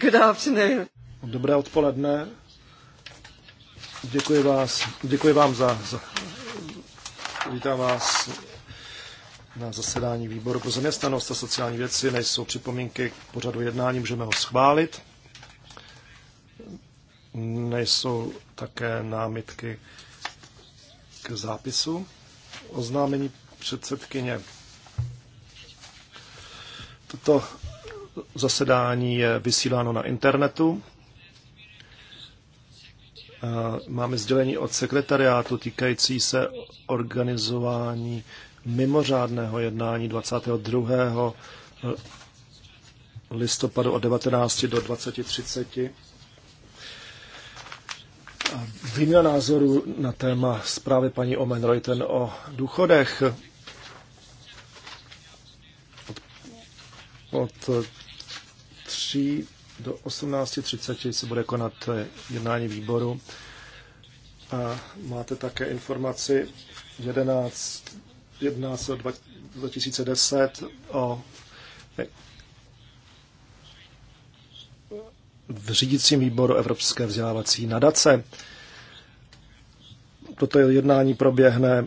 Good afternoon. Dobré odpoledne. Děkuji, vás, děkuji vám za, za... Vítám vás na zasedání výboru pro zaměstnanost a sociální věci. Nejsou připomínky k pořadu jednání, můžeme ho schválit. Nejsou také námitky k zápisu. Oznámení předsedkyně. Toto zasedání je vysíláno na internetu. Máme sdělení od sekretariátu týkající se organizování mimořádného jednání 22. listopadu od 19. do 20.30. Výměna názoru na téma zprávy paní Omen Reuten o důchodech od 3 do 18.30 se bude konat eh, jednání výboru. A máte také informaci 11, 11 2010 o eh, v řídícím výboru Evropské vzdělávací nadace. Toto jednání proběhne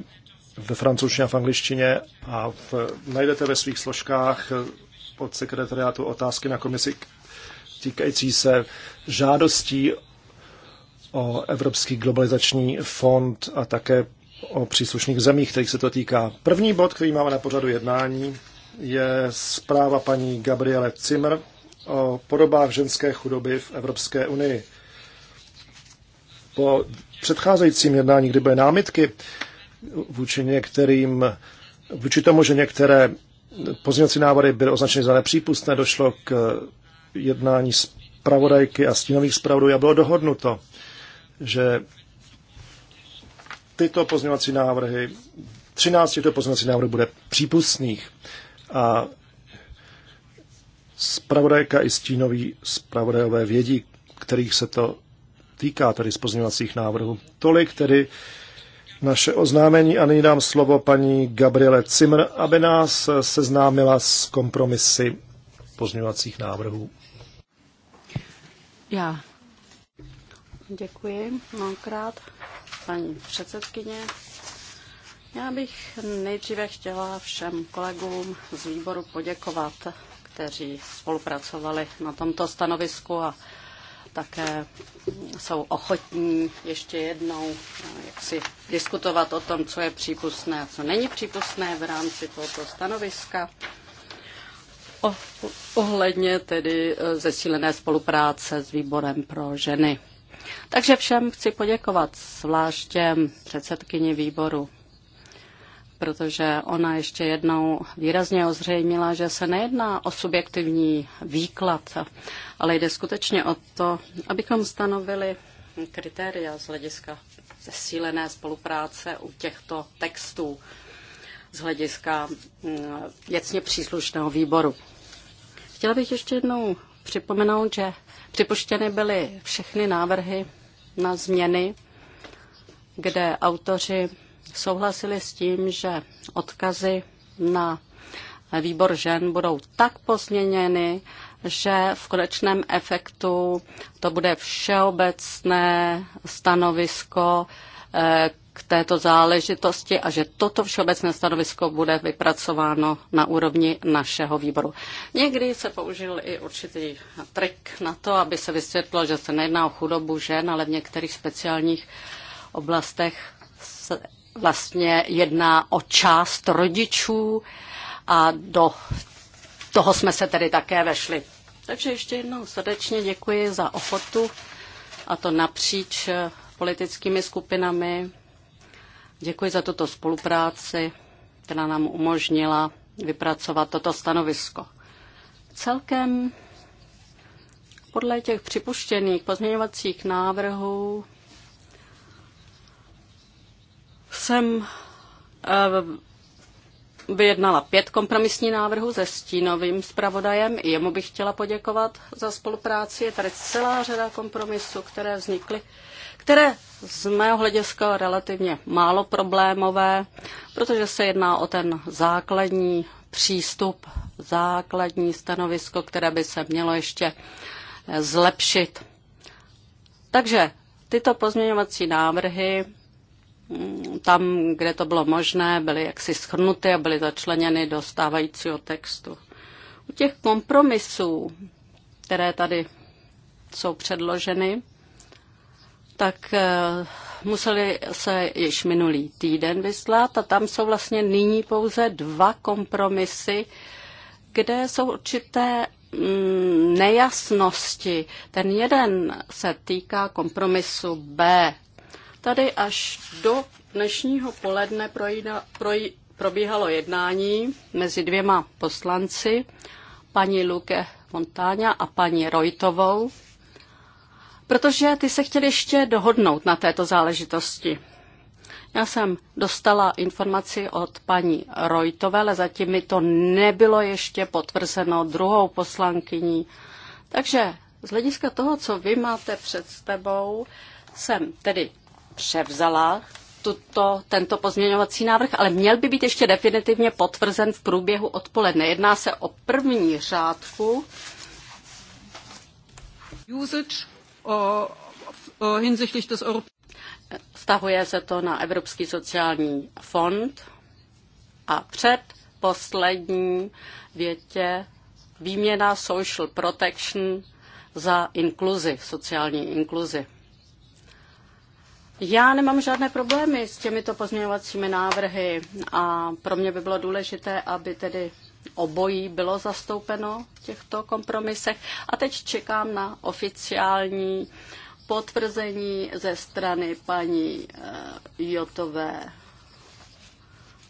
ve francouzštině a v angličtině a v, najdete ve svých složkách eh, od sekretariátu otázky na komisi týkající se žádostí o Evropský globalizační fond a také o příslušných zemích, kterých se to týká. První bod, který máme na pořadu jednání, je zpráva paní Gabriele Zimmer o podobách ženské chudoby v Evropské unii. Po předcházejícím jednání, kdy byly námitky vůči některým, vůči tomu, že některé pozměňovací návrhy byly označeny za nepřípustné, došlo k jednání s pravodajky a stínových zpravodů a bylo dohodnuto, že tyto pozměňovací návrhy, 13 těchto pozměňovacích návrhů bude přípustných a zpravodajka i stínoví zpravodajové vědí, kterých se to týká, tedy z pozměňovacích návrhů. Tolik tedy naše oznámení a nyní dám slovo paní Gabriele Cimr, aby nás seznámila s kompromisy pozměňovacích návrhů. Já děkuji mnohokrát, paní předsedkyně. Já bych nejdříve chtěla všem kolegům z výboru poděkovat, kteří spolupracovali na tomto stanovisku a také jsou ochotní ještě jednou eh, jak si diskutovat o tom, co je přípustné a co není přípustné v rámci tohoto stanoviska. O, ohledně tedy eh, zesílené spolupráce s výborem pro ženy. Takže všem chci poděkovat, zvláště předsedkyni výboru protože ona ještě jednou výrazně ozřejmila, že se nejedná o subjektivní výklad, ale jde skutečně o to, abychom stanovili kritéria z hlediska zesílené spolupráce u těchto textů z hlediska mm, věcně příslušného výboru. Chtěla bych ještě jednou připomenout, že připuštěny byly všechny návrhy na změny, kde autoři souhlasili s tím, že odkazy na výbor žen budou tak pozměněny, že v konečném efektu to bude všeobecné stanovisko eh, k této záležitosti a že toto všeobecné stanovisko bude vypracováno na úrovni našeho výboru. Někdy se použil i určitý trik na to, aby se vysvětlilo, že se nejedná o chudobu žen, ale v některých speciálních oblastech se vlastně jedná o část rodičů a do toho jsme se tedy také vešli. Takže ještě jednou srdečně děkuji za ochotu a to napříč politickými skupinami. Děkuji za tuto spolupráci, která nám umožnila vypracovat toto stanovisko. Celkem podle těch připuštěných pozměňovacích návrhů jsem eh, vyjednala pět kompromisní návrhů se stínovým zpravodajem. I jemu bych chtěla poděkovat za spolupráci. Je tady celá řada kompromisů, které vznikly, které z mého hlediska relativně málo problémové, protože se jedná o ten základní přístup, základní stanovisko, které by se mělo ještě eh, zlepšit. Takže tyto pozměňovací návrhy tam, kde to bylo možné, byly jaksi schrnuty a byly začleněny do stávajícího textu. U těch kompromisů, které tady jsou předloženy, tak eh, museli se již minulý týden vyslat a tam jsou vlastně nyní pouze dva kompromisy, kde jsou určité mm, nejasnosti. Ten jeden se týká kompromisu B, Tady až do dnešního poledne projda, proj, probíhalo jednání mezi dvěma poslanci, paní Luke Montáňa a paní Rojtovou, protože ty se chtěli ještě dohodnout na této záležitosti. Já jsem dostala informaci od paní Rojtové, ale zatím mi to nebylo ještě potvrzeno druhou poslankyní. Takže z hlediska toho, co vy máte před sebou, jsem tedy převzala tuto, tento pozměňovací návrh, ale měl by být ještě definitivně potvrzen v průběhu odpoledne. Jedná se o první řádku. Usage hinsichtlich des Europ- Vztahuje se to na Evropský sociální fond a před poslední větě výměna social protection za inkluzi, sociální inkluzi. Já nemám žádné problémy s těmito pozměňovacími návrhy a pro mě by bylo důležité, aby tedy obojí bylo zastoupeno v těchto kompromisech. A teď čekám na oficiální potvrzení ze strany paní eh, Jotové.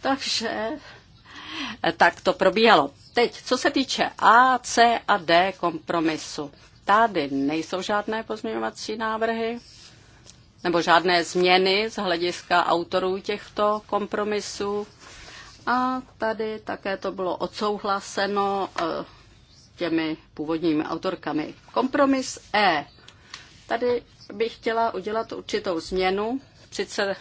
Takže eh, tak to probíhalo. Teď, co se týče A, C a D kompromisu. Tady nejsou žádné pozměňovací návrhy, nebo žádné změny z hlediska autorů těchto kompromisů. A tady také to bylo odsouhlaseno eh, těmi původními autorkami. Kompromis E. Tady bych chtěla udělat určitou změnu, sice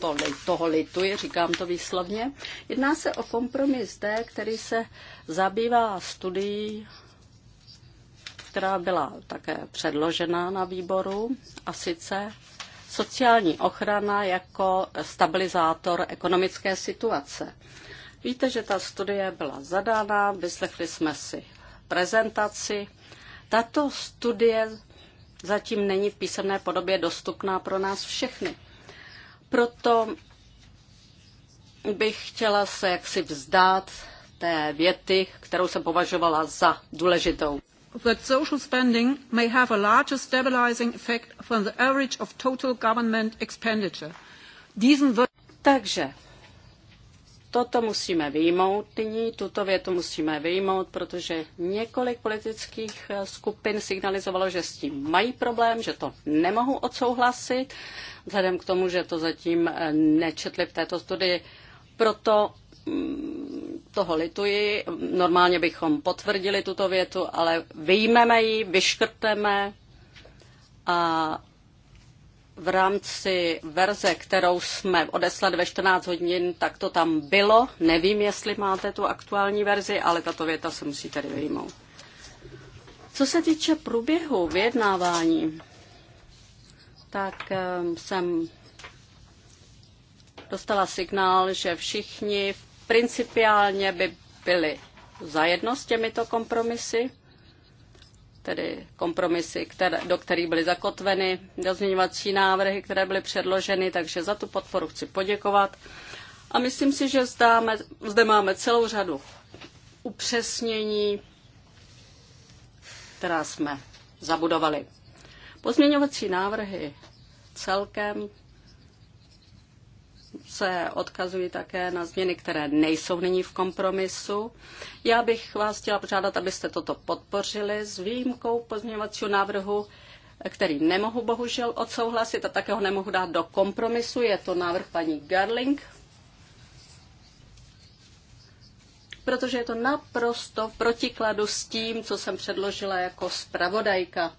to, toho lituji, říkám to výslovně. Jedná se o kompromis D, který se zabývá studií která byla také předložena na výboru, a sice sociální ochrana jako stabilizátor ekonomické situace. Víte, že ta studie byla zadána, vyslechli jsme si prezentaci. Tato studie zatím není v písemné podobě dostupná pro nás všechny. Proto bych chtěla se jaksi vzdát té věty, kterou jsem považovala za důležitou that social spending may have a larger stabilizing effect from the average of total government expenditure. Diesen Takže toto musíme vyjmout nyní, tuto větu musíme vyjmout, protože několik politických eh, skupin signalizovalo, že s tím mají problém, že to nemohu odsouhlasit, vzhledem k tomu, že to zatím eh, nečetli v této studii. Proto mm, toho lituji. Normálně bychom potvrdili tuto větu, ale vyjmeme ji, vyškrteme a v rámci verze, kterou jsme odeslali ve 14 hodin, tak to tam bylo. Nevím, jestli máte tu aktuální verzi, ale tato věta se musí tedy vyjmout. Co se týče průběhu vyjednávání, tak ehm, jsem dostala signál, že všichni v principiálně by byly zajedno s těmito kompromisy, tedy kompromisy, které, do kterých byly zakotveny dozměňovací návrhy, které byly předloženy, takže za tu podporu chci poděkovat. A myslím si, že zdáme, zde máme celou řadu upřesnění, která jsme zabudovali. Pozměňovací návrhy celkem se odkazují také na změny, které nejsou nyní v kompromisu. Já bych vás chtěla požádat, abyste toto podpořili s výjimkou pozměňovacího návrhu, který nemohu bohužel odsouhlasit a také ho nemohu dát do kompromisu. Je to návrh paní Garling, protože je to naprosto v protikladu s tím, co jsem předložila jako zpravodajka.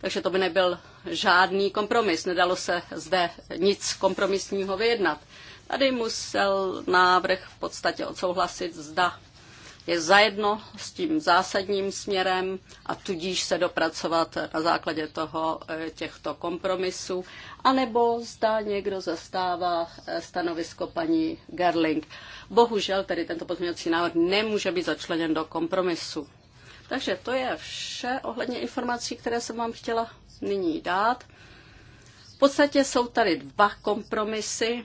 Takže to by nebyl žádný kompromis, nedalo se zde nic kompromisního vyjednat. Tady musel návrh v podstatě odsouhlasit, zda je zajedno s tím zásadním směrem a tudíž se dopracovat na základě toho eh, těchto kompromisů, anebo zda někdo zastává eh, stanovisko paní Gerling. Bohužel tedy tento pozměňovací návrh nemůže být začleněn do kompromisu. Takže to je vše ohledně informací, které jsem vám chtěla nyní dát. V podstatě jsou tady dva kompromisy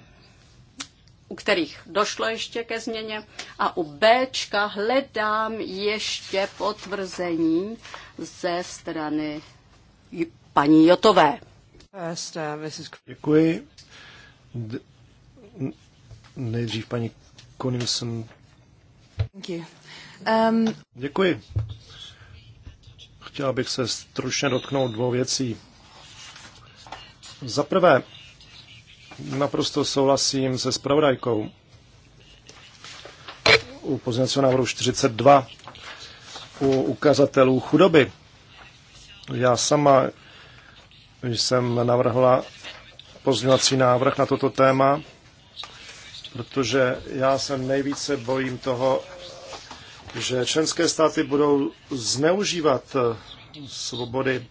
u kterých došlo ještě ke změně. A u B hledám ještě potvrzení ze strany paní Jotové. Uh, Děkuji. D- nejdřív paní Konilson. Um... Děkuji. Chtěla bych se stručně dotknout dvou věcí. Za prvé, Naprosto souhlasím se spravodajkou u pozměnce návrhu 42 u ukazatelů chudoby. Já sama jsem navrhla pozměnací návrh na toto téma, protože já se nejvíce bojím toho, že členské státy budou zneužívat eh, svobody,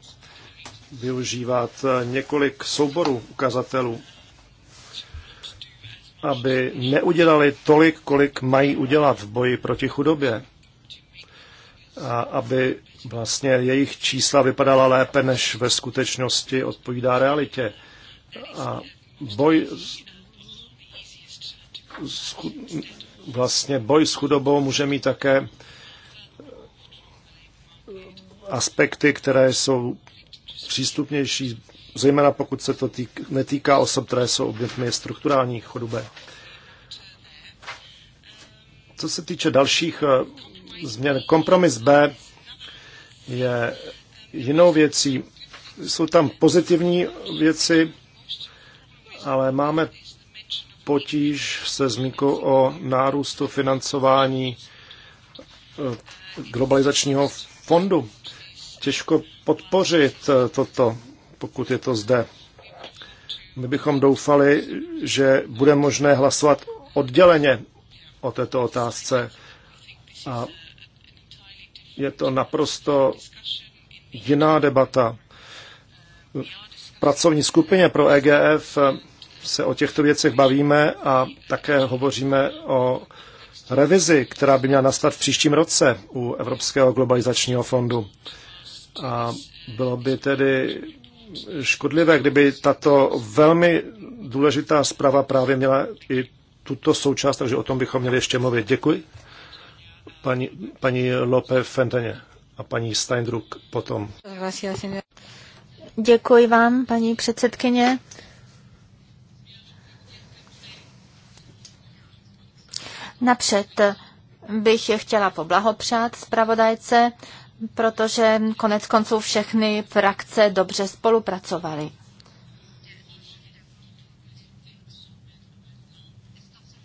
využívat eh, několik souborů ukazatelů aby neudělali tolik, kolik mají udělat v boji proti chudobě. A aby vlastně jejich čísla vypadala lépe, než ve skutečnosti odpovídá realitě. A boj s, vlastně boj s chudobou může mít také aspekty, které jsou přístupnější zejména pokud se to týk, netýká osob, které jsou obětmi strukturální chudoby. Co se týče dalších eh, změn, kompromis B je jinou věcí. Jsou tam pozitivní věci, ale máme potíž se zmínkou o nárůstu financování eh, globalizačního fondu. Těžko podpořit eh, toto pokud je to zde. My bychom doufali, že bude možné hlasovat odděleně o této otázce. A je to naprosto jiná debata. V pracovní skupině pro EGF se o těchto věcech bavíme a také hovoříme o revizi, která by měla nastat v příštím roce u Evropského globalizačního fondu. A bylo by tedy škodlivé, kdyby tato velmi důležitá zpráva právě měla i tuto součást, takže o tom bychom měli ještě mluvit. Děkuji. Paní, paní Lope Fenteně a paní Steindruck potom. Děkuji vám, paní předsedkyně. Napřed bych chtěla poblahopřát zpravodajce protože konec konců všechny frakce dobře spolupracovaly.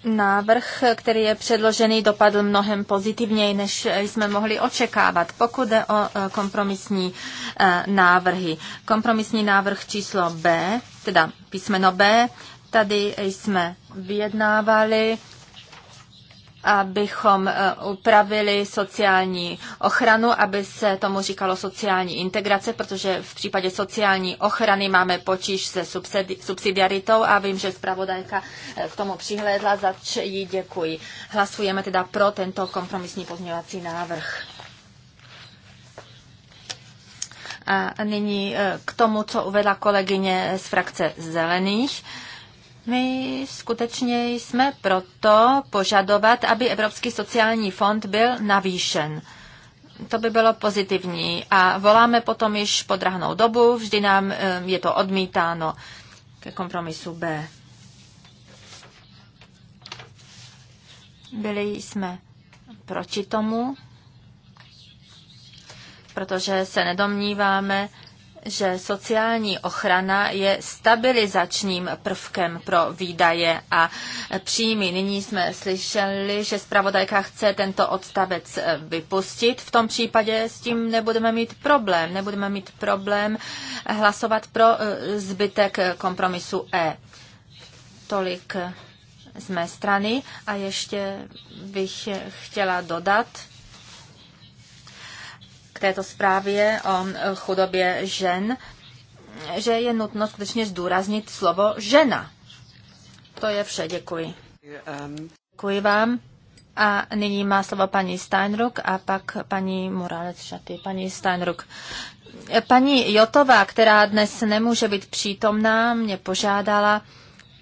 Návrh, který je předložený, dopadl mnohem pozitivněji, než jsme mohli očekávat, pokud jde o e, kompromisní e, návrhy. Kompromisní návrh číslo B, teda písmeno B, tady jsme vyjednávali abychom e, upravili sociální ochranu, aby se tomu říkalo sociální integrace, protože v případě sociální ochrany máme počíš se subsidiaritou a vím, že zpravodajka e, k tomu přihlédla, za jí děkuji. Hlasujeme teda pro tento kompromisní pozměňovací návrh. A nyní e, k tomu, co uvedla kolegyně z frakce Zelených. My skutečně jsme proto požadovat, aby Evropský sociální fond byl navýšen. To by bylo pozitivní. A voláme potom již pod dobu, vždy nám eh, je to odmítáno ke kompromisu B. Byli jsme proti tomu, protože se nedomníváme, že sociální ochrana je stabilizačním prvkem pro výdaje a příjmy. Nyní jsme slyšeli, že zpravodajka chce tento odstavec eh, vypustit. V tom případě s tím nebudeme mít problém. Nebudeme mít problém hlasovat pro eh, zbytek kompromisu E. Tolik z mé strany a ještě bych chtěla dodat, k této zprávě o eh, chudobě žen, že je nutno skutečně zdůraznit slovo žena. To je vše, děkuji. Děkuji vám. A nyní má slovo paní Steinruck a pak paní Morales Šaty. Paní Steinruck. Paní Jotová, která dnes nemůže být přítomná, mě požádala,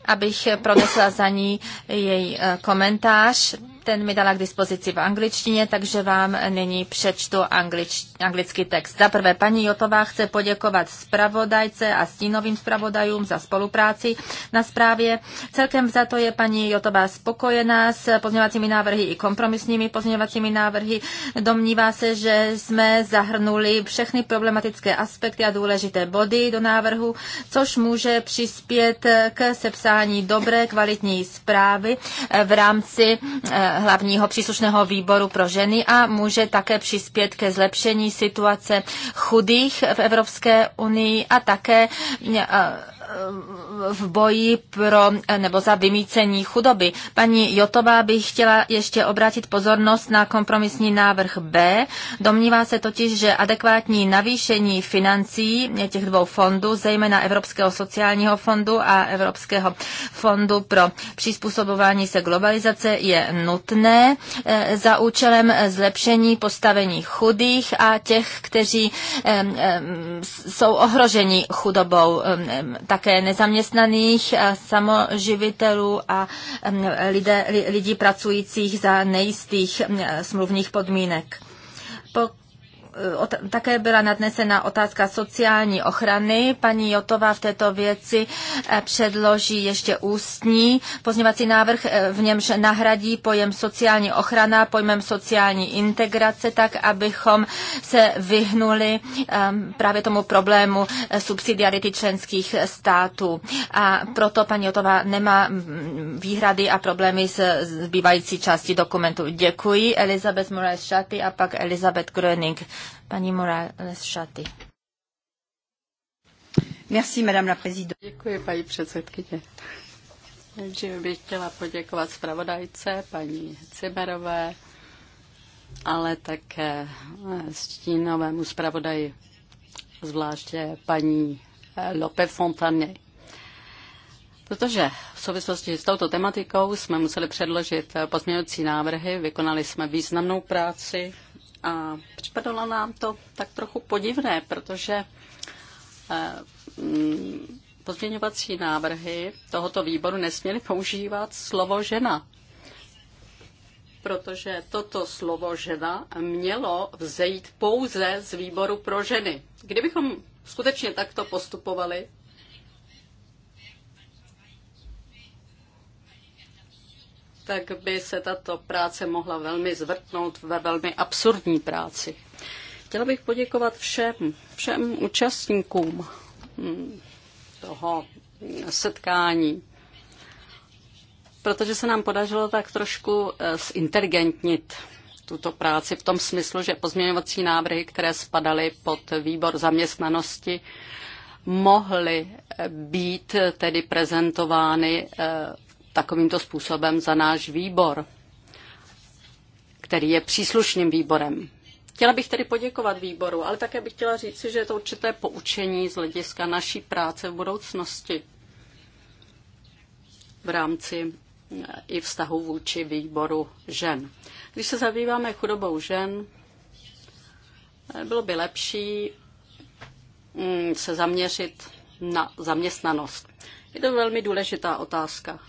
abych pronesla za ní její eh, komentář ten mi dala k dispozici v angličtině, takže vám nyní přečtu anglič, anglický text. Za prvé, paní Jotová chce poděkovat zpravodajce a stínovým zpravodajům za spolupráci na zprávě. Celkem za to je paní Jotová spokojená s pozměňovacími návrhy i kompromisními pozměňovacími návrhy. Domnívá se, že jsme zahrnuli všechny problematické aspekty a důležité body do návrhu, což může přispět k sepsání dobré, kvalitní zprávy v rámci eh, hlavního příslušného výboru pro ženy a může také přispět ke zlepšení situace chudých v Evropské unii a také v boji pro, nebo za vymícení chudoby. Paní Jotová by chtěla ještě obrátit pozornost na kompromisní návrh B. Domnívá se totiž, že adekvátní navýšení financí těch dvou fondů, zejména Evropského sociálního fondu a Evropského fondu pro přizpůsobování se globalizace, je nutné eh, za účelem zlepšení postavení chudých a těch, kteří eh, eh, jsou ohroženi chudobou také nezaměstnaných, eh, samoživitelů a mm, lidé, lidí pracujících za nejistých mm, smluvních podmínek. Pokud Eh, také byla nadnesena otázka sociální ochrany. Paní Jotová v této věci eh, předloží ještě ústní pozněvací návrh, eh, v němž nahradí pojem sociální ochrana pojmem sociální integrace, tak abychom se vyhnuli ehm, právě tomu problému subsidiarity členských států. A proto paní Jotová nemá mm, výhrady a problémy s zbývající částí dokumentu. Děkuji. Elizabeth moraes schatty a pak Elizabeth Gröning paní Morales Šaty. Merci, madame la présidente. Děkuji, paní předsedkyně. Nejdříve bych chtěla poděkovat zpravodajce, paní Cimerové, ale také stínovému zpravodaji, zvláště paní Lope Fontane. Protože v souvislosti s touto tematikou jsme museli předložit pozměňovací návrhy, vykonali jsme významnou práci a připadalo nám to tak trochu podivné, protože eh, mm, pozměňovací návrhy tohoto výboru nesměly používat slovo žena, protože toto slovo žena mělo vzejít pouze z výboru pro ženy. Kdybychom skutečně takto postupovali, tak by se tato práce mohla velmi zvrtnout ve velmi absurdní práci. Chtěla bych poděkovat všem, všem účastníkům hm, toho setkání, protože se nám podařilo tak trošku eh, zinteligentnit tuto práci v tom smyslu, že pozměňovací návrhy, které spadaly pod výbor zaměstnanosti, mohly eh, být tedy prezentovány eh, takovýmto způsobem za náš výbor, který je příslušným výborem. Chtěla bych tedy poděkovat výboru, ale také bych chtěla říci, že je to určité poučení z hlediska naší práce v budoucnosti v rámci eh, i vztahu vůči výboru žen. Když se zabýváme chudobou žen, eh, bylo by lepší mm, se zaměřit na zaměstnanost. Je to velmi důležitá otázka.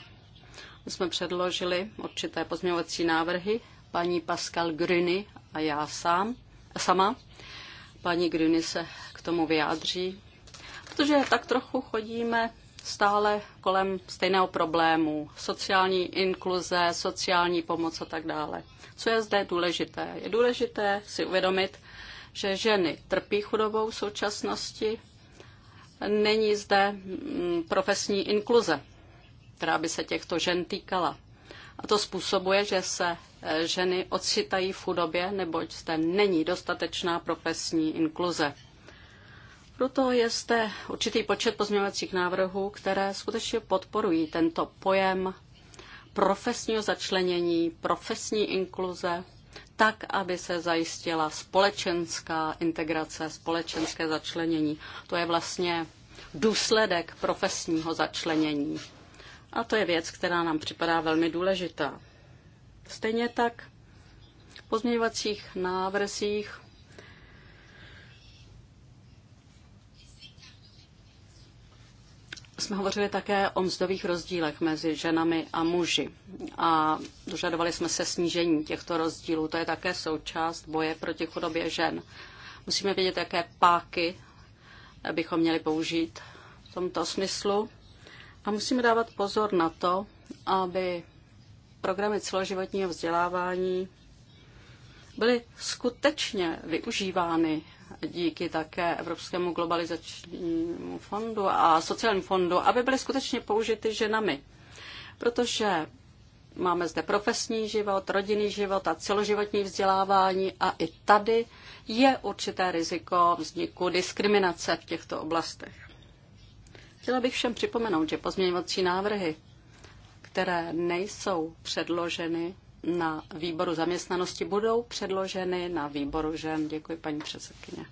My jsme předložili určité pozměňovací návrhy, paní Pascal Gruny a já sám, sama. Paní Gruny se k tomu vyjádří, protože tak trochu chodíme stále kolem stejného problému. Sociální inkluze, sociální pomoc a tak dále. Co je zde důležité? Je důležité si uvědomit, že ženy trpí chudobou v současnosti, není zde mm, profesní inkluze která by se těchto žen týkala. A to způsobuje, že se e, ženy ocitají v chudobě, neboť zde není dostatečná profesní inkluze. Proto je zde určitý počet pozměňovacích návrhů, které skutečně podporují tento pojem profesního začlenění, profesní inkluze, tak, aby se zajistila společenská integrace, společenské začlenění. To je vlastně důsledek profesního začlenění. A to je věc, která nám připadá velmi důležitá. Stejně tak v pozměňovacích návrzích jsme hovořili také o mzdových rozdílech mezi ženami a muži a dožadovali jsme se snížení těchto rozdílů. To je také součást boje proti chudobě žen. Musíme vědět, jaké páky bychom měli použít v tomto smyslu. A musíme dávat pozor na to, aby programy celoživotního vzdělávání byly skutečně využívány díky také Evropskému globalizačnímu fondu a sociálnímu fondu, aby byly skutečně použity ženami. Protože máme zde profesní život, rodinný život a celoživotní vzdělávání a i tady je určité riziko vzniku diskriminace v těchto oblastech. Chtěla bych všem připomenout, že pozměňovací návrhy, které nejsou předloženy na výboru zaměstnanosti, budou předloženy na výboru žen. Děkuji, paní předsedkyně.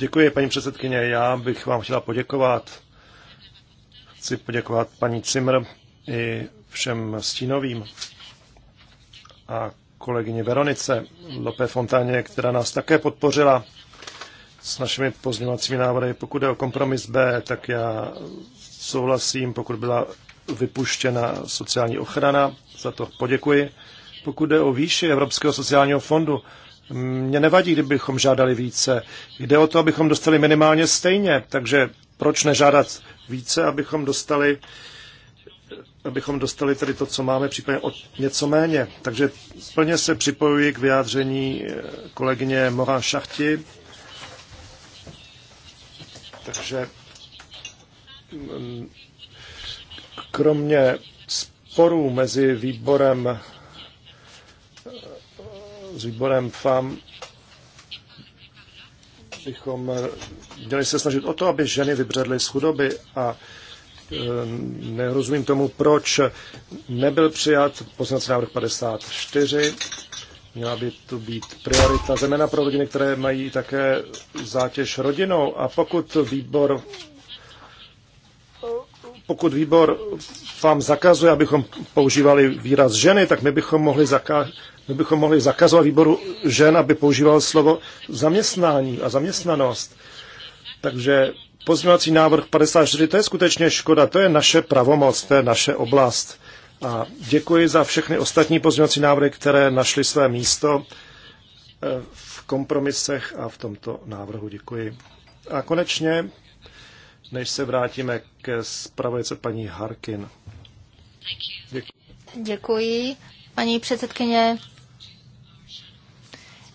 Děkuji, paní předsedkyně. Já bych vám chtěla poděkovat. Chci poděkovat paní Cimr i všem stínovým a kolegyně Veronice Lope Fontáně, která nás také podpořila s našimi pozměňovacími návrhy. Pokud je o kompromis B, tak já souhlasím, pokud byla vypuštěna sociální ochrana, za to poděkuji. Pokud jde o výši Evropského sociálního fondu, mě nevadí, kdybychom žádali více. Jde o to, abychom dostali minimálně stejně, takže proč nežádat více, abychom dostali abychom dostali tedy to, co máme, případně o něco méně. Takže plně se připojuji k vyjádření kolegyně Morán Šachti takže mm, kromě sporů mezi výborem s výborem FAM bychom měli se snažit o to, aby ženy vybředly z chudoby a eh, nerozumím tomu, proč nebyl přijat poslanec návrh 54 Měla by tu být priorita, zejména pro rodiny, které mají také zátěž rodinou. A pokud výbor pokud výbor vám zakazuje, abychom používali výraz ženy, tak my bychom mohli, zaka- my bychom mohli zakazovat výboru žen, aby používal slovo zaměstnání a zaměstnanost. Takže pozměňovací návrh 54, to je skutečně škoda, to je naše pravomoc, to je naše oblast. A děkuji za všechny ostatní pozměňovací návrhy, které našly své místo eh, v kompromisech a v tomto návrhu. Děkuji. A konečně, než se vrátíme ke zpravodajce paní Harkin. Děkuji. Děkuji, paní předsedkyně.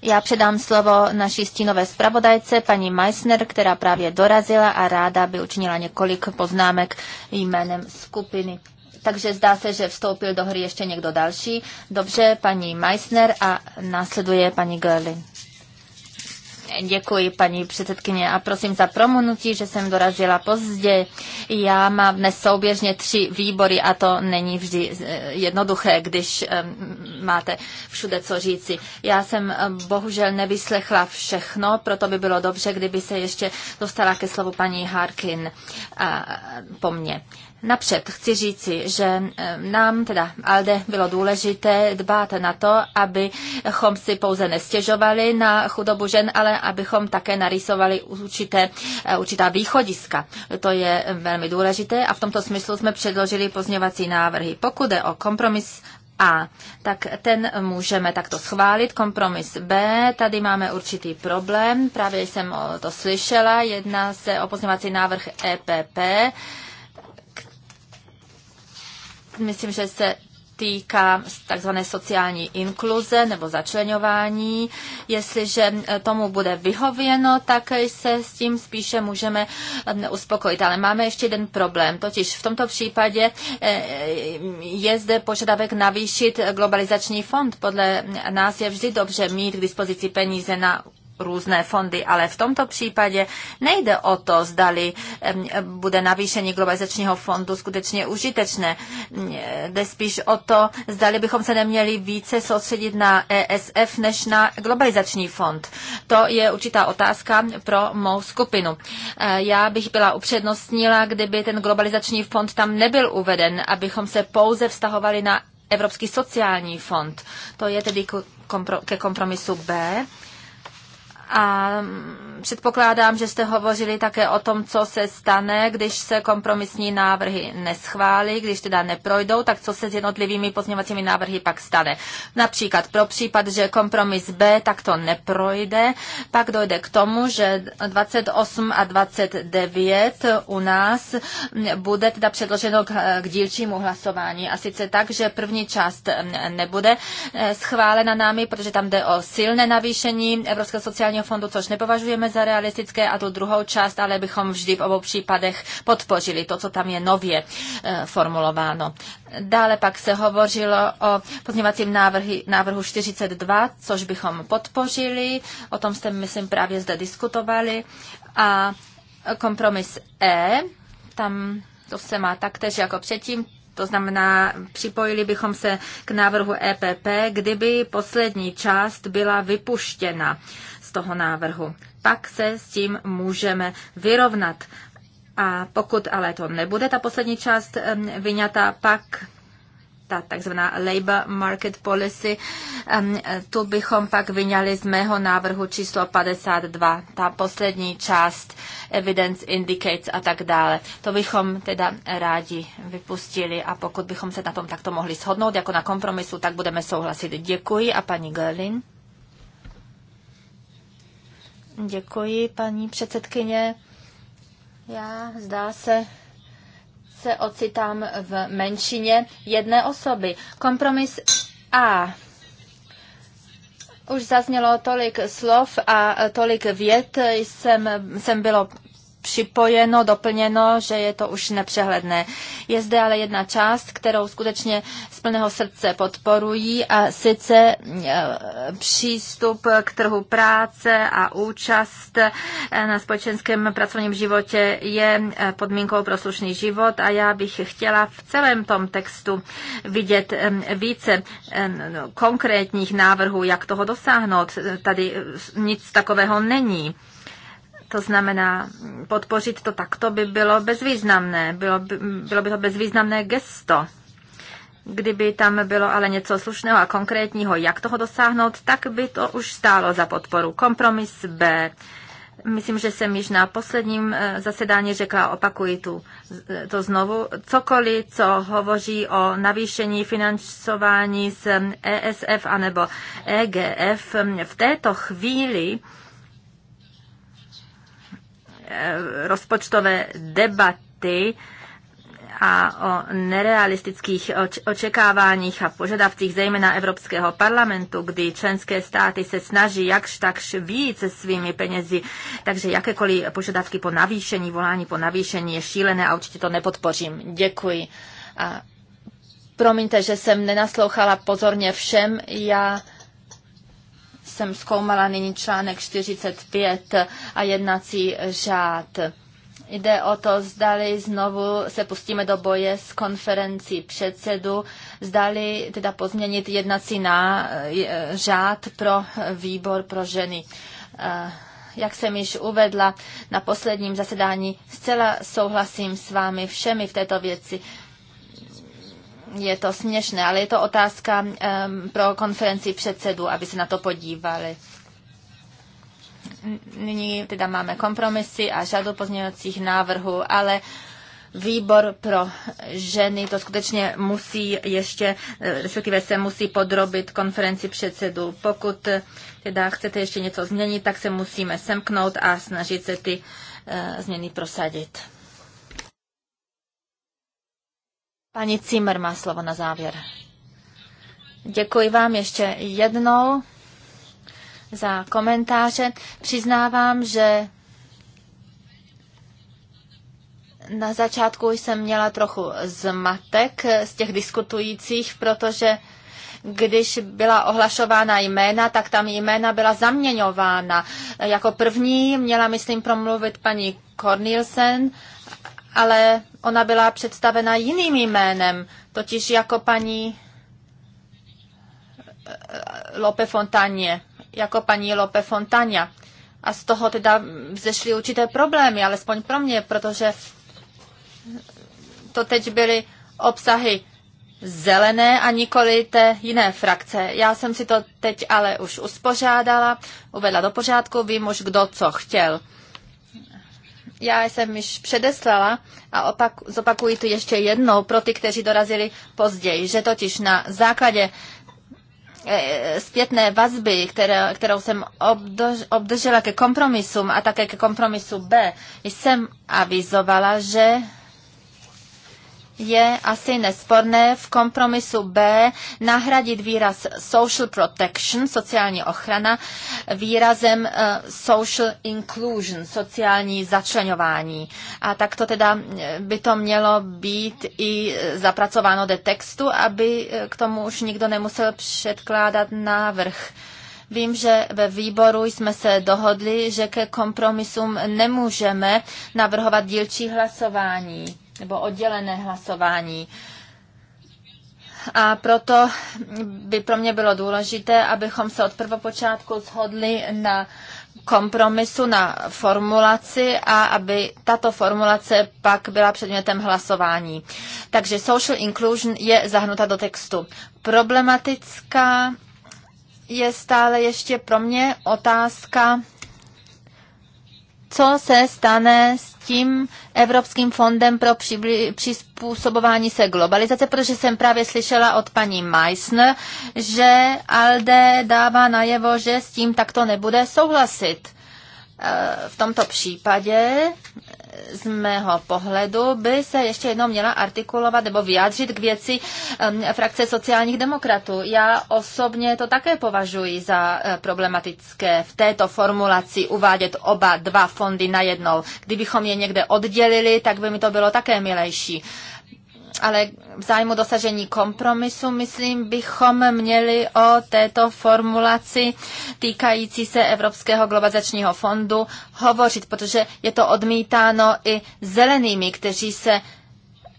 Já předám slovo naší stínové zpravodajce, paní Meissner, která právě dorazila a ráda by učinila několik poznámek jménem skupiny. Takže zdá se, že vstoupil do hry ještě někdo další. Dobře, paní Meissner a následuje paní Görlin. Děkuji, paní předsedkyně, a prosím za promunutí, že jsem dorazila pozdě. Já mám dnes souběžně tři výbory a to není vždy eh, jednoduché, když máte všude co říci. Já jsem eh, bohužel nevyslechla všechno, proto by bylo dobře, kdyby se ještě dostala ke slovu paní Harkin a, po mně. Napřed chci říci, že eh, nám, teda ALDE, bylo důležité dbát na to, abychom si pouze nestěžovali na chudobu žen, ale abychom také narýsovali určité, eh, určitá východiska. To je velmi důležité a v tomto smyslu jsme předložili pozněvací návrhy. Pokud je o kompromis a, tak ten můžeme takto schválit. Kompromis B, tady máme určitý problém, právě jsem to slyšela, jedná se o pozněvací návrh EPP, myslím, že se týká takzvané sociální inkluze nebo začlenování. Jestliže eh, tomu bude vyhověno, tak se s tím spíše můžeme eh, uspokojit. Ale máme ještě jeden problém, totiž v tomto případě eh, je zde požadavek navýšit globalizační fond. Podle nás je vždy dobře mít k dispozici peníze na různé fondy, ale v tomto případě nejde o to, zdali bude navýšení globalizačního fondu skutečně užitečné. Jde spíš o to, zdali bychom se neměli více soustředit na ESF než na globalizační fond. To je určitá otázka pro mou skupinu. E, já bych byla upřednostnila, kdyby ten globalizační fond tam nebyl uveden, abychom se pouze vztahovali na Evropský sociální fond. To je tedy ke kompromisu B. A předpokládám, že jste hovořili také o tom, co se stane, když se kompromisní návrhy neschválí, když teda neprojdou, tak co se s jednotlivými pozměňovacími návrhy pak stane. Například pro případ, že kompromis B takto neprojde, pak dojde k tomu, že 28 a 29 u nás bude teda předloženo k, k dílčímu hlasování. A sice tak, že první část nebude schválena námi, protože tam jde o silné navýšení Evropské sociální sociálního fondu, což nepovažujeme za realistické, a tu druhou část, ale bychom vždy v obou případech podpořili to, co tam je nově eh, formulováno. Dále pak se hovořilo o pozměvacím návrhy, návrhu 42, což bychom podpořili, o tom jste, myslím, právě zde diskutovali, a kompromis E, tam to se má taktéž jako předtím, to znamená, připojili bychom se k návrhu EPP, kdyby poslední část byla vypuštěna toho návrhu. Pak se s tím můžeme vyrovnat. A pokud ale to nebude ta poslední část vyňata, pak ta takzvaná Labour Market Policy, tu bychom pak vyňali z mého návrhu číslo 52, ta poslední část Evidence Indicates a tak dále. To bychom teda rádi vypustili a pokud bychom se na tom takto mohli shodnout, jako na kompromisu, tak budeme souhlasit. Děkuji a paní Gerlin. Děkuji, paní předsedkyně. Já zdá se, se ocitám v menšině jedné osoby. Kompromis A. Už zaznělo tolik slov a tolik vět, jsem, jsem bylo připojeno, doplněno, že je to už nepřehledné. Je zde ale jedna část, kterou skutečně z plného srdce podporují, a sice e, přístup k trhu práce a účast e, na společenském pracovním životě je e, podmínkou pro slušný život a já bych chtěla v celém tom textu vidět více no, konkrétních návrhů, jak toho dosáhnout. Tady nic takového není. To znamená, podpořit to takto by bylo bezvýznamné, bylo by, bylo by to bezvýznamné gesto. Kdyby tam bylo ale něco slušného a konkrétního, jak toho dosáhnout, tak by to už stálo za podporu. Kompromis B. Myslím, že jsem již na posledním eh, zasedání řekla, opakuji tu eh, to znovu, cokoliv, co hovoří o navýšení financování z ESF eh, e anebo EGF, mm, v této chvíli Eh, rozpočtové debaty a o nerealistických očekáváních a požadavcích zejména Evropského parlamentu, kdy členské státy se snaží jakž takž víc se svými penězi, takže jakékoliv požadavky po navýšení, volání po navýšení je šílené a určitě to nepodpořím. Děkuji. A promiňte, že jsem nenaslouchala pozorně všem. Já jsem zkoumala nyní článek 45 a jednací řád. Jde o to, zdali znovu se pustíme do boje s konferencí předsedu, zdali teda pozměnit jednací na, řád pro výbor pro ženy eh, jak jsem již uvedla na posledním zasedání, zcela souhlasím s vámi všemi v této věci je to směšné, ale je to otázka um, pro konferenci předsedů, aby se na to podívali. Nyní teda máme kompromisy a řadu pozměňovacích návrhů, ale výbor pro ženy to skutečně musí ještě, e, respektive se musí podrobit konferenci předsedů. Pokud e, teda chcete ještě něco změnit, tak se musíme semknout a snažit se ty uh, změny prosadit. Paní Cimer má slovo na závěr. Děkuji vám ještě jednou za komentáře. Přiznávám, že na začátku jsem měla trochu zmatek z těch diskutujících, protože když byla ohlašována jména, tak tam jména byla zaměňována. Jako první měla, myslím, promluvit paní Cornelsen ale ona byla představena jiným jménem, totiž jako paní eh, Lope Fontaně, jako paní Lope Fontania. A z toho teda vzešly určité problémy, alespoň pro mě, protože to teď byly obsahy zelené a nikoli té jiné frakce. Já jsem si to teď ale už uspořádala, uvedla do pořádku, vím už kdo co chtěl. Já jsem již předeslala a opak, zopakuji tu ještě jednou pro ty, kteří dorazili později, že totiž na základě eh, zpětné vazby, které, kterou jsem obdrž, obdržela ke kompromisům a také ke kompromisu B, jsem avizovala, že je asi nesporné v kompromisu B nahradit výraz social protection, sociální ochrana, výrazem eh, social inclusion, sociální začlenování. A tak to teda eh, by to mělo být i eh, zapracováno do textu, aby k tomu už nikdo nemusel předkládat návrh. Vím, že ve výboru jsme se dohodli, že ke kompromisům nemůžeme navrhovat dílčí hlasování nebo oddělené hlasování. A proto by pro mě bylo důležité, abychom se od prvopočátku shodli na kompromisu na formulaci a aby tato formulace pak byla předmětem hlasování. Takže social inclusion je zahnuta do textu. Problematická je stále ještě pro mě otázka co se stane s tím Evropským fondem pro přizpůsobování se globalizace, protože jsem právě slyšela od paní Meissner, že ALDE dává najevo, že s tím takto nebude souhlasit. E, v tomto případě z mého pohledu by se ještě jednou měla artikulovat nebo vyjádřit k věci frakce sociálních demokratů. Já osobně to také považuji za e, problematické v této formulaci uvádět oba dva fondy najednou. Kdybychom je někde oddělili, tak by mi to bylo také milejší ale v zájmu dosažení kompromisu, myslím, bychom měli o této formulaci týkající se Evropského globalizačního fondu hovořit, protože je to odmítáno i zelenými, kteří se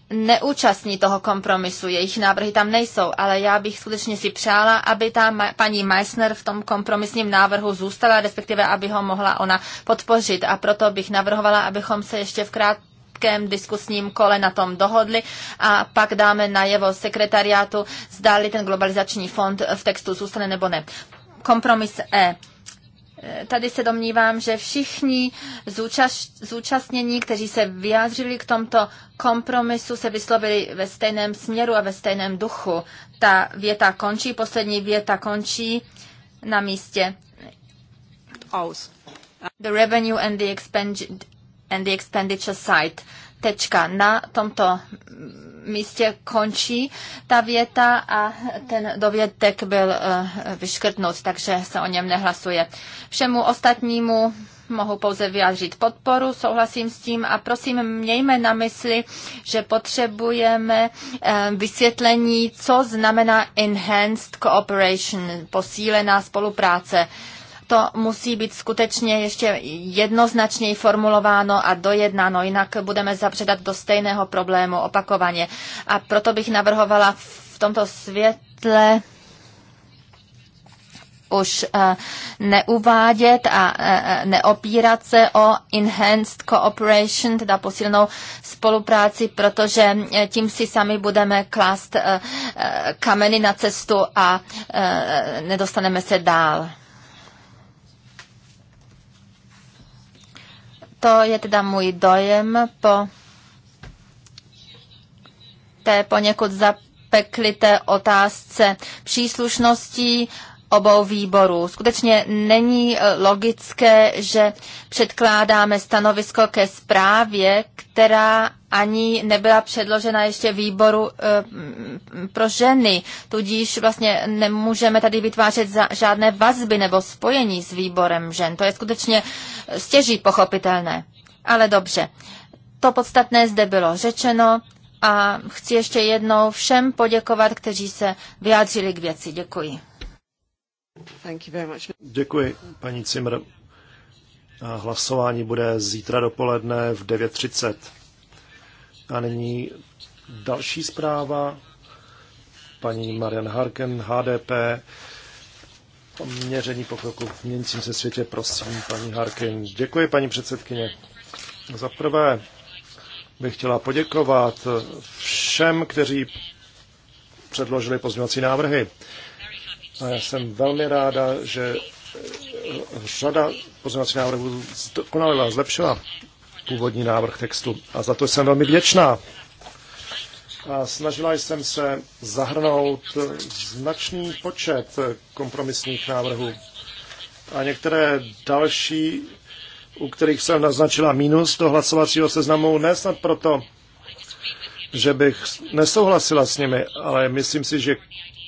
neúčastní toho kompromisu, jejich návrhy tam nejsou, ale já bych skutečně si přála, aby ta ma- paní Meissner v tom kompromisním návrhu zůstala, respektive aby ho mohla ona podpořit. A proto bych navrhovala, abychom se ještě v krát krátkém diskusním kole na tom dohodli a pak dáme na jeho sekretariátu, zdáli ten globalizační fond v textu zůstane nebo ne. Kompromis E. Tady se domnívám, že všichni zúčastnění, kteří se vyjádřili k tomto kompromisu, se vyslovili ve stejném směru a ve stejném duchu. Ta věta končí, poslední věta končí na místě. Aus. The revenue and the and the expenditure side. Tečka. Na tomto místě končí ta věta a ten dovětek byl eh, vyškrtnut, takže se o něm nehlasuje. Všemu ostatnímu mohu pouze vyjádřit podporu, souhlasím s tím a prosím, mějme na mysli, že potřebujeme eh, vysvětlení, co znamená enhanced cooperation, posílená spolupráce to musí být skutečně ještě jednoznačněji formulováno a dojednáno, jinak budeme zapředat do stejného problému opakovaně. A proto bych navrhovala v tomto světle už eh, neuvádět a eh, eh, neopírat se o enhanced cooperation, teda posilnou spolupráci, protože tím si sami budeme klást kameny na cestu a nedostaneme se dál. To je teda můj dojem po té poněkud zapeklité otázce příslušností obou výborů. Skutečně není eh, logické, že předkládáme stanovisko ke zprávě, která ani nebyla předložena ještě výboru eh, pro ženy. Tudíž vlastně nemůžeme tady vytvářet žádné vazby nebo spojení s výborem žen. To je skutečně eh, stěží pochopitelné. Ale dobře, to podstatné zde bylo řečeno a chci ještě jednou všem poděkovat, kteří se vyjádřili k věci. Děkuji. Děkuji, paní Cimr. A hlasování bude zítra dopoledne v 9.30. A nyní další zpráva. Paní Marian Harken, HDP. Měření pokroku v měnícím se světě, prosím, paní Harkin. Děkuji, paní předsedkyně. Za prvé bych chtěla poděkovat všem, kteří předložili pozměňovací návrhy. A já jsem velmi ráda, že řada pozměňovacích návrhů zdokonalila, zlepšila původní návrh textu. A za to jsem velmi vděčná. A snažila jsem se zahrnout značný počet kompromisních návrhů. A některé další, u kterých jsem naznačila mínus do hlasovacího seznamu, ne snad proto, že bych nesouhlasila s nimi, ale myslím si, že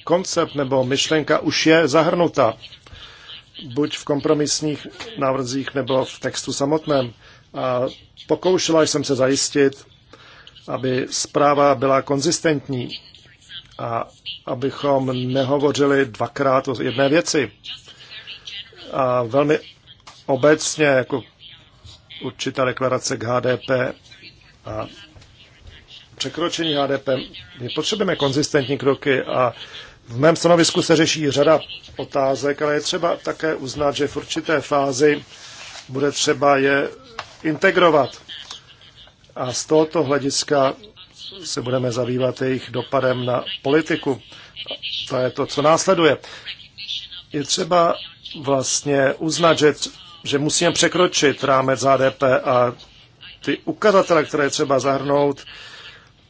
koncept nebo myšlenka už je zahrnuta, buď v kompromisních návrzích nebo v textu samotném. A pokoušela jsem se zajistit, aby zpráva byla konzistentní a abychom nehovořili dvakrát o jedné věci. A velmi obecně, jako určitá deklarace k HDP a překročení HDP, my potřebujeme konzistentní kroky a v mém stanovisku se řeší řada otázek, ale je třeba také uznat, že v určité fázi bude třeba je integrovat. A z tohoto hlediska se budeme zabývat jejich dopadem na politiku. To je to, co následuje. Je třeba vlastně uznat, že, že musíme překročit rámec HDP a ty ukazatele, které třeba zahrnout,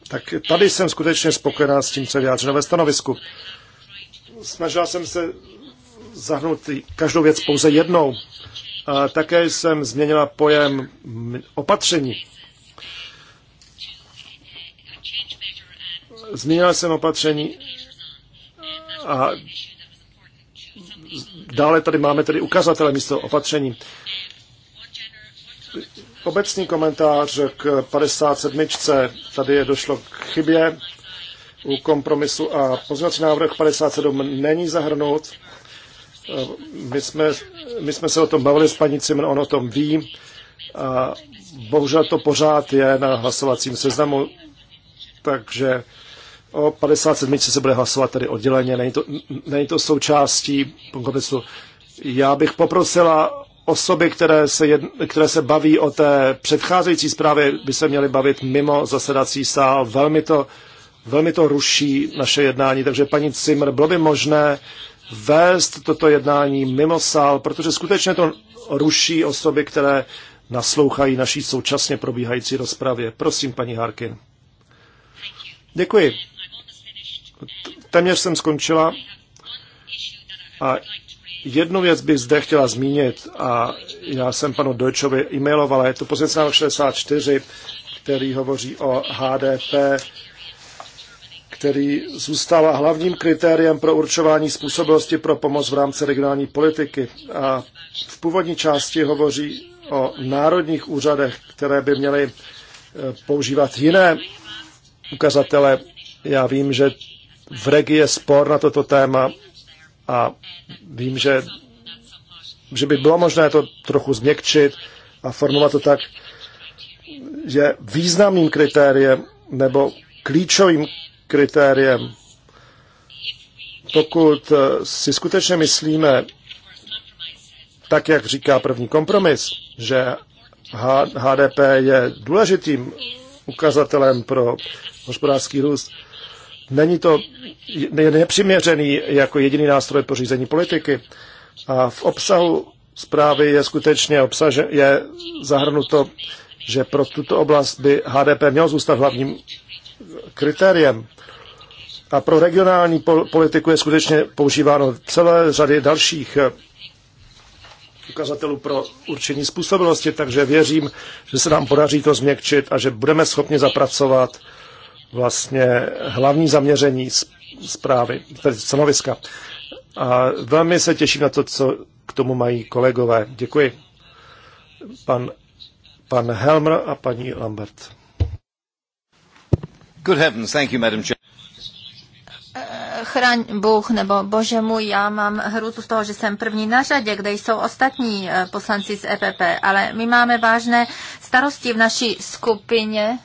tak tady jsem skutečně spokojená s tím, co je vyjádřeno ve stanovisku snažil jsem se zahrnout každou věc pouze jednou. A také jsem změnila pojem opatření. Změnila jsem opatření a dále tady máme tedy ukazatele místo opatření. Obecný komentář k 57. Tady je došlo k chybě u kompromisu a pozměňovací návrh 57 není zahrnut. Eh, my jsme, my jsme se o tom bavili s paní Cimr, on o tom ví. A bohužel to pořád je na hlasovacím seznamu, takže o 57 se bude hlasovat tady odděleně, není to, není to součástí kompromisu. Já bych poprosila osoby, které se, jed, které se baví o té předcházející zprávě, by se měly bavit mimo zasedací sál. Velmi to Velmi to ruší naše jednání, takže paní Cimr, bylo by možné vést toto jednání mimo sál, protože skutečně to ruší osoby, které naslouchají naší současně probíhající rozpravě. Prosím, paní Harkin. Děkuji. Téměř jsem skončila a jednu věc bych zde chtěla zmínit a já jsem panu Dojčovi e-mailovala, je to pozice 64, který hovoří o HDP který zůstává hlavním kritériem pro určování způsobilosti pro pomoc v rámci regionální politiky. A v původní části hovoří o národních úřadech, které by měly eh, používat jiné ukazatele. Já vím, že v regii je spor na toto téma a vím, že, že by bylo možné to trochu změkčit a formovat to tak, že významným kritériem nebo klíčovým kritériem. Pokud eh, si skutečně myslíme, tak jak říká první kompromis, že HDP je důležitým ukazatelem pro hospodářský růst, není to je nepřiměřený jako jediný nástroj pro řízení politiky. A v obsahu zprávy je skutečně obsažen, je zahrnuto, že pro tuto oblast by HDP měl zůstat hlavním kritériem. A pro regionální politiku je skutečně používáno celé řady dalších eh, ukazatelů pro určení způsobilosti, takže věřím, že se nám podaří to změkčit a že budeme schopni zapracovat vlastně hlavní zaměření zprávy, tedy stanoviska. A velmi se těším na to, co k tomu mají kolegové. Děkuji. Pan, pan Helmer a paní Lambert. Eh, chraň Bůh nebo Bože můj, já mám hrůzu z toho, že jsem první na řadě, kde jsou ostatní eh, poslanci z EPP, ale my máme vážné starosti v naší skupině.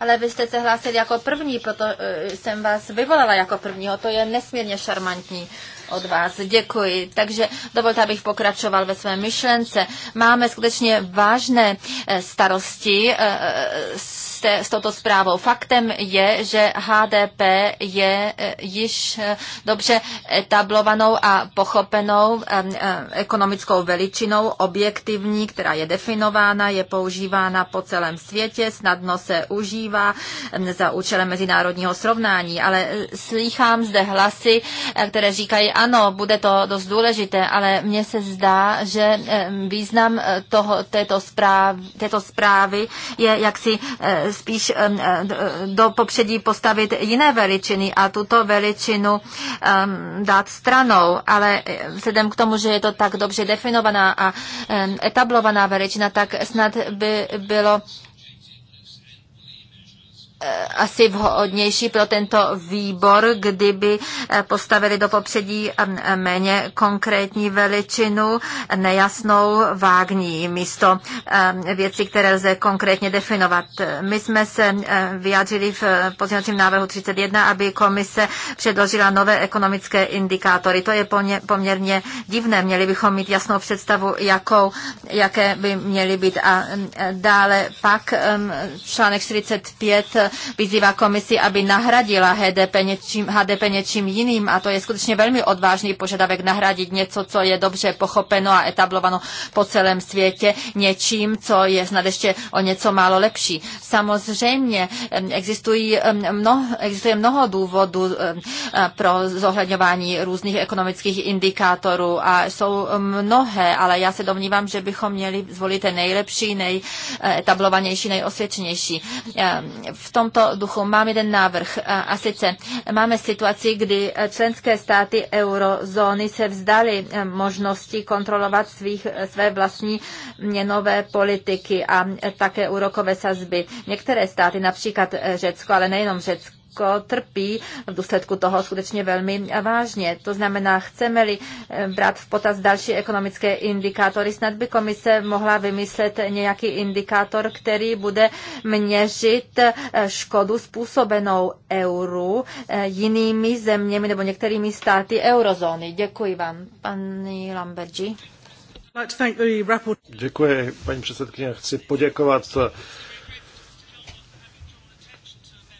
Ale vy jste se hlásili jako první, proto eh, jsem vás vyvolala jako prvního. To je nesmírně šarmantní od vás. Děkuji. Takže dovolte, abych pokračoval ve své myšlence. Máme skutečně vážné starosti s té, s touto zprávou. Faktem je, že HDP je eh, již eh, dobře etablovanou a pochopenou eh, ekonomickou veličinou, objektivní, která je definována, je používána po celém světě, snadno se užívá mm, za účelem mezinárodního srovnání, ale slýchám zde hlasy, které říkají, ano, bude to dost důležité, ale mně se zdá, že význam toho, této, zpráv, této zprávy je jaksi spíš do popředí postavit jiné veličiny a tuto veličinu dát stranou, ale vzhledem k tomu, že je to tak dobře definovaná a etablovaná veličina, tak snad by bylo Eh, asi vhodnější pro tento výbor, kdyby eh, postavili do popředí eh, méně konkrétní veličinu, nejasnou, vágní, místo věcí, které lze konkrétně definovat. My jsme se vyjádřili v pozměňovacím návrhu 31, aby komise předložila nové ekonomické indikátory. To je poměrně divné. Měli bychom mít jasnou představu, jakou, jaké by měly být. A dále pak článek 45 vyzývá komisi, aby nahradila HDP něčím, HDP něčím jiným a to je skutečně velmi odvážný požadavek nahradit něco, co je dobře pochopeno a etablováno po celém světě něčím, co je snad ještě o něco málo lepší. Samozřejmě existují mnoho, existuje mnoho důvodů pro zohledňování různých ekonomických indikátorů a jsou mnohé, ale já se domnívám, že bychom měli zvolit ten nejlepší, nejetablovanější, e, nejosvědčenější. V tomto duchu mám jeden návrh a sice máme situaci, kdy členské státy eurozóny se vzdali e, možnosti kontrolovat svých, e, své vlastní měnové politiky a e, také úrokové sazby. Některé státy, například Řecko, ale nejenom Řecko, Rusko trpí v důsledku toho skutečně velmi vážně. To znamená, chceme-li eh, brát v potaz další ekonomické indikátory, snad by komise mohla vymyslet nějaký indikátor, který bude měřit eh, škodu způsobenou euru eh, jinými zeměmi nebo některými státy eurozóny. Děkuji vám, paní Lambergi. Děkuji, paní předsedkyně. Chci poděkovat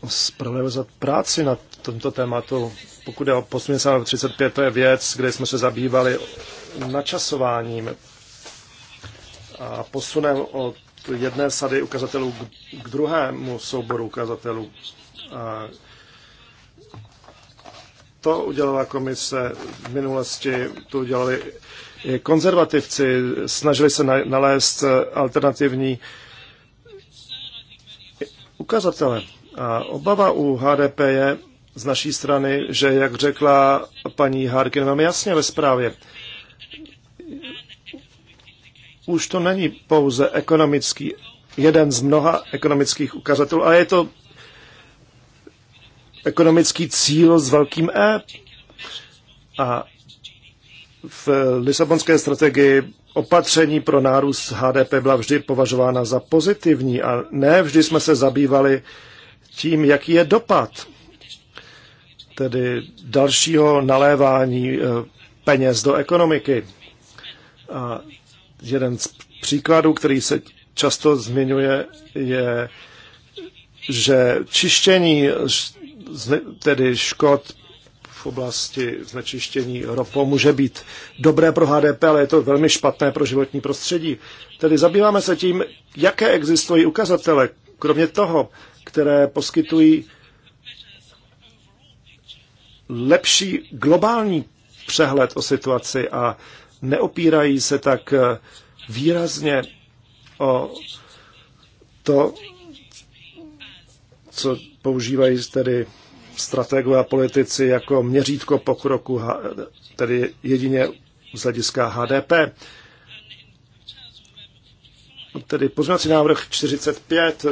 zpravodajovi za práci na tomto tématu. Pokud je o 35, to je věc, kde jsme se zabývali načasováním a posunem od jedné sady ukazatelů k druhému souboru ukazatelů. A to udělala komise v minulosti, to udělali i konzervativci, snažili se nalézt alternativní ukazatele. A obava u HDP je z naší strany, že, jak řekla paní Harkin máme jasně ve zprávě, už to není pouze ekonomický, jeden z mnoha ekonomických ukazatelů, ale je to ekonomický cíl s velkým E. A v Lisabonské strategii opatření pro nárůst HDP byla vždy považována za pozitivní a ne vždy jsme se zabývali tím, jaký je dopad tedy dalšího nalévání eh, peněz do ekonomiky. A jeden z příkladů, který se často zmiňuje, je, že čištění tedy škod v oblasti znečištění ropou může být dobré pro HDP, ale je to velmi špatné pro životní prostředí. Tedy zabýváme se tím, jaké existují ukazatele, kromě toho, které poskytují lepší globální přehled o situaci a neopírají se tak eh, výrazně o to, co používají tedy strategové a politici jako měřítko pokroku, tedy jedině z hlediska HDP. Tedy pozměňovací návrh 45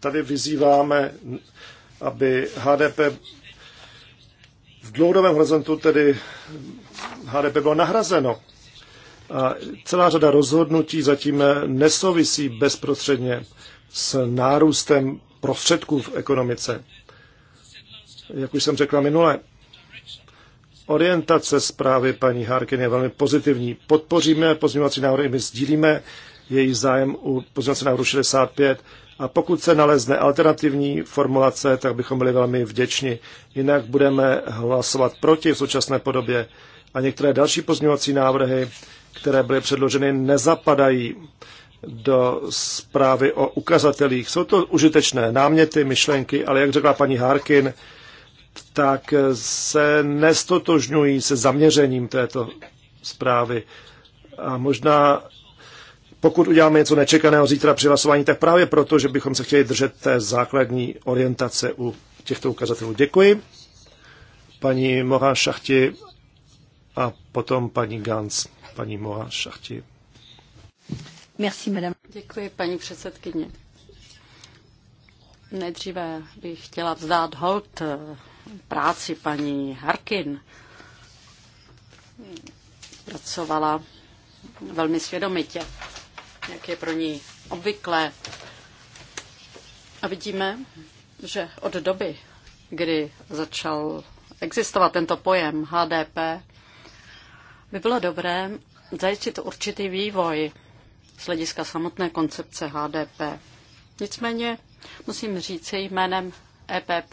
tady vyzýváme, aby HDP v dlouhodobém horizontu tedy HDP bylo nahrazeno. A celá řada rozhodnutí zatím nesouvisí bezprostředně s nárůstem prostředků v ekonomice. Jak už jsem řekla minule, orientace zprávy paní Harkin je velmi pozitivní. Podpoříme pozměňovací návrhy, my sdílíme její zájem u pozměňovací návrhu 65 a pokud se nalezne alternativní formulace, tak bychom byli velmi vděční. Jinak budeme hlasovat proti v současné podobě. A některé další pozměňovací návrhy, které byly předloženy, nezapadají do zprávy o ukazatelích. Jsou to užitečné náměty, myšlenky, ale jak řekla paní Harkin, tak se nestotožňují se zaměřením této zprávy. A možná pokud uděláme něco nečekaného zítra při hlasování, tak právě proto, že bychom se chtěli držet té základní orientace u těchto ukazatelů. Děkuji. Paní Morán Šachti a potom paní Gans. Paní Morán Šachti. Merci, madame. Děkuji, paní předsedkyně. Nejdříve bych chtěla vzdát hold eh, práci paní Harkin. Pracovala velmi svědomitě jak je pro ní obvyklé. A vidíme, že od doby, kdy začal existovat tento pojem HDP, by bylo dobré zajistit určitý vývoj z hlediska samotné koncepce HDP. Nicméně musím říci jménem EPP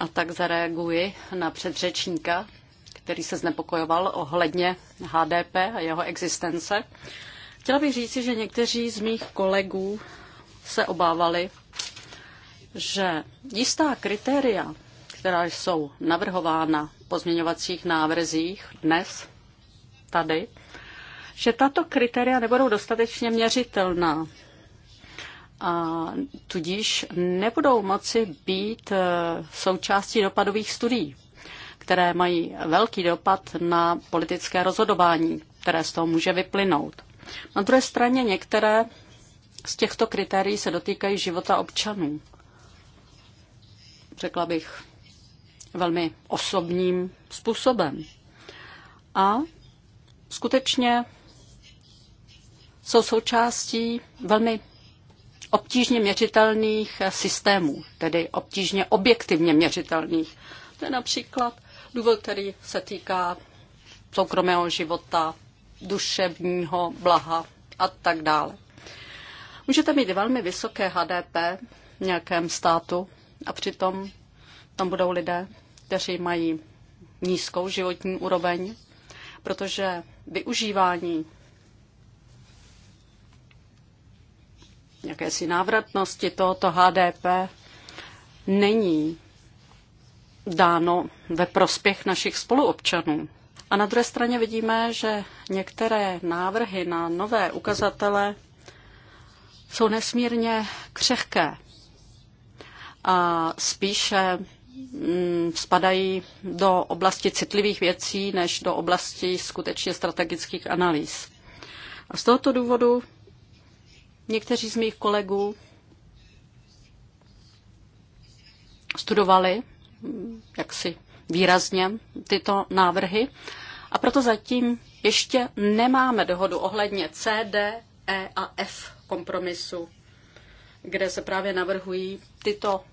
a tak zareaguji na předřečníka, který se znepokojoval ohledně HDP a jeho existence. Chtěla bych říci, že někteří z mých kolegů se obávali, že jistá kritéria, která jsou navrhována v pozměňovacích návrzích dnes, tady, že tato kritéria nebudou dostatečně měřitelná a tudíž nebudou moci být eh, součástí dopadových studií, které mají velký dopad na politické rozhodování, které z toho může vyplynout. Na druhé straně některé z těchto kritérií se dotýkají života občanů. Řekla bych velmi osobním způsobem. A skutečně jsou součástí velmi obtížně měřitelných systémů, tedy obtížně objektivně měřitelných. To je například důvod, který se týká soukromého života, duševního blaha a tak dále. Můžete mít velmi vysoké HDP v nějakém státu a přitom tam budou lidé, kteří mají nízkou životní úroveň, protože využívání jakési návratnosti tohoto HDP není dáno ve prospěch našich spoluobčanů. A na druhé straně vidíme, že některé návrhy na nové ukazatele jsou nesmírně křehké a spíše mm, spadají do oblasti citlivých věcí než do oblasti skutečně strategických analýz. A z tohoto důvodu někteří z mých kolegů studovali mm, jaksi výrazně tyto návrhy a proto zatím ještě nemáme dohodu ohledně C, D, E a F kompromisu, kde se právě navrhují tyto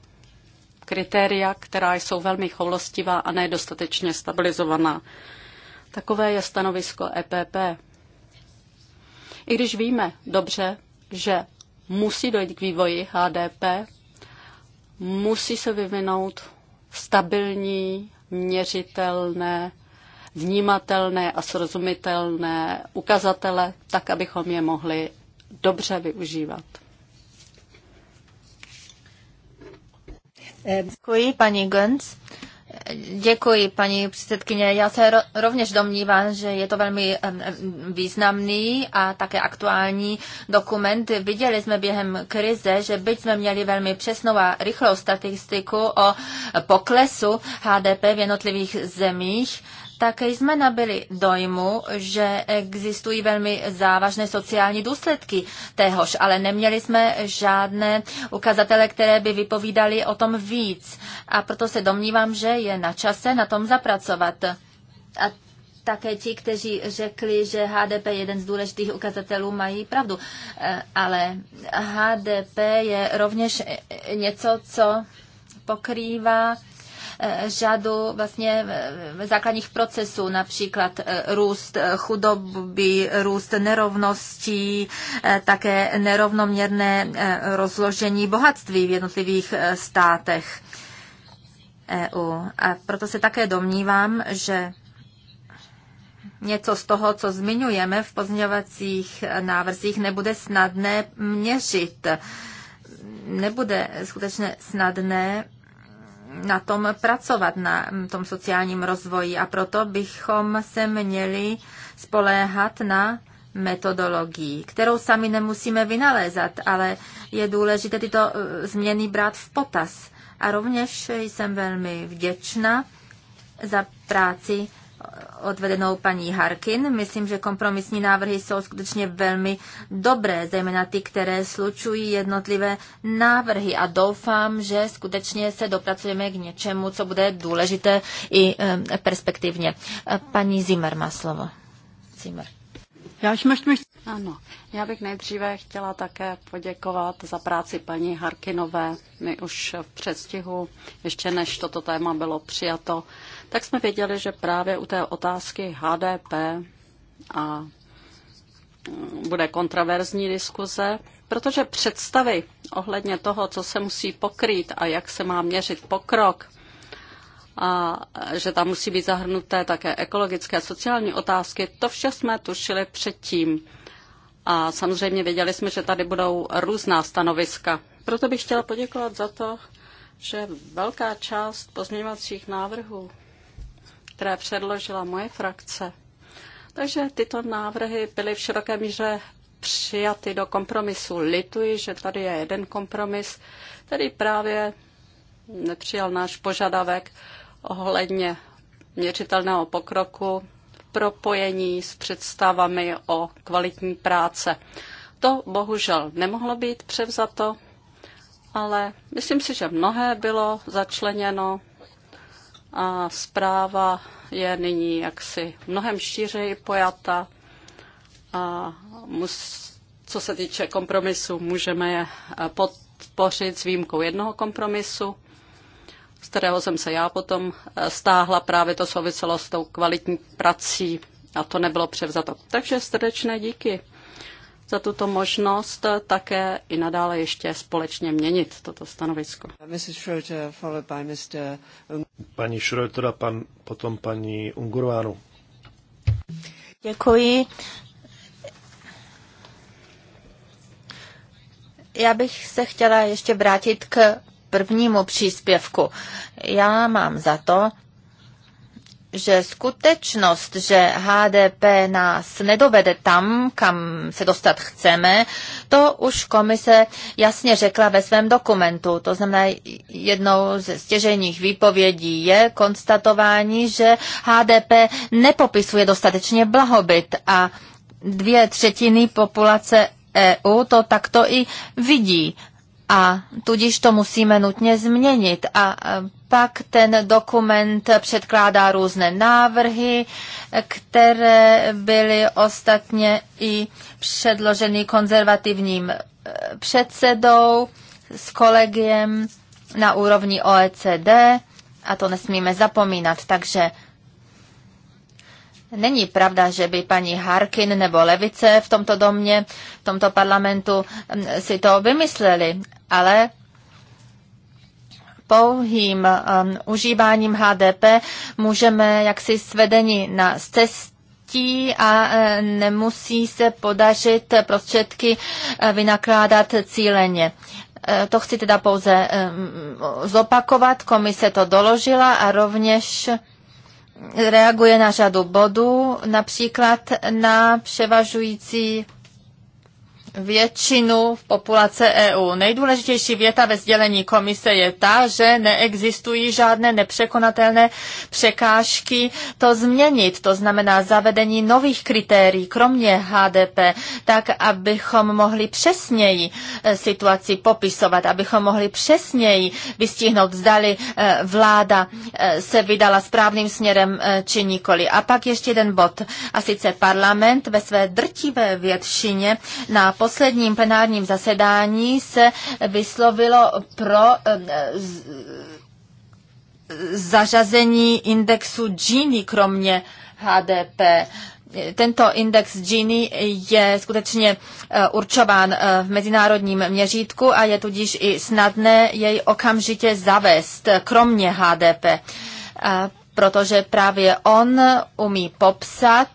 kritéria, která jsou velmi choulostivá a nedostatečně stabilizovaná. Takové je stanovisko EPP. I když víme dobře, že musí dojít k vývoji HDP, musí se vyvinout stabilní měřitelné, vnímatelné a srozumitelné ukazatele, tak abychom je mohli dobře využívat. Děkuji, paní Gönc. Děkuji, paní předsedkyně. Já se rovněž domnívám, že je to velmi významný a také aktuální dokument. Viděli jsme během krize, že byť jsme měli velmi přesnou a rychlou statistiku o poklesu HDP v jednotlivých zemích, také jsme nabili dojmu, že existují velmi závažné sociální důsledky téhož, ale neměli jsme žádné ukazatele, které by vypovídali o tom víc. A proto se domnívám, že je na čase na tom zapracovat. A také ti, kteří řekli, že HDP je jeden z důležitých ukazatelů, mají pravdu. E, ale HDP je rovněž e, e, něco, co pokrývá Eh, řadu vlastně eh, základních procesů, například eh, růst chudoby, růst nerovností, také nerovnoměrné rozložení bohatství v jednotlivých státech EU. A proto se také domnívám, že něco z toho, co zmiňujeme v pozměňovacích návrzích, nebude snadné měřit. Nebude skutečně snadné na tom pracovat, na tom sociálním rozvoji a proto bychom se měli spoléhat na metodologii, kterou sami nemusíme vynalézat, ale je důležité tyto eh, změny brát v potaz. A rovněž jsem velmi vděčná za práci odvedenou paní Harkin. Myslím, že kompromisní návrhy jsou skutečně velmi dobré, zejména ty, které slučují jednotlivé návrhy a doufám, že skutečně se dopracujeme k něčemu, co bude důležité i perspektivně. Paní Zimmer má slovo. Zimmer. Já Ano, já bych nejdříve chtěla také poděkovat za práci paní Harkinové. My už v předstihu, ještě než toto téma bylo přijato, tak jsme věděli, že právě u té otázky HDP a mm, bude kontraverzní diskuze, protože představy ohledně toho, co se musí pokrýt a jak se má měřit pokrok, a že tam musí být zahrnuté také ekologické a sociální otázky, to vše jsme tušili předtím. A samozřejmě věděli jsme, že tady budou různá stanoviska. Proto bych chtěla poděkovat za to, že velká část pozměňovacích návrhů které předložila moje frakce. Takže tyto návrhy byly v široké míře přijaty do kompromisu. Lituji, že tady je jeden kompromis, který právě nepřijal náš požadavek ohledně měřitelného pokroku v propojení s představami o kvalitní práce. To bohužel nemohlo být převzato, ale myslím si, že mnohé bylo začleněno a zpráva je nyní jaksi mnohem šířeji pojata a mus, co se týče kompromisu, můžeme je eh, podpořit s výjimkou jednoho kompromisu, z kterého jsem se já potom eh, stáhla, právě to souviselo s tou kvalitní prací a to nebylo převzato. Takže srdečné díky za tuto možnost také i nadále ještě společně měnit toto stanovisko. Paní Schröter a pan, potom paní Ungurovánu. Děkuji. Já bych se chtěla ještě vrátit k prvnímu příspěvku. Já mám za to, že skutečnost, že HDP nás nedovede tam, kam se dostat chceme, to už komise jasně řekla ve svém dokumentu. To znamená, jednou ze stěžejních výpovědí je konstatování, že HDP nepopisuje dostatečně blahobyt a dvě třetiny populace EU to takto i vidí. A tudíž to musíme nutně změnit. A pak ten dokument předkládá různé návrhy, které byly ostatně i předloženy konzervativním eh, předsedou s kolegiem na úrovni OECD a to nesmíme zapomínat, takže Není pravda, že by paní Harkin nebo Levice v tomto domě, v tomto parlamentu hm, si to vymysleli, ale pouhým um, užíváním HDP můžeme jaksi svedeni na cestě a eh, nemusí se podařit prostředky eh, vynakládat cíleně. Eh, to chci teda pouze zopakovat, komise to doložila a rovněž reaguje na řadu bodů, například na převažující většinu v populace EU. Nejdůležitější věta ve sdělení komise je ta, že neexistují žádné nepřekonatelné překážky to změnit, to znamená zavedení nových kritérií, kromě HDP, tak, abychom mohli přesněji e, situaci popisovat, abychom mohli přesněji vystihnout, zdali e, vláda e, se vydala správným směrem či nikoli. A pak ještě jeden bod, a sice parlament ve své drtivé většině na posledním plenárním zasedání se vyslovilo pro eh, zařazení indexu Gini kromě HDP tento index Gini je skutečně eh, určován eh, v mezinárodním měřítku a je tudíž i snadné jej okamžitě zavést, kromě HDP, protože právě on umí popsat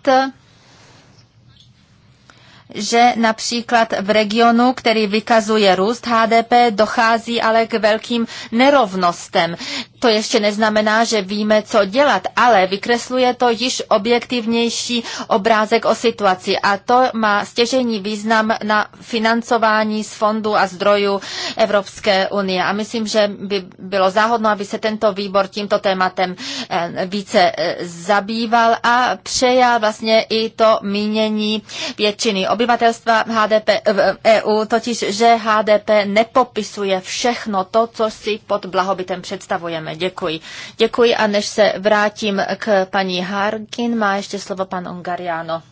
že například v regionu, který vykazuje růst HDP, dochází ale k velkým nerovnostem. To ještě neznamená, že víme, co dělat, ale vykresluje to již objektivnější obrázek o situaci a to má stěžení význam na financování z fondu a zdrojů Evropské unie. A myslím, že by bylo záhodno, aby se tento výbor tímto tématem eh, více eh, zabýval a přejal vlastně i to mínění většiny obyvatelstva HDP, eh, v EU, eh, e totiž že HDP nepopisuje všechno to, co si pod blahobytem představujeme. Děkuji. Děkuji a než se vrátím k paní Harkin, má ještě slovo pan Ongariano.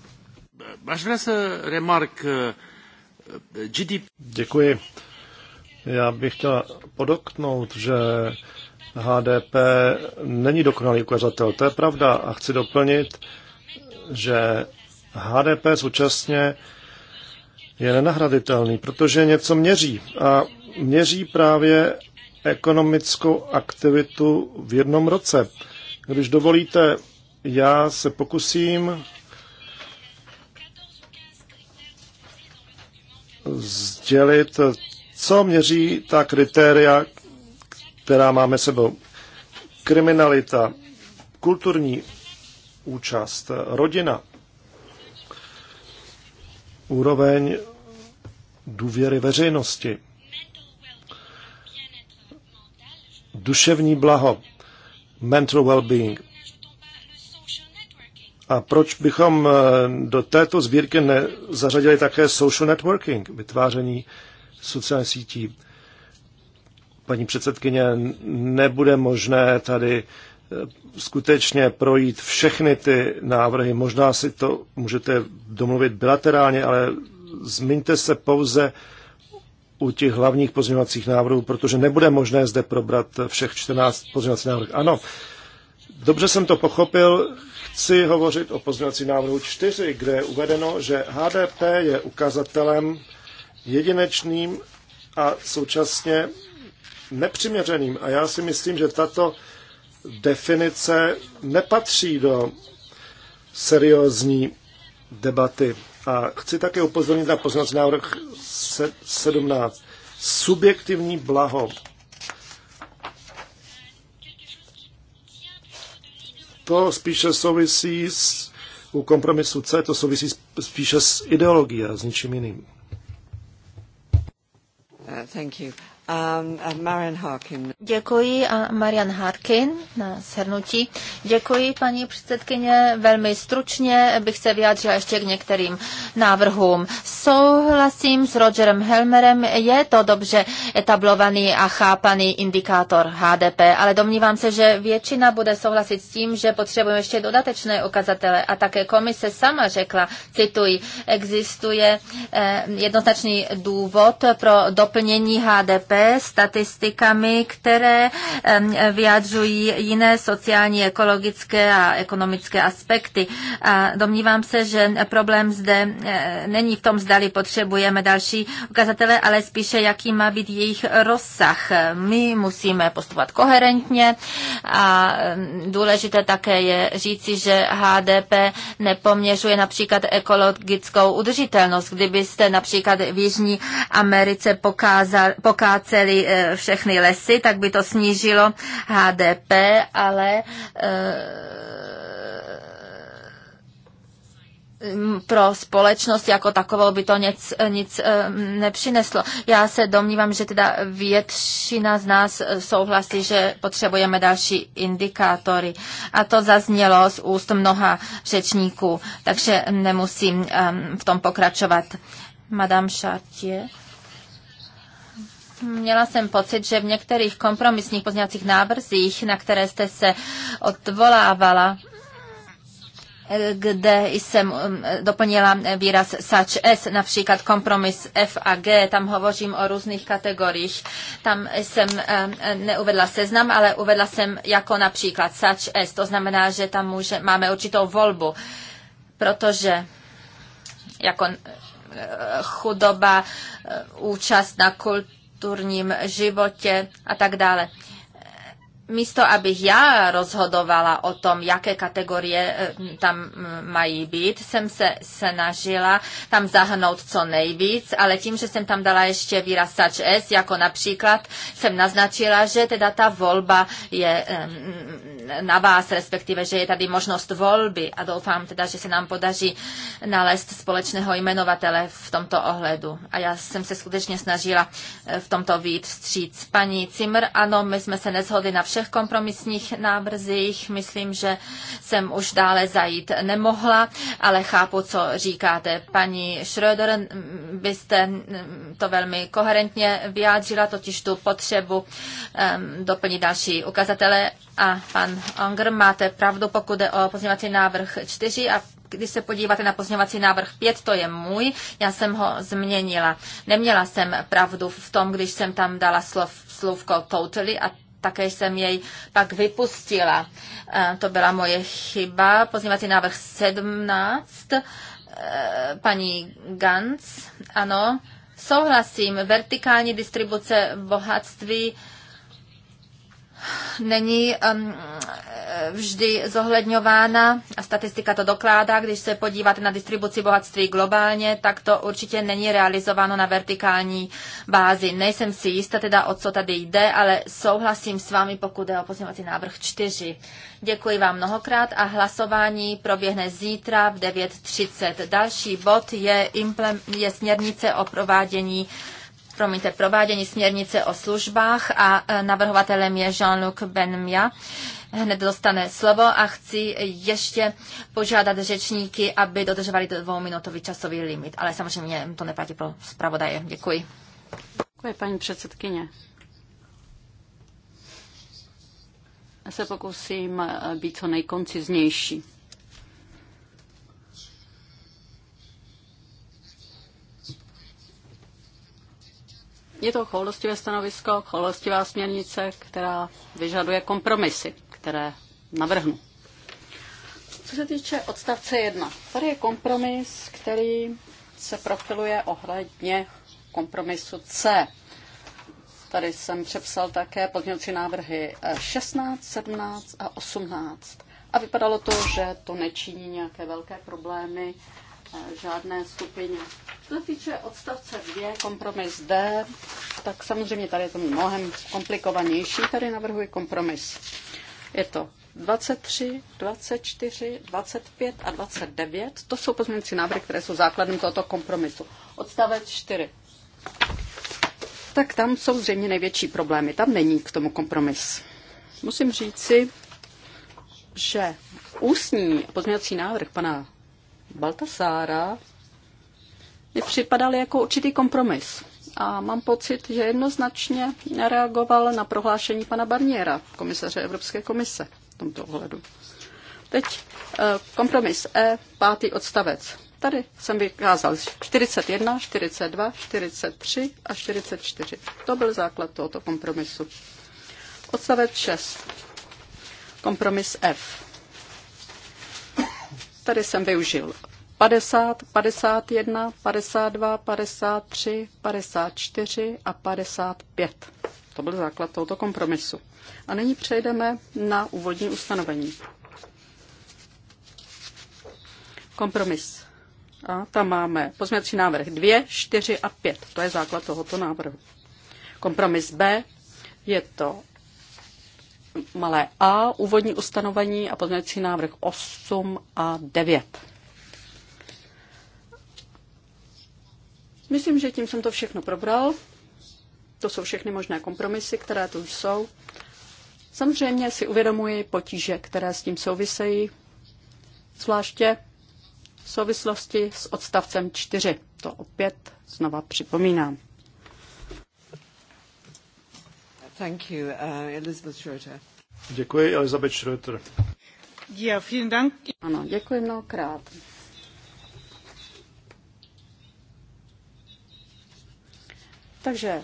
Eh, GDP. Děkuji. Já bych chtěl podoknout, že HDP není dokonalý ukazatel. To je pravda a chci doplnit, že HDP současně je nenahraditelný, protože něco měří a měří právě ekonomickou aktivitu v jednom roce. Když dovolíte, já se pokusím sdělit, co měří ta kritéria, která máme sebou. Kriminalita, kulturní účast, rodina, úroveň důvěry veřejnosti. Duševní blaho, mental well-being. A proč bychom eh, do této sbírky nezařadili také social networking, vytváření sociálních sítí? Paní předsedkyně, nebude možné tady eh, skutečně projít všechny ty návrhy. Možná si to můžete domluvit bilaterálně, ale zmiňte se pouze u těch hlavních pozměňovacích návrhů, protože nebude možné zde probrat všech 14 pozměňovacích návrhů. Ano, dobře jsem to pochopil. Chci hovořit o pozměňovací návrhu 4, kde je uvedeno, že HDP je ukazatelem jedinečným a současně nepřiměřeným. A já si myslím, že tato definice nepatří do seriózní debaty a chci také upozornit na poznat návrh 17. Subjektivní blaho. To spíše souvisí s, u kompromisu C, to souvisí spíše s ideologií a s ničím jiným. Uh, thank you. Um, Děkuji a Marian Harkin na shrnutí. Děkuji, paní předsedkyně. Velmi stručně bych se vyjádřila ještě k některým návrhům. Souhlasím s Rogerem Helmerem, je to dobře etablovaný a chápaný indikátor HDP, ale domnívám se, že většina bude souhlasit s tím, že potřebujeme ještě dodatečné ukazatele a také komise sama řekla, cituji, existuje eh, jednoznačný důvod pro doplnění HDP se statistikami, které vyjadřují jiné sociální, ekologické a ekonomické aspekty. A domnívám se, že problém zde e, není v tom, zdali potřebujeme další ukazatele, ale spíše, jaký má být jejich rozsah. My musíme postupovat koherentně a důležité také je říci, že HDP nepoměřuje například ekologickou udržitelnost. Kdybyste například v Jižní Americe pokázal, pokázali celý, eh, všechny lesy, tak by to snížilo HDP, ale eh, pro společnost jako takovou by to nic, nic eh, nepřineslo. Já se domnívám, že teda většina z nás souhlasí, že potřebujeme další indikátory. A to zaznělo z úst mnoha řečníků, takže nemusím ehm, v tom pokračovat. Madame Chartier. Měla jsem pocit, že v některých kompromisních pozměňovacích návrzích, na které jste se odvolávala, kde jsem um, doplnila výraz such S, například kompromis F a G, tam hovořím o různých kategoriích. Tam jsem um, neuvedla seznam, ale uvedla jsem jako například such S, to znamená, že tam může, máme určitou volbu, protože jako uh, chudoba, uh, účast na kultu, kulturním životě a tak dále místo abych já rozhodovala o tom, jaké kategorie eh, tam mm, mají být, jsem se snažila tam zahnout co nejvíc, ale tím, že jsem tam dala ještě výraz such as, jako například jsem naznačila, že teda ta volba je na vás, respektive, že je tady možnost volby a doufám teda, že se nám podaří nalézt společného jmenovatele v tomto ohledu. A já jsem se skutečně snažila eh, v tomto výjít vstříc. Paní Cimr, ano, my jsme se nezhodli na vše všech kompromisních návrzích. Myslím, že jsem už dále zajít nemohla, ale chápu, co říkáte. Paní Schröder, byste mm, to velmi koherentně vyjádřila, totiž tu potřebu um, doplnit další ukazatele. A pan Onger, máte pravdu, pokud jde o pozměvací návrh 4 a když se podíváte na pozměňovací návrh 5, to je můj, já jsem ho změnila. Neměla jsem pravdu v tom, když jsem tam dala slov, slovko totally a také jsem jej pak vypustila. E, to byla moje chyba. Pozněvací návrh 17, e, paní Gans, ano, souhlasím, vertikální distribuce bohatství není um, vždy zohledňována a statistika to dokládá, když se podíváte na distribuci bohatství globálně, tak to určitě není realizováno na vertikální bázi. Nejsem si jistá teda, o co tady jde, ale souhlasím s vámi, pokud je o pozměňovací návrh 4. Děkuji vám mnohokrát a hlasování proběhne zítra v 9.30. Další bod je, je směrnice o provádění promiňte, provádění směrnice o službách a e, navrhovatelem je Jean-Luc Benmia. Hned dostane slovo a chci ještě požádat řečníky, aby dodržovali dvouminutový časový limit, ale samozřejmě to neplatí pro zpravodaje. Děkuji. Děkuji, paní předsedkyně. Já se pokusím e, být co nejkonciznější. Je to choulostivé stanovisko, choulostivá směrnice, která vyžaduje kompromisy, které navrhnu. Co se týče odstavce 1, tady je kompromis, který se profiluje ohledně kompromisu C. Tady jsem přepsal také pozměňovací návrhy 16, 17 a 18. A vypadalo to, že to nečiní nějaké velké problémy žádné skupině. Co se týče odstavce 2, kompromis D, tak samozřejmě tady je to mnohem komplikovanější. Tady navrhuji kompromis. Je to 23, 24, 25 a 29. To jsou pozměňující návrhy, které jsou základem tohoto kompromisu. Odstavec 4. Tak tam jsou zřejmě největší problémy. Tam není k tomu kompromis. Musím říci, že ústní pozměňovací návrh pana Baltasára mi připadal jako určitý kompromis. A mám pocit, že jednoznačně reagoval na prohlášení pana Barniera, komisaře Evropské komise v tomto ohledu. Teď eh, kompromis E, pátý odstavec. Tady jsem vykázal 41, 42, 43 a 44. To byl základ tohoto kompromisu. Odstavec 6. Kompromis F tady jsem využil 50, 51, 52, 53, 54 a 55. To byl základ tohoto kompromisu. A nyní přejdeme na úvodní ustanovení. Kompromis. A tam máme pozměnací návrh 2, 4 a 5. To je základ tohoto návrhu. Kompromis B je to malé a, úvodní ustanovení a pozměňovací návrh 8 a 9. Myslím, že tím jsem to všechno probral. To jsou všechny možné kompromisy, které tu jsou. Samozřejmě si uvědomuji potíže, které s tím souvisejí, zvláště v souvislosti s odstavcem 4. To opět znova připomínám. Thank you, uh, Elizabeth Schroeder. Děkuji, Elizabeth Schröter. Ja, vielen Dank. Ano, děkuji mnohokrát. Takže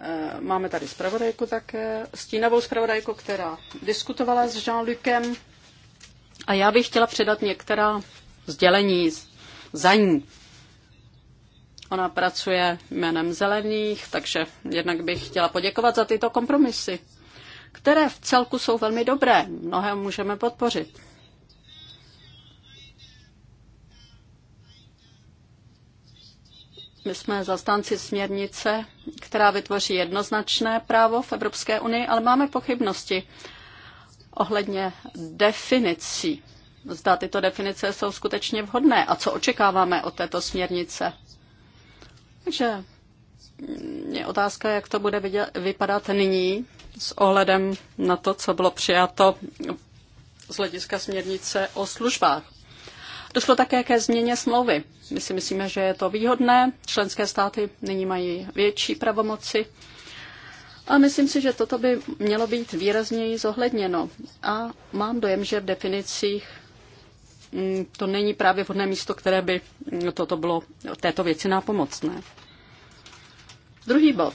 eh, máme tady zpravodajku také, stínovou zpravodajku, která diskutovala s Jean-Lucem. A já bych chtěla předat některá sdělení za ní. Ona pracuje jménem zelených, takže jednak bych chtěla poděkovat za tyto kompromisy které v celku jsou velmi dobré. Mnohé můžeme podpořit. My jsme zastánci směrnice, která vytvoří jednoznačné právo v Evropské unii, ale máme pochybnosti ohledně definicí. Zda tyto definice jsou skutečně vhodné a co očekáváme od této směrnice. Takže je otázka, jak to bude vidět, vypadat nyní s ohledem na to, co bylo přijato z hlediska směrnice o službách. Došlo také ke změně smlouvy. My si myslíme, že je to výhodné. Členské státy nyní mají větší pravomoci. A myslím si, že toto by mělo být výrazněji zohledněno. A mám dojem, že v definicích mm, to není právě vhodné místo, které by toto bylo této věci nápomocné. Druhý bod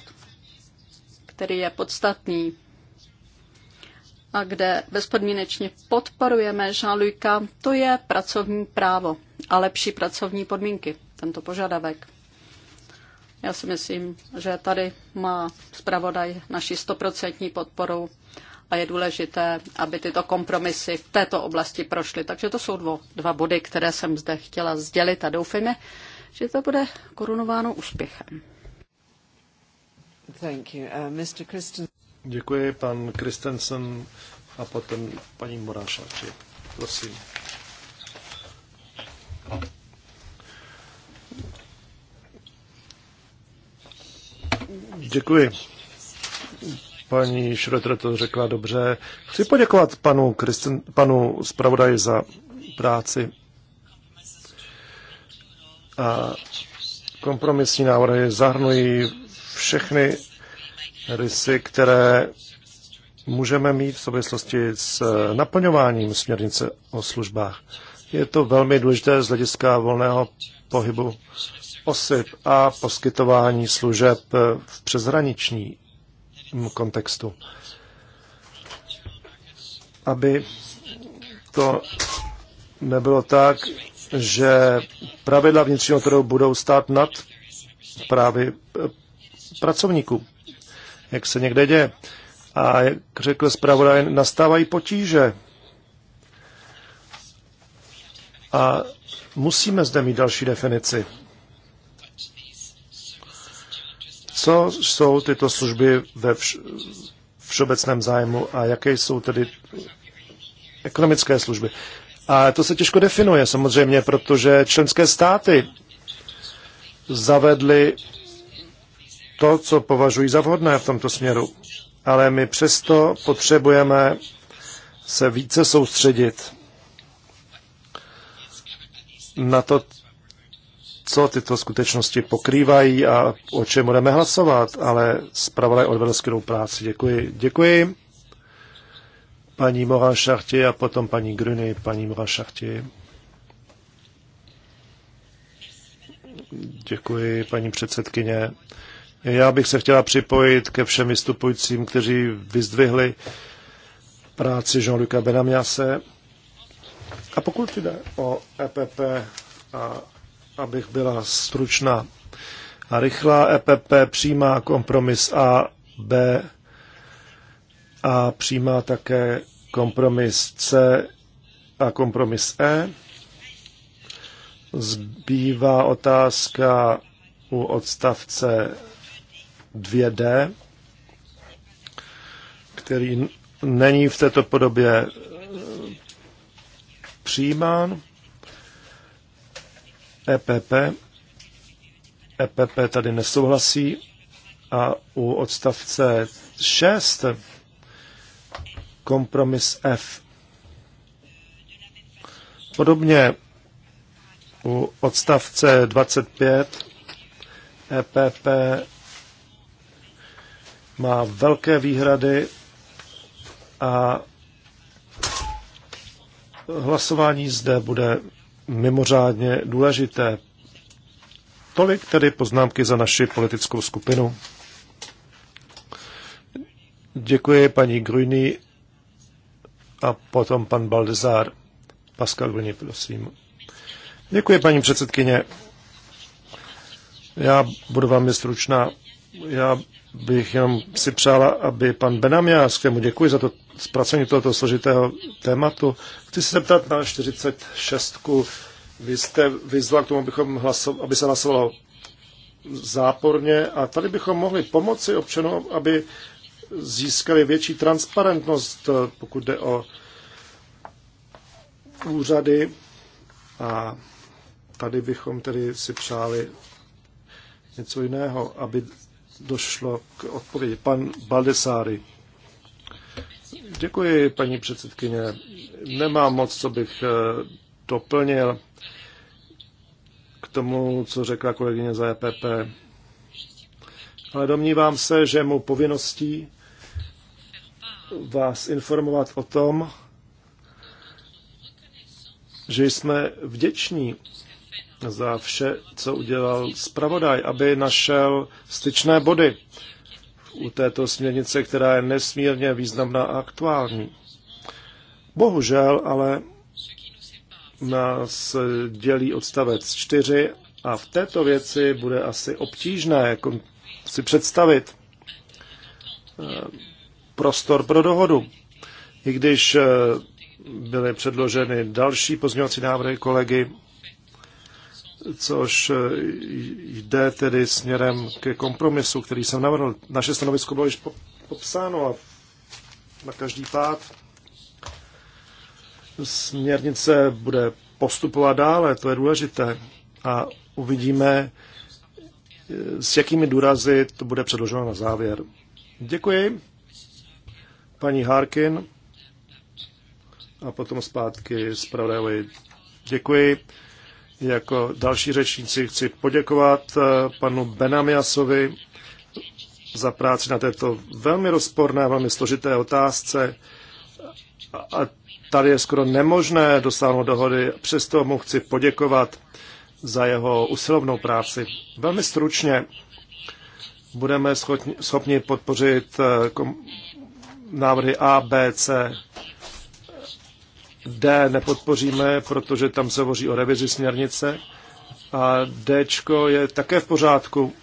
který je podstatný a kde bezpodmínečně podporujeme Jean-Luca, to je pracovní právo a lepší pracovní podmínky, tento požadavek. Já si myslím, že tady má zpravodaj naši stoprocentní podporu a je důležité, aby tyto kompromisy v této oblasti prošly. Takže to jsou dvo, dva body, které jsem zde chtěla sdělit a doufejme, že to bude korunováno úspěchem. Thank you. Uh, Mr. Christen... Děkuji, pan Kristensen a potom paní Morášáči. Prosím. Děkuji. Paní Šrotr to řekla dobře. Chci poděkovat panu, Kristen, panu zpravodaji za práci a kompromisní návrhy zahrnují všechny rysy, které můžeme mít v souvislosti s eh, naplňováním směrnice o službách. Je to velmi důležité z hlediska volného pohybu osob a poskytování služeb eh, v přezhraničním kontextu. Aby to nebylo tak, že pravidla vnitřního trhu budou stát nad právy eh, pracovníků, jak se někde děje. A jak řekl zpravodaj, nastávají potíže. A musíme zde mít další definici. Co jsou tyto služby ve vš- všeobecném zájmu a jaké jsou tedy ekonomické služby? A to se těžko definuje samozřejmě, protože členské státy zavedly to, co považují za vhodné v tomto směru. Ale my přesto potřebujeme se více soustředit na to, co tyto skutečnosti pokrývají a o čem budeme hlasovat, ale zpravodaj odvedl skvělou práci. Děkuji. Děkuji. Paní Moran Šachtě a potom paní Gruny, paní Moran Šachtě. Děkuji, paní předsedkyně. Já bych se chtěla připojit ke všem vystupujícím, kteří vyzdvihli práci jean luc Benamiase. A pokud jde o EPP, a abych byla stručná a rychlá, EPP přijímá kompromis A, B a přijímá také kompromis C a kompromis E. Zbývá otázka u odstavce 2D, který není v této podobě eh, přijímán. EPP. EPP tady nesouhlasí a u odstavce 6 kompromis F. Podobně u odstavce 25 EPP má velké výhrady a hlasování zde bude mimořádně důležité. Tolik tedy poznámky za naši politickou skupinu. Děkuji paní Gruny a potom pan Baldezár. Pascal Gruny, prosím. Děkuji paní předsedkyně. Já budu velmi stručná. Já bych jenom si přála, aby pan Benamias, kterému děkuji za to zpracování tohoto složitého tématu, chci se zeptat na 46. Vy jste vyzval k tomu, abychom hlasov, aby se hlasovalo záporně a tady bychom mohli pomoci občanům, aby získali větší transparentnost, pokud jde o úřady a tady bychom tedy si přáli něco jiného, aby došlo k odpovědi. Pan Baldesari. Děkuji, paní předsedkyně. Nemám moc, co bych eh, doplnil k tomu, co řekla kolegyně za EPP. Ale domnívám se, že mu povinností vás informovat o tom, že jsme vděční za vše, co udělal zpravodaj, aby našel styčné body u této směrnice, která je nesmírně významná a aktuální. Bohužel, ale nás dělí odstavec čtyři a v této věci bude asi obtížné jako si představit eh, prostor pro dohodu. I když eh, byly předloženy další pozměňovací návrhy kolegy, což eh, jde tedy směrem ke kompromisu, který jsem navrhl. Naše stanovisko bylo již popsáno a na každý pád směrnice bude postupovat dále, to je důležité. A uvidíme, eh, s jakými důrazy to bude předloženo na závěr. Děkuji. Paní Harkin a potom zpátky zpravodajovi. Děkuji. Jako další řečníci chci poděkovat eh, panu Benamiasovi za práci na této velmi rozporné, velmi složité otázce. A tady je skoro nemožné dosáhnout dohody, přesto mu chci poděkovat za jeho usilovnou práci. Velmi stručně budeme schopni podpořit eh, návrhy A, B, C D nepodpoříme, protože tam se hovoří o revizi směrnice. A D je také v pořádku.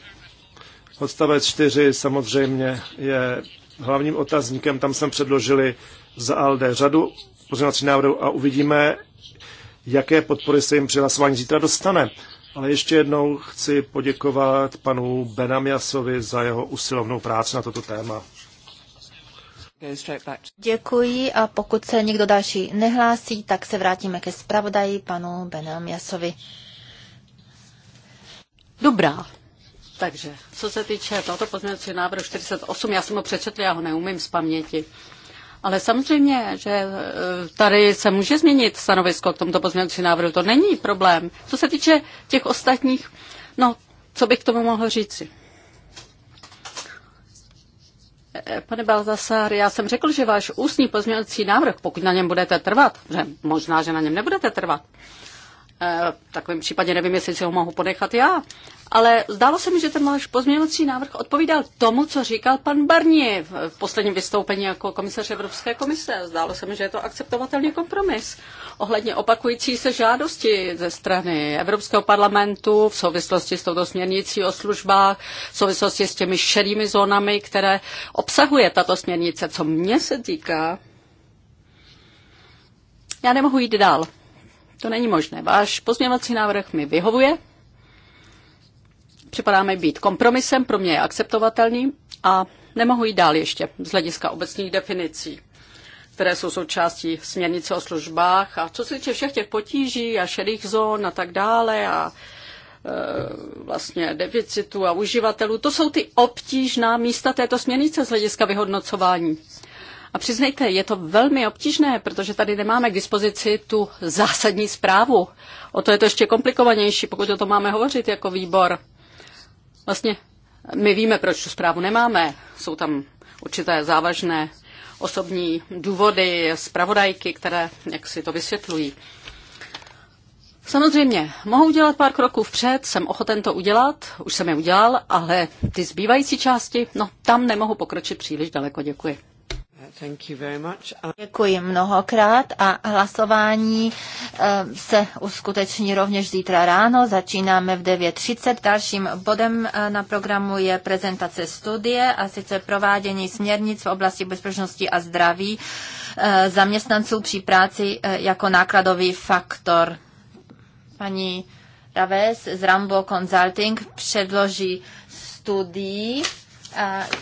Odstavec 4 samozřejmě je hlavním otazníkem. Tam jsem předložili za ALD řadu pozměňovacích návrhů a uvidíme, jaké podpory se jim při hlasování zítra dostane. Ale ještě jednou chci poděkovat panu Benamiasovi za jeho usilovnou práci na toto téma. Děkuji a pokud se někdo další nehlásí, tak se vrátíme ke zpravodaji panu Benem Jasovi. Dobrá. Takže, co se týče tohoto pozměňovacího návrhu 48, já jsem ho přečetl, já ho neumím z paměti. Ale samozřejmě, že e, tady se může změnit stanovisko k tomuto pozměňovacímu návrhu, to není problém. Co se týče těch ostatních, no, co bych k tomu mohl říci? Pane Balzasár, já jsem řekl, že váš ústní pozměňovací návrh, pokud na něm budete trvat, že možná, že na něm nebudete trvat, eh, v takovém případě nevím, jestli si ho mohu ponechat já, ale zdálo se mi, že ten váš pozměňovací návrh odpovídal tomu, co říkal pan Barnier v posledním vystoupení jako komisař Evropské komise. Zdálo se mi, že je to akceptovatelný kompromis ohledně opakující se žádosti ze strany Evropského parlamentu v souvislosti s touto směrnicí o službách, v souvislosti s těmi šedými zónami, které obsahuje tato směrnice. Co mě se týká, já nemohu jít dál. To není možné. Váš pozměňovací návrh mi vyhovuje, připadá mi být kompromisem, pro mě je akceptovatelný a nemohu jít dál ještě z hlediska obecných definicí které jsou součástí směrnice o službách. A co se týče všech těch potíží a šedých zón a tak dále a e, vlastně deficitu a uživatelů, to jsou ty obtížná místa této směrnice z hlediska vyhodnocování. A přiznejte, je to velmi obtížné, protože tady nemáme k dispozici tu zásadní zprávu. O to je to ještě komplikovanější, pokud o to máme hovořit jako výbor. Vlastně my víme, proč tu zprávu nemáme. Jsou tam určité závažné osobní důvody, zpravodajky, které jak si to vysvětlují. Samozřejmě, mohu udělat pár kroků vpřed, jsem ochoten to udělat, už jsem je udělal, ale ty zbývající části, no tam nemohu pokročit příliš daleko, děkuji. Uh, Děkuji mnohokrát a hlasování eh, se uskuteční rovněž zítra ráno. Začínáme v 9.30. Dalším bodem eh, na programu je prezentace studie a sice provádění směrnic v oblasti bezpečnosti a zdraví eh, zaměstnanců při práci jako nákladový faktor. Paní Raves z Rambo Consulting předloží studii,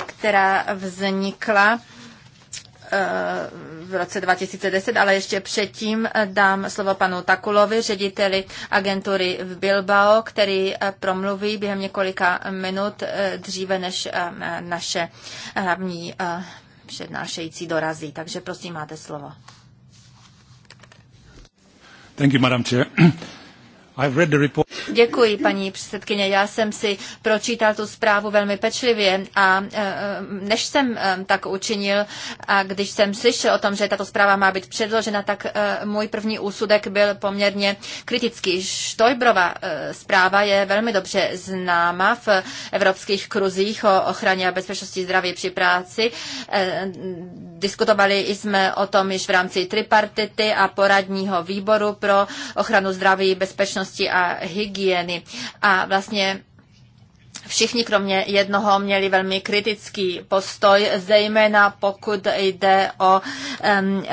která vznikla Eh, v roce 2010, ale ještě předtím eh, dám slovo panu Takulovi, řediteli agentury v Bilbao, který eh, promluví během několika minut dříve než naše hlavní přednášející dorazí. Takže prosím, máte slovo. Thank you, Madam Chair. Děkuji, paní předsedkyně. Já jsem si pročítal tu zprávu velmi pečlivě a e, e, než jsem e, tak učinil a když jsem slyšel o tom, že tato zpráva má být předložena, tak můj první úsudek byl poměrně kritický. Štojbrova zpráva je velmi dobře známa v evropských kruzích o ochraně a bezpečnosti zdraví při práci. Diskutovali jsme o tom již v rámci tripartity a poradního výboru pro ochranu zdraví, bezpečnost bezpečnosti a hygieny. A vlastně Všichni kromě jednoho měli velmi kritický postoj, zejména pokud jde o um,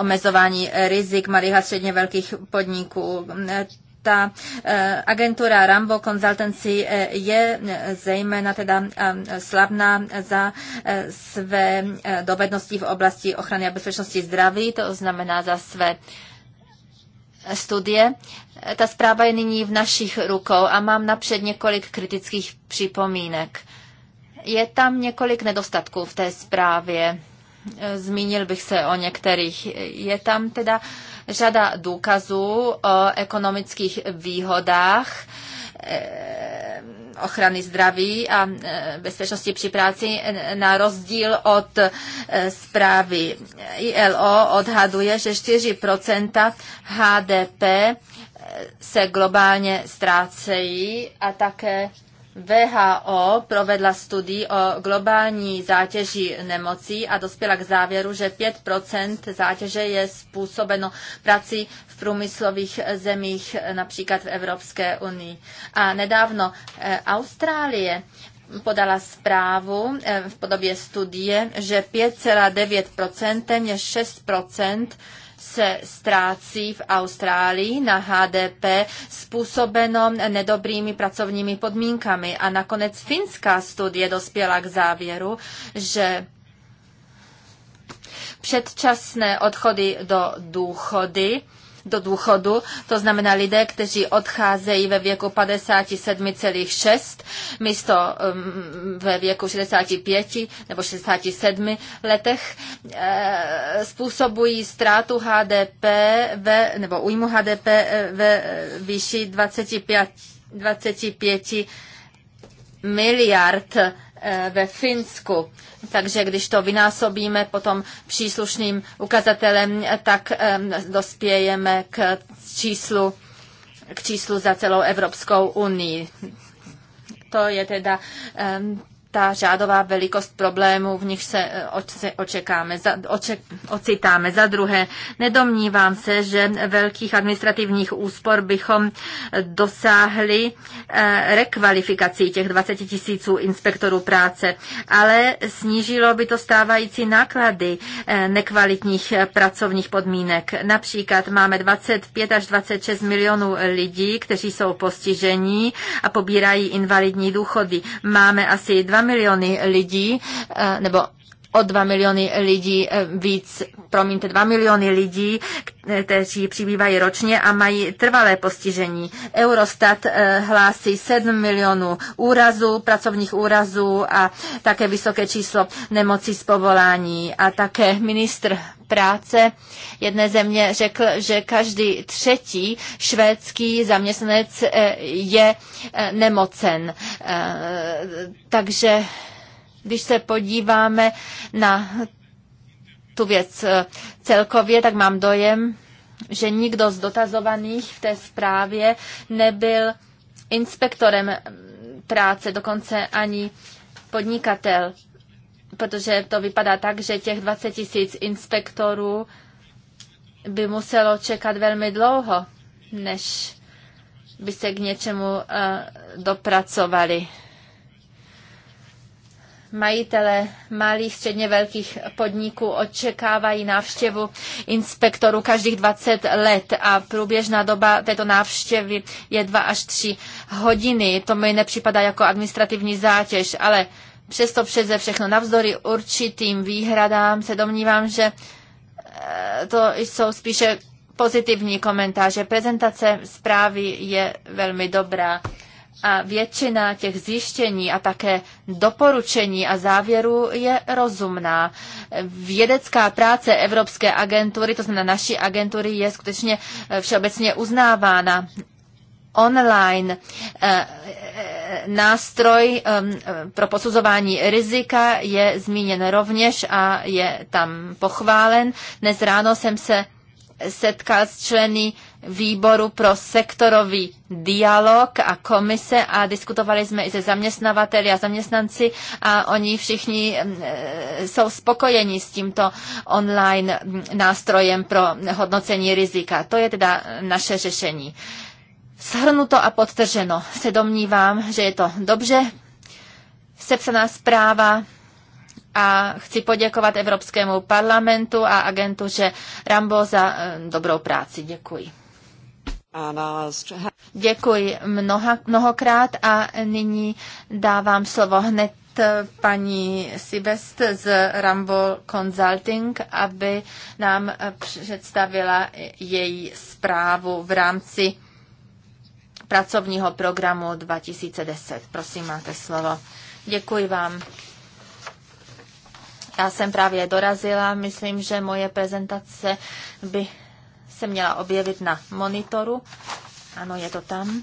omezování rizik malých a středně velkých podniků ta e, agentura Rambo Consultancy e, je zejména teda slavná za své dovednosti v oblasti ochrany a bezpečnosti zdraví, to znamená za své studie. Ta zpráva je nyní v našich rukou a mám napřed několik kritických připomínek. Je tam několik nedostatků v té zprávě. E, zmínil bych se o některých. Je tam teda řada důkazů o ekonomických výhodách e, ochrany zdraví a e, bezpečnosti při práci na rozdíl od e, zprávy ILO odhaduje, že 4% HDP e, se globálně ztrácejí a také WHO provedla studii o globální zátěži nemocí a dospěla k závěru, že 5 zátěže je způsobeno prací v průmyslových zemích, například v Evropské unii. A nedávno eh, Austrálie podala zprávu eh, v podobě studie, že 5,9 téměř 6 se ztrácí v Austrálii na HDP způsobeno nedobrými pracovními podmínkami. A nakonec finská studie dospěla k závěru, že předčasné odchody do důchody do důchodu, to znamená lidé, kteří odcházejí ve věku 57,6 místo um, ve věku 65 nebo 67 letech, eh, způsobují ztrátu HDP ve, nebo újmu HDP eh, ve výši 25, 25 miliard Eh, ve Finsku. Takže když to vynásobíme potom příslušným ukazatelem, tak dospějeme k číslu, k číslu za celou Evropskou unii. To je teda ta řádová velikost problémů, v nich eh, se očekáme, za, oček, ocitáme. Za druhé, nedomnívám se, že velkých administrativních úspor bychom dosáhli eh, rekvalifikací těch 20 tisíců inspektorů práce, ale snížilo by to stávající náklady eh, nekvalitních pracovních podmínek. Například máme 25 až 26 milionů lidí, kteří jsou postižení a pobírají invalidní důchody. Máme asi 2 miliony lidí eh, nebo o 2 miliony lidí eh, víc, promiňte, 2 miliony lidí, kteří přibývají ročně a mají trvalé postižení. Eurostat eh, hlásí 7 milionů úrazů, pracovních úrazů a také vysoké číslo nemocí z povolání. A také ministr práce jedné země řekl, že každý třetí švédský zaměstnanec eh, je nemocen. Takže když se podíváme na tu věc eh, celkově, tak mám dojem, že nikdo z dotazovaných v té zprávě nebyl inspektorem eh, práce, dokonce ani podnikatel, protože to vypadá tak, že těch 20 tisíc inspektorů by muselo čekat velmi dlouho, než by se k něčemu eh, dopracovali majitele malých, středně velkých podniků očekávají návštěvu inspektorů každých 20 let a průběžná doba této návštěvy je 2 až 3 hodiny. To mi nepřipadá jako administrativní zátěž, ale přesto přeze všechno navzdory určitým výhradám se domnívám, že eh, to jsou spíše pozitivní komentáře. Prezentace zprávy je velmi dobrá. A většina těch zjištění a také doporučení a závěrů je rozumná. Vědecká práce Evropské agentury, to znamená naší agentury, je skutečně eh, všeobecně uznávána online eh, eh, nástroj ehm, pro posuzování rizika je zmíněn rovněž a je tam pochválen. Dnes ráno jsem se setkal s členy výboru pro sektorový dialog a komise a diskutovali jsme i se zaměstnavateli a zaměstnanci a oni všichni mm, e, jsou spokojeni s tímto online mm, nástrojem pro hodnocení rizika. To je teda naše řešení. Shrnuto a podtrženo se domnívám, že je to dobře sepsaná zpráva, a chci poděkovat Evropskému parlamentu a agentuře Rambo za e, dobrou práci. Děkuji. Děkuji mnoha, mnohokrát a nyní dávám slovo hned paní Sibest z Rambo Consulting, aby nám představila její zprávu v rámci pracovního programu 2010. Prosím, máte slovo. Děkuji vám. Já jsem právě dorazila, myslím, že moje prezentace by se měla objevit na monitoru. Ano, je to tam.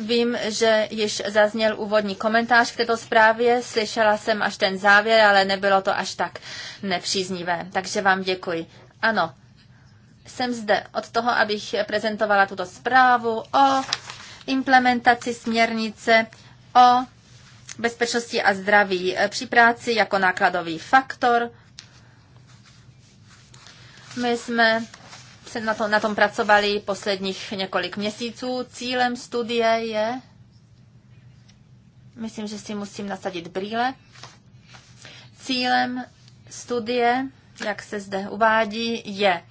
Vím, že již zazněl úvodní komentář k této zprávě, slyšela jsem až ten závěr, ale nebylo to až tak nepříznivé. Takže vám děkuji. Ano, jsem zde od toho, abych prezentovala tuto zprávu o implementaci směrnice o bezpečnosti a zdraví při práci jako nákladový faktor my jsme se na, to, na tom pracovali posledních několik měsíců. Cílem studie je, myslím, že si musím nasadit brýle, cílem studie, jak se zde uvádí, je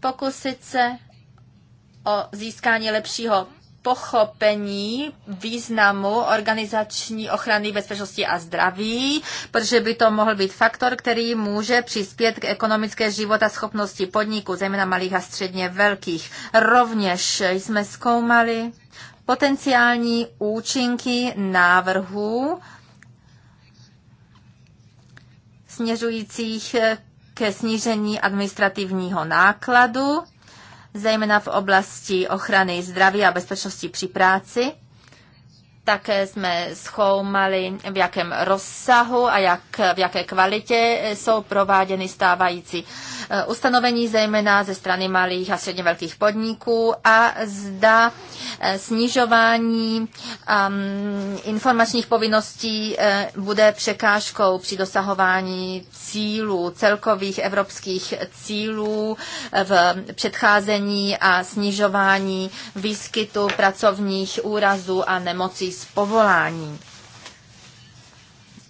pokusit se o získání lepšího pochopení významu organizační ochrany bezpečnosti a zdraví, protože by to mohl být faktor, který může přispět k ekonomické života schopnosti podniků, zejména malých a středně velkých. Rovněž jsme zkoumali potenciální účinky návrhů směřujících ke snížení administrativního nákladu zejména v oblasti ochrany zdraví a bezpečnosti při práci také jsme zkoumali, v jakém rozsahu a jak, v jaké kvalitě jsou prováděny stávající eh, ustanovení, zejména ze strany malých a středně velkých podniků a zda eh, snižování um, informačních povinností eh, bude překážkou při dosahování cílů, celkových evropských cílů v předcházení a snižování výskytu pracovních úrazů a nemocí z povolání.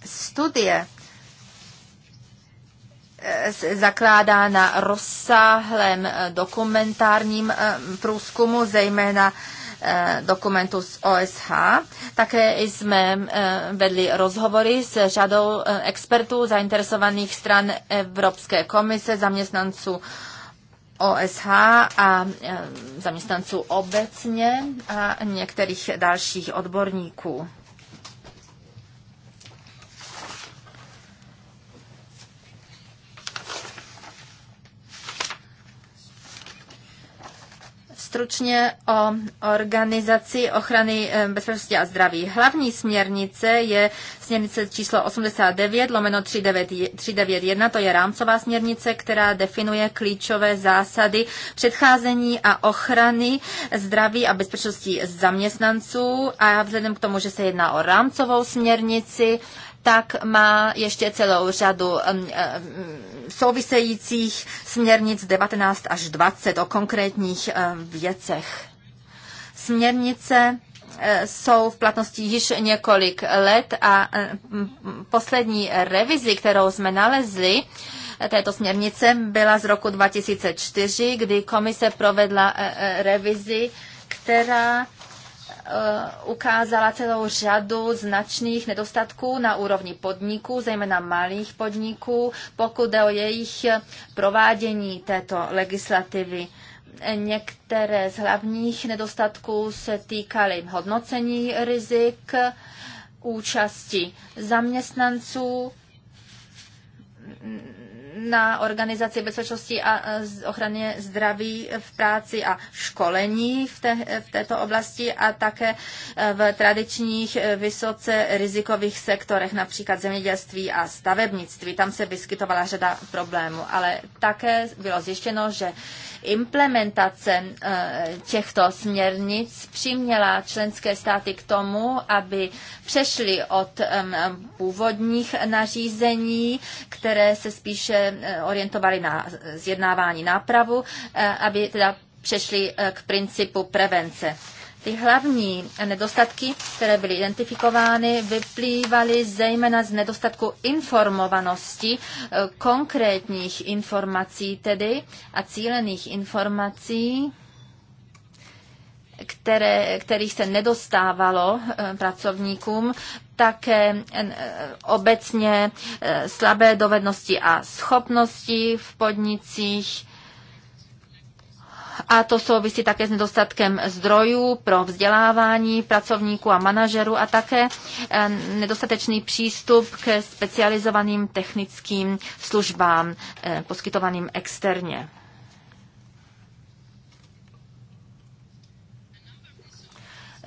Studie eh, zakládá na rozsáhlém eh, dokumentárním eh, průzkumu, zejména dokumentu z OSH. Také jsme vedli rozhovory s řadou expertů zainteresovaných stran Evropské komise, zaměstnanců OSH a e, zaměstnanců obecně a některých dalších odborníků. Stručně o organizaci ochrany eh, bezpečnosti a zdraví. Hlavní směrnice je směrnice číslo 89 lomeno 391, to je rámcová směrnice, která definuje klíčové zásady předcházení a ochrany zdraví a bezpečnosti zaměstnanců a vzhledem k tomu, že se jedná o rámcovou směrnici, tak má ještě celou řadu souvisejících směrnic 19 až 20 o konkrétních věcech. Směrnice e, jsou v platnosti již několik let a poslední revizi, kterou jsme nalezli, e, této směrnice byla z roku 2004, kdy komise provedla e, revizi, která Eh, ukázala celou řadu značných nedostatků na úrovni podniků, zejména malých podniků, pokud jde o jejich provádění této legislativy. Některé z hlavních nedostatků se týkaly hodnocení rizik, účasti zaměstnanců, na organizaci bezpečnosti a ochraně zdraví v práci a školení v, te, v této oblasti a také e, v tradičních e, vysoce rizikových sektorech, například zemědělství a stavebnictví. Tam se vyskytovala řada problémů, ale také bylo zjištěno, že implementace e, těchto směrnic přiměla členské státy k tomu, aby přešli od původních nařízení, které se spíše orientovali na zjednávání nápravu, eh, aby teda přešli eh, k principu prevence. Ty hlavní nedostatky, které byly identifikovány, vyplývaly zejména z nedostatku informovanosti, eh, konkrétních informací tedy a cílených informací které, kterých se nedostávalo eh, pracovníkům, také eh, eh, obecně slabé dovednosti a schopnosti v podnicích. A to souvisí také s nedostatkem zdrojů pro vzdělávání pracovníků a manažerů a také nedostatečný přístup k specializovaným technickým službám poskytovaným externě.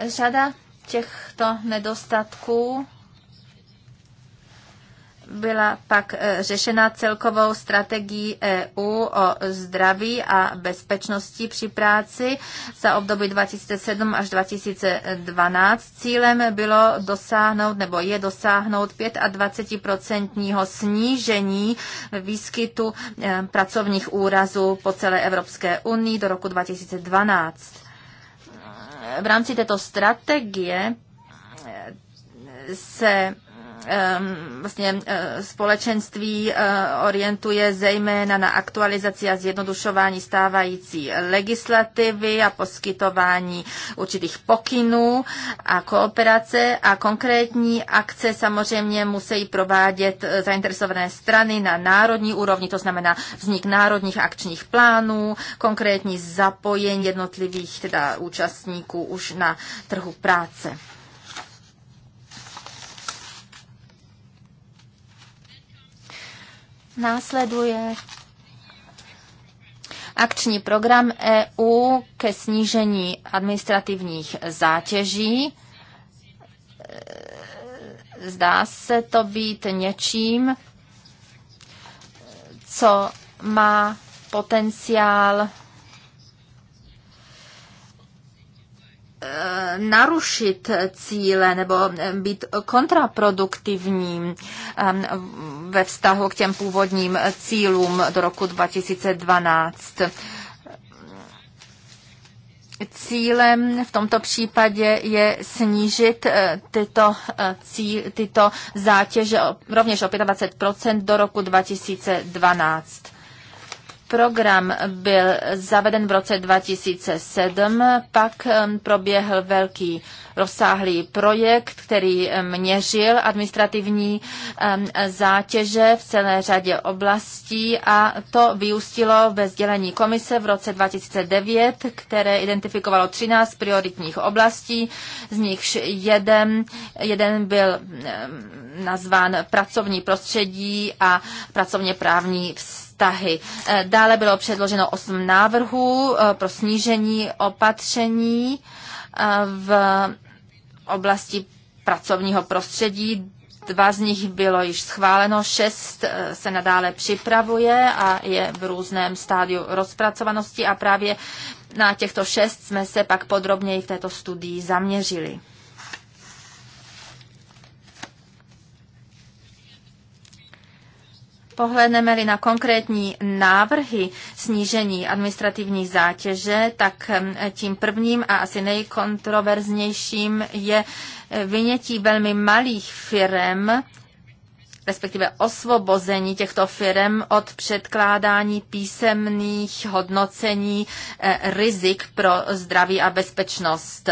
Řada těchto nedostatků byla pak e, řešena celkovou strategií EU o zdraví a bezpečnosti při práci za období 2007 až 2012. Cílem bylo dosáhnout nebo je dosáhnout 25% snížení výskytu e, pracovních úrazů po celé Evropské unii do roku 2012 v rámci této strategie se Ehm, vlastně eh, společenství eh, orientuje zejména na aktualizaci a zjednodušování stávající legislativy a poskytování určitých pokynů a kooperace a konkrétní akce samozřejmě musí provádět eh, zainteresované strany na národní úrovni, to znamená vznik národních akčních plánů, konkrétní zapojení jednotlivých teda účastníků už na trhu práce. Následuje akční program EU ke snížení administrativních zátěží. Zdá se to být něčím, co má potenciál Eh, narušit cíle nebo eh, být kontraproduktivním eh, ve vztahu k těm původním cílům do roku 2012. Cílem v tomto případě je snížit tyto, cíl, tyto zátěže rovněž o 25 do roku 2012. Program byl zaveden v roce 2007, pak proběhl velký rozsáhlý projekt, který měřil administrativní zátěže v celé řadě oblastí a to vyústilo ve sdělení komise v roce 2009, které identifikovalo 13 prioritních oblastí, z nichž jeden, jeden byl nazván pracovní prostředí a pracovně právní vztah vztahy. Eh, dále bylo předloženo osm návrhů eh, pro snížení opatření eh, v oblasti pracovního prostředí. Dva z nich bylo již schváleno, šest se nadále připravuje a je v různém stádiu rozpracovanosti a právě na těchto šest jsme se pak podrobněji v této studii zaměřili. Pohledneme-li na konkrétní návrhy snížení administrativní zátěže, tak hm, tím prvním a asi nejkontroverznějším je eh, vynětí velmi malých firm, respektive osvobození těchto firm od předkládání písemných hodnocení eh, rizik pro zdraví a bezpečnost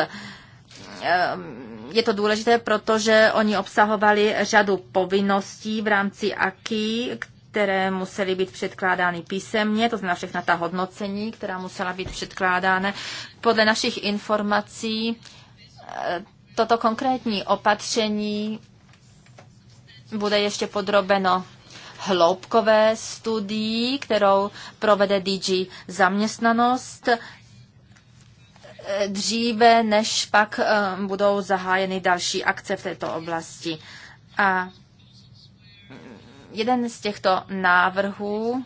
ehm, je to důležité, protože oni obsahovali řadu povinností v rámci AKI, které musely být předkládány písemně, to znamená všechna ta hodnocení, která musela být předkládána. Podle našich informací e, toto konkrétní opatření bude ještě podrobeno hloubkové studii, kterou provede DG zaměstnanost dříve, než pak eh, budou zahájeny další akce v této oblasti. A jeden z těchto návrhů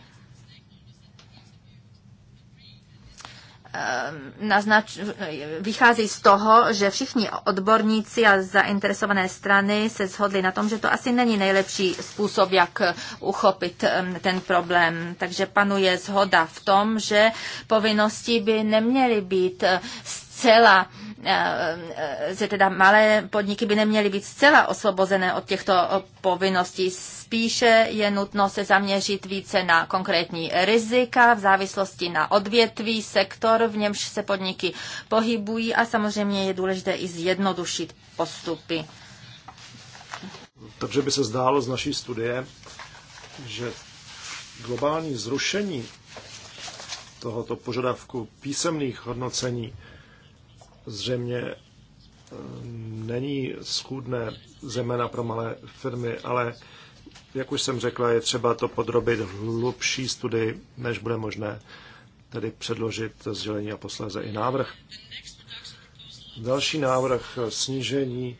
Ehm, naznač, vychází z toho, že všichni odborníci a zainteresované strany se shodli na tom, že to asi není nejlepší způsob, jak uchopit ehm, ten problém. Takže panuje zhoda v tom, že povinnosti by neměly být eh, zcela eh, eh, že teda malé podniky by neměly být zcela osvobozené od těchto eh, povinností. Spíše je nutno se zaměřit více na konkrétní rizika v závislosti na odvětví, sektor, v němž se podniky pohybují a samozřejmě je důležité i zjednodušit postupy. Takže by se zdálo z naší studie, že globální zrušení tohoto požadavku písemných hodnocení zřejmě eh, není schůdné zemena pro malé firmy, ale jak už jsem řekla, je třeba to podrobit hlubší studii, než bude možné tedy předložit sdělení a posléze i návrh. Další návrh eh, snížení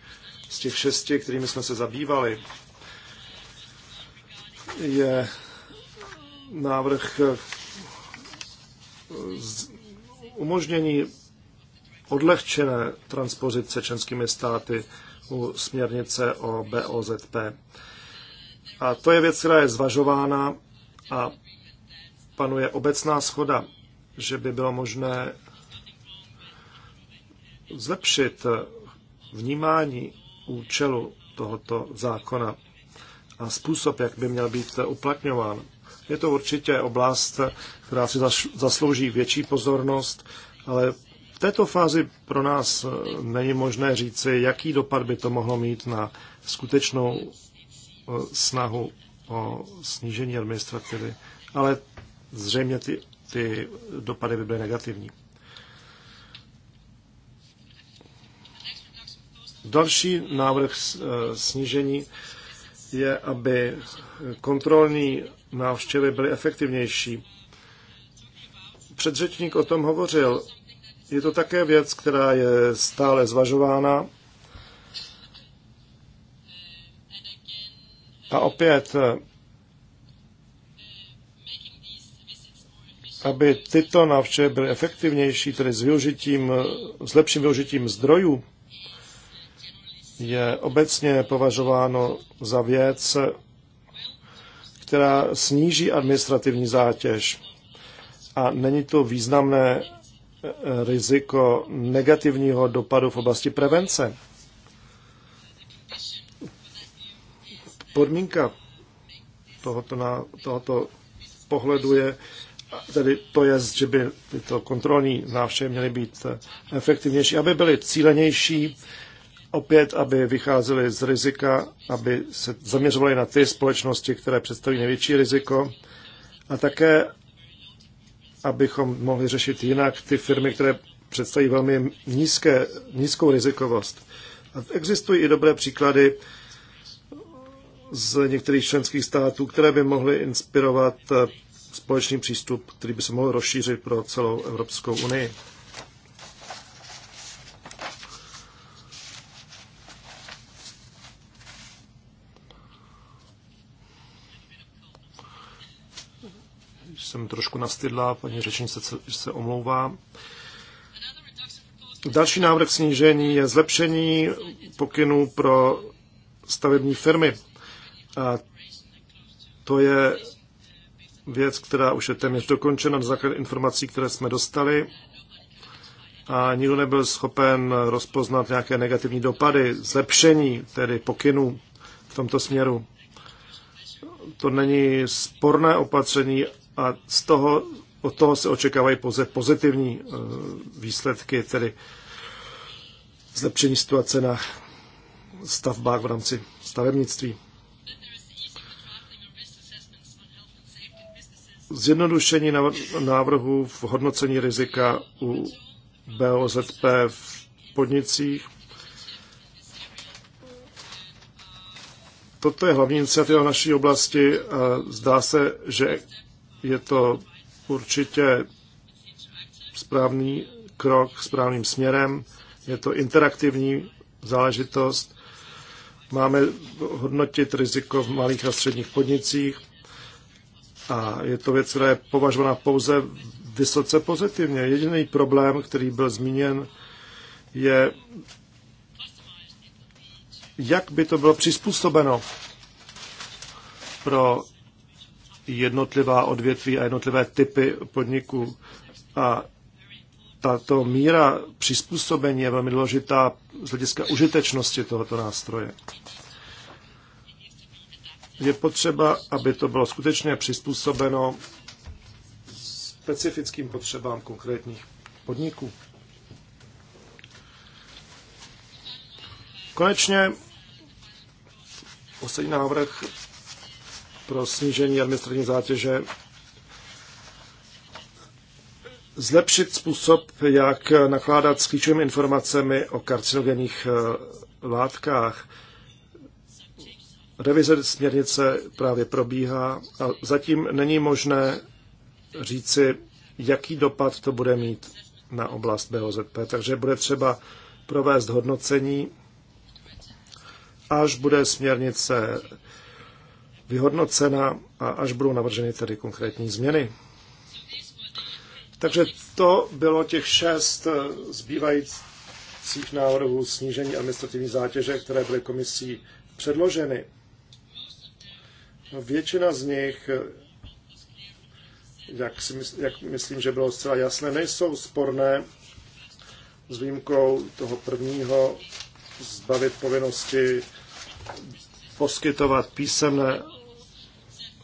z těch šesti, kterými jsme se zabývali, je návrh eh, umožnění odlehčené transpozice členskými státy u směrnice o BOZP. A to je věc, která je zvažována a panuje obecná schoda, že by bylo možné zlepšit vnímání účelu tohoto zákona a způsob, jak by měl být uplatňován. Je to určitě oblast, která si zaslouží větší pozornost, ale této fázi pro nás eh, není možné říci, jaký dopad by to mohlo mít na skutečnou eh, snahu o snížení administrativy, ale zřejmě ty, ty dopady by byly negativní. Další návrh eh, snížení je, aby kontrolní návštěvy byly efektivnější. Předřečník o tom hovořil. Je to také věc, která je stále zvažována. A opět, aby tyto návštěvy byly efektivnější, tedy s, využitím, s lepším využitím zdrojů, je obecně považováno za věc, která sníží administrativní zátěž. A není to významné riziko negativního dopadu v oblasti prevence. Podmínka tohoto, na, tohoto pohledu je, tedy to je, že by tyto kontrolní návštěvy měly být efektivnější, aby byly cílenější, opět, aby vycházely z rizika, aby se zaměřovaly na ty společnosti, které představují největší riziko a také, abychom mohli řešit jinak ty firmy, které představují velmi nízké, nízkou rizikovost. A existují i dobré příklady z některých členských států, které by mohly inspirovat společný přístup, který by se mohl rozšířit pro celou Evropskou unii. jsem trošku nastydla, paní řečnice se, se omlouvá. Další návrh snížení je zlepšení pokynů pro stavební firmy. A to je věc, která už je téměř dokončena na základě informací, které jsme dostali. A nikdo nebyl schopen rozpoznat nějaké negativní dopady, zlepšení tedy pokynů v tomto směru. To není sporné opatření, a z toho, od toho se očekávají pouze pozitivní eh, výsledky, tedy zlepšení situace na stavbách v rámci stavebnictví. Zjednodušení návrhu v hodnocení rizika u BOZP v podnicích. Toto je hlavní iniciativa naší oblasti zdá se, že je to určitě správný krok správným směrem, je to interaktivní záležitost. Máme hodnotit riziko v malých a středních podnicích a je to věc, která je považována pouze vysoce pozitivně. Jediný problém, který byl zmíněn, je, jak by to bylo přizpůsobeno pro jednotlivá odvětví a jednotlivé typy podniků. A tato míra přizpůsobení je velmi důležitá z hlediska užitečnosti tohoto nástroje. Je potřeba, aby to bylo skutečně přizpůsobeno specifickým potřebám konkrétních podniků. Konečně poslední návrh pro snížení administrativní zátěže zlepšit způsob, jak nakládat s klíčovými informacemi o karcinogenních eh, látkách. Revize směrnice právě probíhá a zatím není možné říci, jaký dopad to bude mít na oblast BOZP. Takže bude třeba provést hodnocení, až bude směrnice vyhodnocena a až budou navrženy tedy konkrétní změny. Takže to bylo těch šest eh, zbývajících návrhů snížení administrativní zátěže, které byly komisí předloženy. No, většina z nich, eh, jak, si mysl, jak myslím, že bylo zcela jasné, nejsou sporné s výjimkou toho prvního zbavit povinnosti poskytovat písemné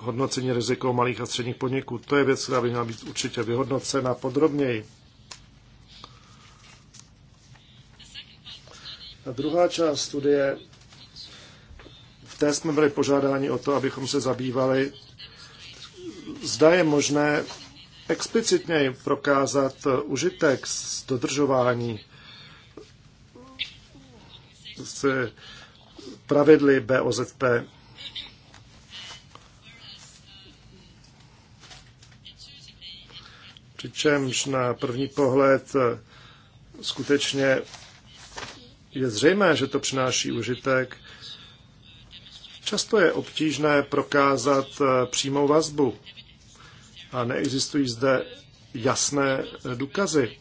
hodnocení riziko malých a středních podniků. To je věc, která by měla být určitě vyhodnocena podrobněji. A druhá část studie, v té jsme byli požádáni o to, abychom se zabývali, zda je možné explicitně prokázat užitek z dodržování s pravidly BOZP Přičemž na první pohled eh, skutečně je zřejmé, že to přináší užitek. Často je obtížné prokázat eh, přímou vazbu a neexistují zde jasné eh, důkazy.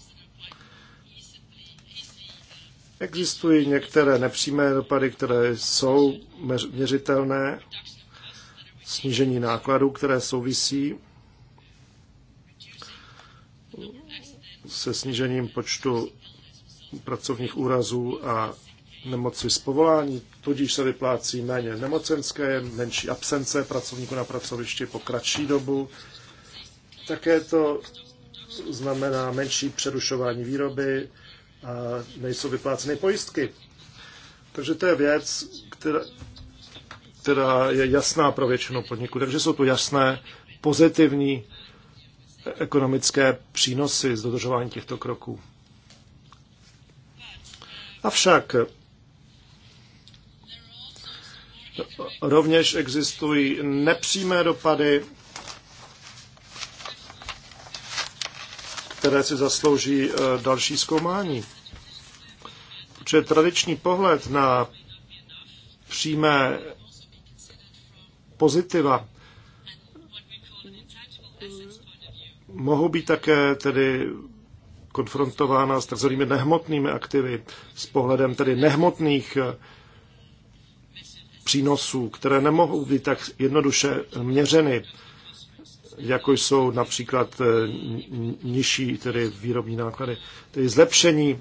Existují některé nepřímé dopady, které jsou měřitelné, snížení nákladů, které souvisí se snížením počtu pracovních úrazů a nemoci z povolání, tudíž se vyplácí méně nemocenské, menší absence pracovníků na pracovišti po kratší dobu. Také to znamená menší přerušování výroby a nejsou vypláceny pojistky. Takže to je věc, která, která je jasná pro většinu podniků. Takže jsou tu jasné pozitivní ekonomické přínosy z dodržování těchto kroků. Avšak rovněž existují nepřímé dopady, které si zaslouží eh, další zkoumání. Protože tradiční pohled na přímé pozitiva mohou být také tedy konfrontována s takzvanými nehmotnými aktivy, s pohledem tedy nehmotných eh, přínosů, které nemohou být tak jednoduše měřeny, jako jsou například eh, nižší tedy výrobní náklady. Tedy zlepšení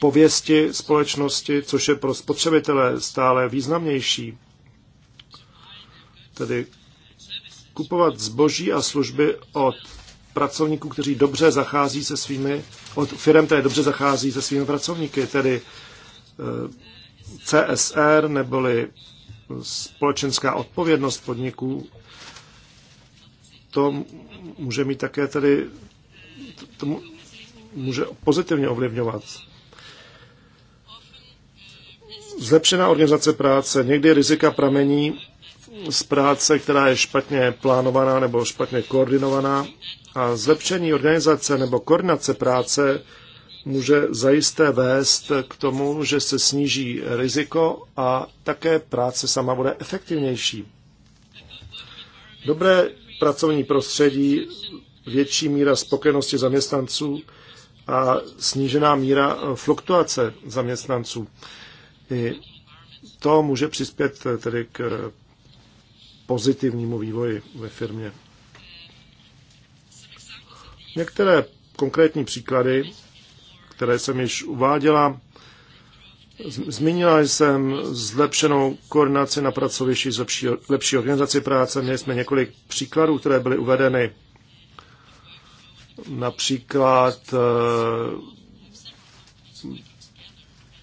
pověsti společnosti, což je pro spotřebitele stále významnější. Tedy kupovat zboží a služby od pracovníků, kteří dobře zachází se svými, od firm, které dobře zachází se svými pracovníky, tedy eh, CSR neboli eh, společenská odpovědnost podniků, to může mít také tedy, to může pozitivně ovlivňovat. Zlepšená organizace práce. Někdy rizika pramení z práce, která je špatně plánovaná nebo špatně koordinovaná a zlepšení organizace nebo koordinace práce může zajisté vést k tomu, že se sníží riziko a také práce sama bude efektivnější. Dobré pracovní prostředí, větší míra spokojenosti zaměstnanců a snížená míra fluktuace zaměstnanců. I to může přispět tedy k pozitivnímu vývoji ve firmě. Některé konkrétní příklady, které jsem již uváděla, Zmínila jsem zlepšenou koordinaci na pracovišti, lepší, lepší organizaci práce. Měli jsme několik příkladů, které byly uvedeny. Například eh,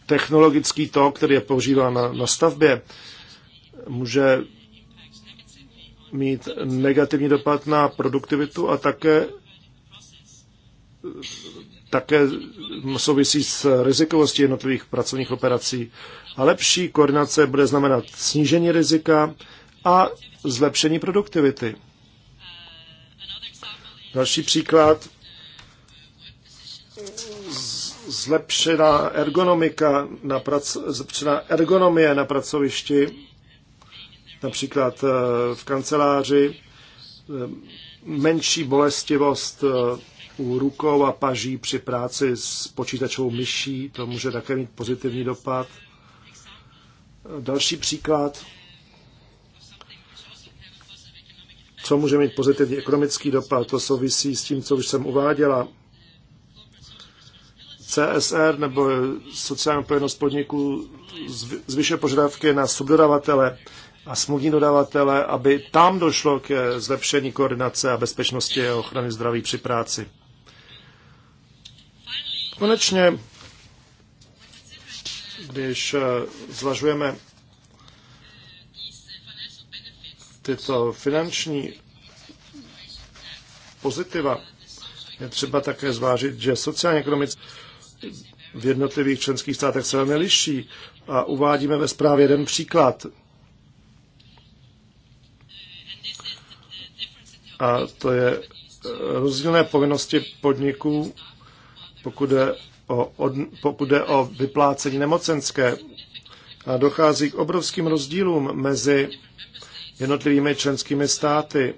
technologický tok, který je používán na, na stavbě, může mít negativní dopad na produktivitu a také také souvisí s rizikovostí jednotlivých pracovních operací. A lepší koordinace bude znamenat snížení rizika a zlepšení produktivity. Další příklad. Zlepšená ergonomika na prac- zlepšená ergonomie na pracovišti, například eh, v kanceláři, eh, menší bolestivost eh, u rukou a paží při práci s počítačovou myší. To může také mít pozitivní dopad. Další příklad, co může mít pozitivní ekonomický dopad, to souvisí s tím, co už jsem uváděla. CSR nebo sociální odpovědnost podniků zvyšuje požadavky na subdodavatele a smluvní dodavatele, aby tam došlo ke zlepšení koordinace a bezpečnosti a ochrany zdraví při práci. Konečně, když eh, zvažujeme tyto finanční pozitiva, je třeba také zvážit, že sociálně ekonomické v jednotlivých členských státech se velmi liší a uvádíme ve zprávě jeden příklad. A to je eh, rozdílné povinnosti podniků pokud jde o, od, pokud jde o vyplácení nemocenské. A dochází k obrovským rozdílům mezi jednotlivými členskými státy.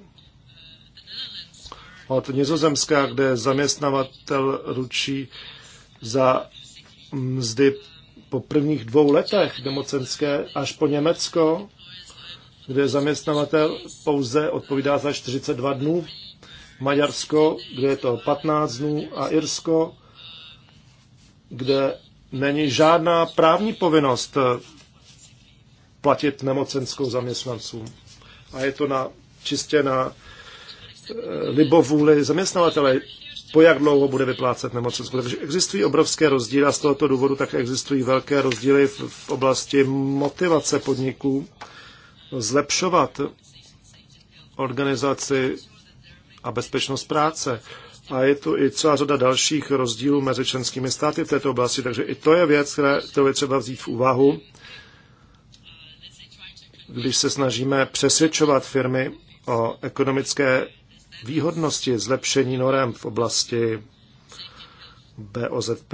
Od Nizozemska, kde zaměstnavatel ručí za mzdy po prvních dvou letech nemocenské, až po Německo, kde zaměstnavatel pouze odpovídá za 42 dnů, Maďarsko, kde je to 15 dnů a Irsko, kde není žádná právní povinnost eh, platit nemocenskou zaměstnancům. A je to na, čistě na eh, libovůli zaměstnavatele, po jak dlouho bude vyplácet nemocenskou. Takže existují obrovské rozdíly a z tohoto důvodu také existují velké rozdíly v, v oblasti motivace podniků zlepšovat organizaci a bezpečnost práce. A je tu i celá řada dalších rozdílů mezi členskými státy v této oblasti, takže i to je věc, kterou je třeba vzít v úvahu, když se snažíme přesvědčovat firmy o ekonomické výhodnosti zlepšení norem v oblasti BOZP.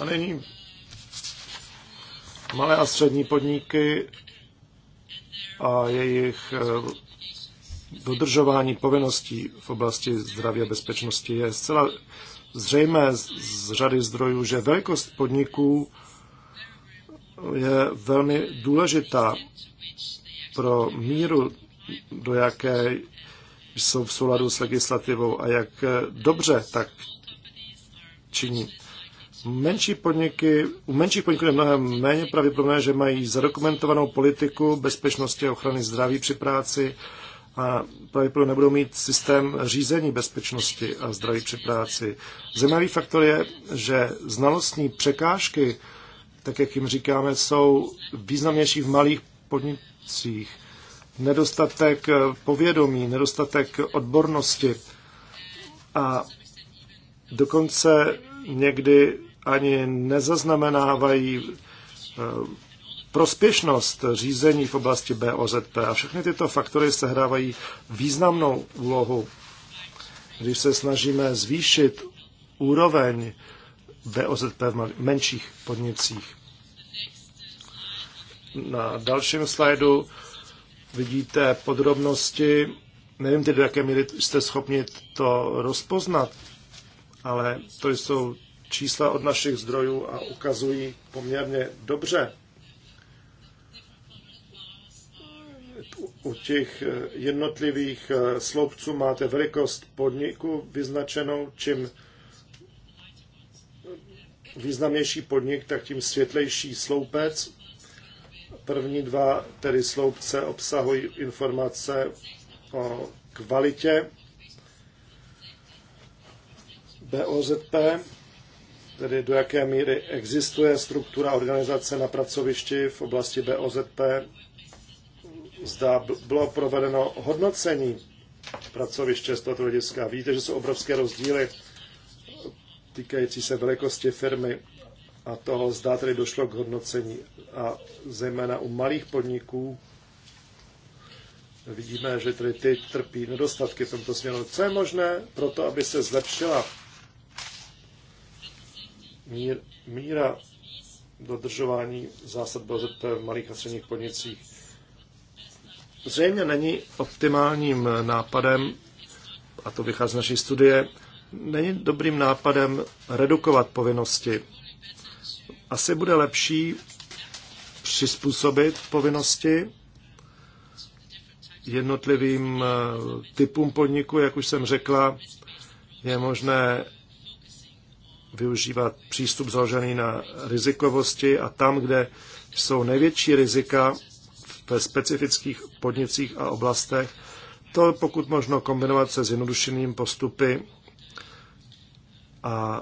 A nyní malé a střední podniky a jejich eh, dodržování povinností v oblasti zdraví a bezpečnosti je zcela zřejmé z řady zdrojů, že velikost podniků je velmi důležitá pro míru, do jaké jsou v souladu s legislativou a jak eh, dobře tak činí. Menší podniky, u menších podniků je mnohem méně pravděpodobné, že mají zadokumentovanou politiku bezpečnosti a ochrany zdraví při práci a pravděpodobně nebudou mít systém řízení bezpečnosti a zdraví při práci. Zajímavý faktor je, že znalostní překážky, tak jak jim říkáme, jsou významnější v malých podnicích. Nedostatek povědomí, nedostatek odbornosti a dokonce někdy ani nezaznamenávají eh, prospěšnost řízení v oblasti BOZP a všechny tyto faktory sehrávají významnou úlohu, když se snažíme zvýšit úroveň BOZP v menších podnicích. Na dalším slajdu vidíte podrobnosti, nevím tedy, do jaké míry jste schopni to rozpoznat, ale to jsou čísla od našich zdrojů a ukazují poměrně dobře u těch jednotlivých sloupců máte velikost podniku vyznačenou, čím významnější podnik, tak tím světlejší sloupec. První dva, tedy sloupce, obsahují informace o kvalitě BOZP tedy do jaké míry existuje struktura organizace na pracovišti v oblasti BOZP, zda bylo provedeno hodnocení pracoviště z tohoto hlediska. Víte, že jsou obrovské rozdíly týkající se velikosti firmy a toho, zda tedy došlo k hodnocení. A zejména u malých podniků vidíme, že tedy ty trpí nedostatky v tomto směru. Co je možné pro to, aby se zlepšila mír, míra dodržování zásad BZP v malých a středních podnicích zřejmě není optimálním nápadem, a to vychází z naší studie, není dobrým nápadem redukovat povinnosti. Asi bude lepší přizpůsobit povinnosti jednotlivým eh, typům podniku, jak už jsem řekla, je možné využívat přístup založený na rizikovosti a tam, kde jsou největší rizika ve specifických podnicích a oblastech, to pokud možno kombinovat se zjednodušeným postupy a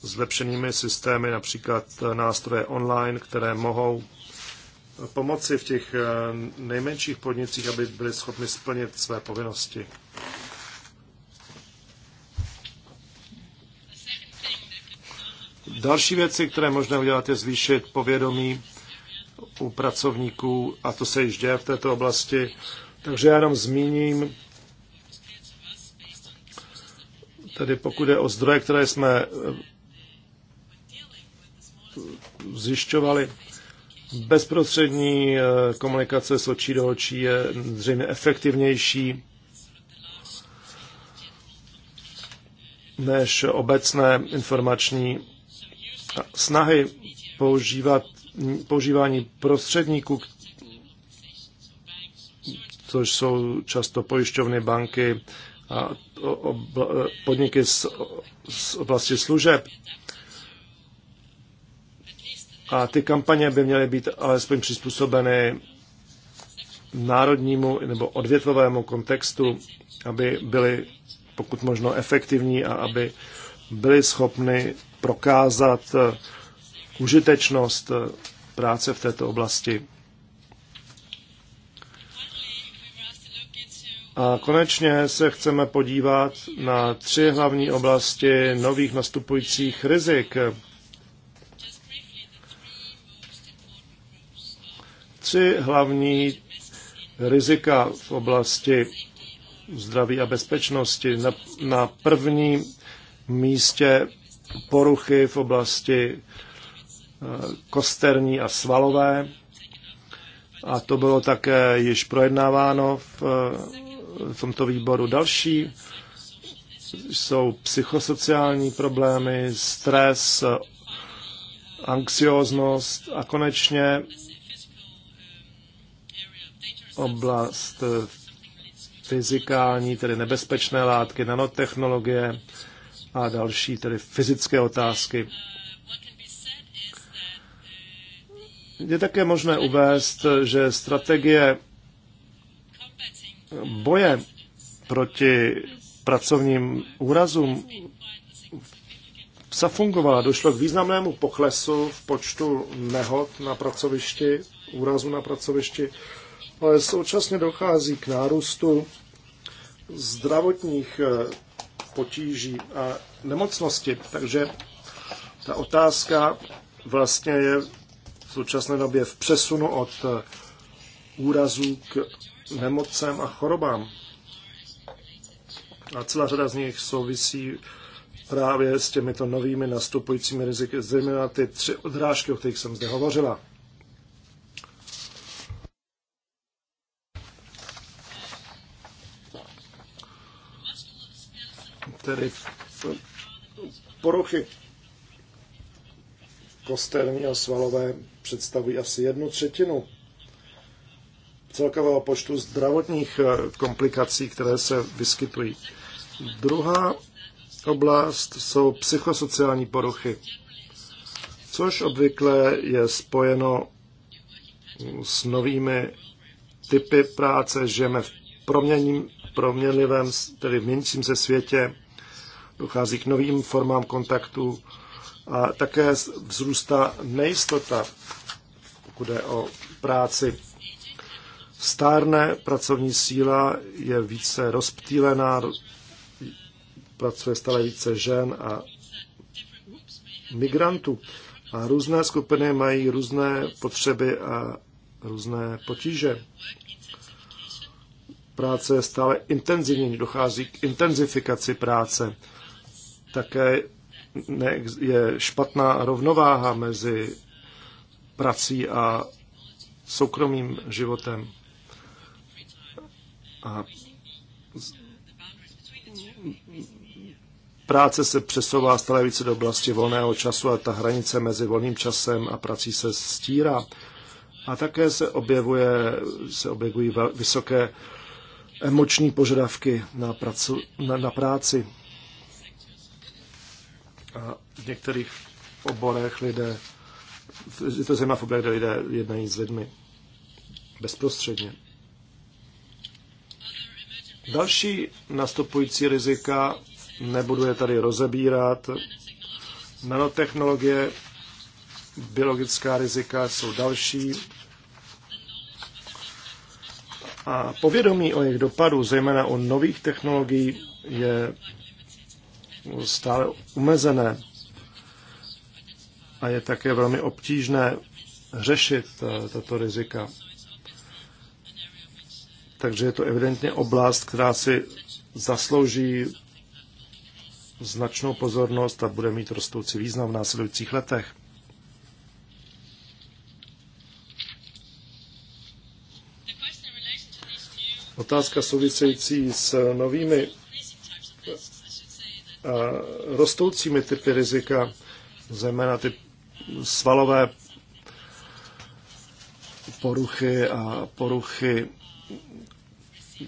zlepšenými systémy, například nástroje online, které mohou pomoci v těch nejmenších podnicích, aby byly schopny splnit své povinnosti. Další věci, které možná udělat, je zvýšit povědomí u pracovníků, a to se již děje v této oblasti. Takže já jenom zmíním, tedy pokud je o zdroje, které jsme eh, zjišťovali, bezprostřední eh, komunikace s očí do očí je zřejmě efektivnější než obecné informační snahy používat, používání prostředníků, což jsou často pojišťovny, banky a podniky z, z oblasti služeb. A ty kampaně by měly být alespoň přizpůsobeny národnímu nebo odvětvovému kontextu, aby byly pokud možno efektivní a aby byly schopny prokázat eh, užitečnost eh, práce v této oblasti. A konečně se chceme podívat na tři hlavní oblasti nových nastupujících rizik. Tři hlavní rizika v oblasti zdraví a bezpečnosti. Na, na prvním místě poruchy v oblasti eh, kosterní a svalové. A to bylo také již projednáváno v, eh, v tomto výboru. Další jsou psychosociální problémy, stres, anxioznost a konečně oblast eh, fyzikální, tedy nebezpečné látky, nanotechnologie, a další tedy fyzické otázky. Je také možné uvést, že strategie boje proti pracovním úrazům zafungovala. Došlo k významnému poklesu v počtu nehod na pracovišti, úrazu na pracovišti, ale současně dochází k nárůstu zdravotních potíží a nemocnosti. Takže ta otázka vlastně je v současné době v přesunu od úrazů k nemocem a chorobám. A celá řada z nich souvisí právě s těmito novými nastupujícími riziky, zejména ty tři odrážky, o kterých jsem zde hovořila. Tedy poruchy. Kosterní a svalové představují asi jednu třetinu celkového počtu zdravotních eh, komplikací, které se vyskytují. Druhá oblast jsou psychosociální poruchy, což obvykle je spojeno s novými typy práce, žijeme v proměním, proměnlivém, tedy v měnícím se světě, dochází k novým formám kontaktu a také vzrůstá nejistota, pokud je o práci. Stárné pracovní síla je více rozptýlená, pracuje stále více žen a migrantů. A různé skupiny mají různé potřeby a různé potíže. Práce je stále intenzivnější, dochází k intenzifikaci práce také je špatná rovnováha mezi prací a soukromým životem. A práce se přesouvá stále více do oblasti volného času a ta hranice mezi volným časem a prací se stírá. A také se, objevuje, se objevují vysoké emoční požadavky na, pracu, na, na práci. A v některých oborech lidé, je to zejména v oborech, kde lidé jednají s lidmi bezprostředně. Další nastupující rizika, nebudu je tady rozebírat, nanotechnologie, biologická rizika jsou další. A povědomí o jejich dopadu, zejména o nových technologií, je stále umezené a je také velmi obtížné řešit eh, tato rizika. Takže je to evidentně oblast, která si zaslouží značnou pozornost a bude mít rostoucí význam v následujících letech. Otázka související s novými Eh, rostoucími typy rizika, zejména ty svalové poruchy a poruchy